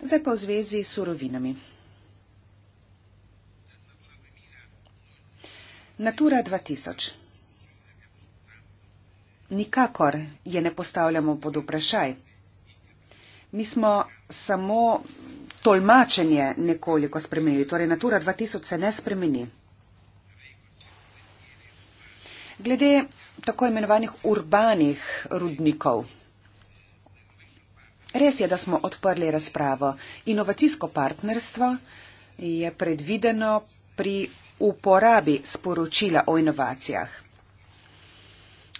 Zdaj pa v zvezi s surovinami. Natura 2000. Nikakor je ne postavljamo pod vprašaj. Mi smo samo tolmačenje nekoliko spremenili, torej Natura 2000 se ne spremeni. Glede tako imenovanih urbanih rudnikov. Res je, da smo odprli razpravo. Inovacijsko partnerstvo je predvideno pri uporabi sporočila o inovacijah.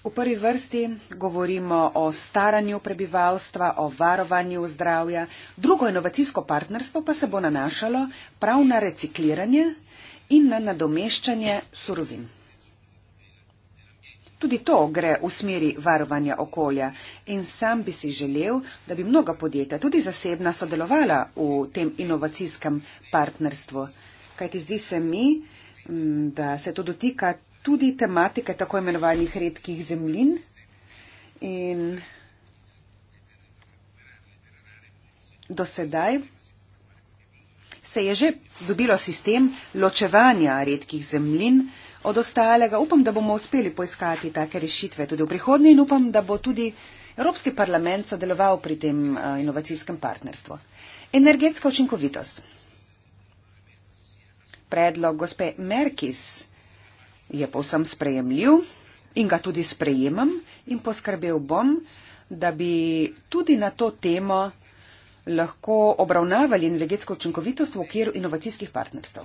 V prvi vrsti govorimo o staranju prebivalstva, o varovanju zdravja, drugo inovacijsko partnerstvo pa se bo nanašalo prav na recikliranje in na nadomeščanje surovin. Tudi to gre v smeri varovanja okolja in sam bi si želel, da bi mnoga podjetja, tudi zasebna, sodelovala v tem inovacijskem partnerstvu. Kajti zdi se mi, mm, da se to dotika tudi tematike tako imenovanih redkih zemljin. In do sedaj se je že dobilo sistem ločevanja redkih zemljin od ostalega. Upam, da bomo uspeli poiskati take rešitve tudi v prihodnje in upam, da bo tudi Evropski parlament sodeloval pri tem eh, inovacijskem partnerstvu. Energetska učinkovitost. Predlog gospe Merkis je povsem sprejemljiv in ga tudi sprejemam in poskrbel bom, da bi tudi na to temo lahko obravnavali energetsko učinkovitost v okviru inovacijskih partnerstv.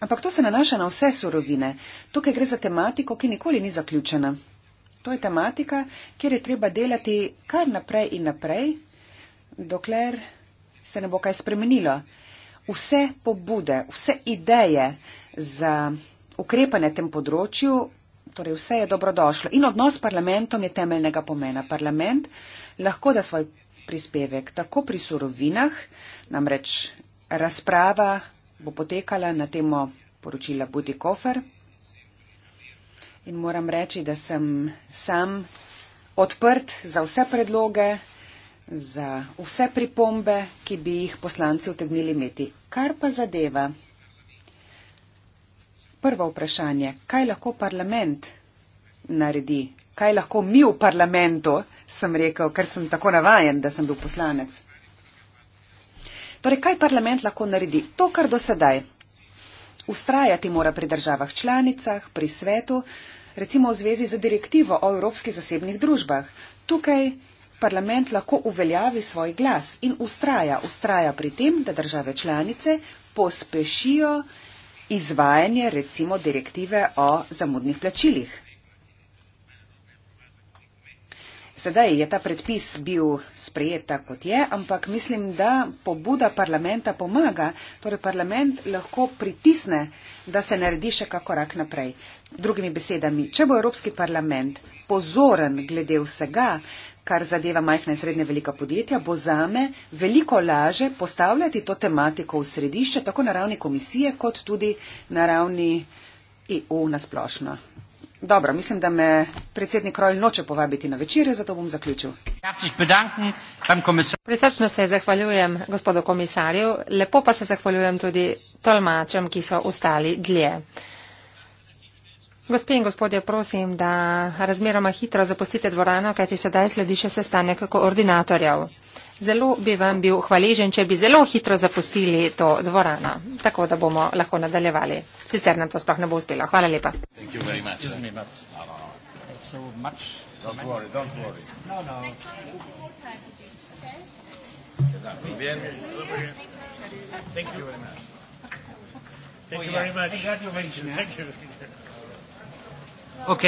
Ampak to se nanaša na vse surovine. Tukaj gre za tematiko, ki nikoli ni zaključena. To je tematika, kjer je treba delati kar naprej in naprej, dokler se ne bo kaj spremenilo. Vse pobude, vse ideje za ukrepanje tem področju, torej vse je dobrodošlo. In odnos s parlamentom je temeljnega pomena. Parlament lahko da svoj prispevek tako pri surovinah, namreč razprava bo potekala na temo poročila Budi Kofer. In moram reči, da sem sam odprt za vse predloge, za vse pripombe, ki bi jih poslanci utegnili imeti. Kar pa zadeva prvo vprašanje, kaj lahko parlament naredi, kaj lahko mi v parlamentu, sem rekel, ker sem tako navajen, da sem bil poslanec. Torej, kaj parlament lahko naredi? To, kar do sedaj. Ustrajati mora pri državah članicah, pri svetu, recimo v zvezi z direktivo o evropskih zasebnih družbah. Tukaj parlament lahko uveljavi svoj glas in ustraja, ustraja pri tem, da države članice pospešijo izvajanje recimo direktive o zamudnih plačilih. Sedaj je ta predpis bil sprejet tako, kot je, ampak mislim, da pobuda parlamenta pomaga, torej parlament lahko pritisne, da se naredi še kak korak naprej. Drugimi besedami, če bo Evropski parlament pozoren glede vsega, kar zadeva majhna in srednje velika podjetja, bo za me veliko laže postavljati to tematiko v središče, tako na ravni komisije, kot tudi na ravni EU nasplošno. Dobro, mislim, da me predsednik Rojl noče povabiti na večerjo, zato bom zaključil. Presrčno se zahvaljujem gospodu komisarju, lepo pa se zahvaljujem tudi tolmačem, ki so ostali dlje. Gospe in gospodje, prosim, da razmeroma hitro zapustite dvorano, kajti sedaj sledi še sestanek koordinatorjev. Zelo bi vam bil hvaležen, če bi zelo hitro zapustili to dvorano, tako da bomo lahko nadaljevali. Sicer nam to sploh ne bo uspelo. Hvala lepa. Thank you very much. Congratulations. Thank you. Ok.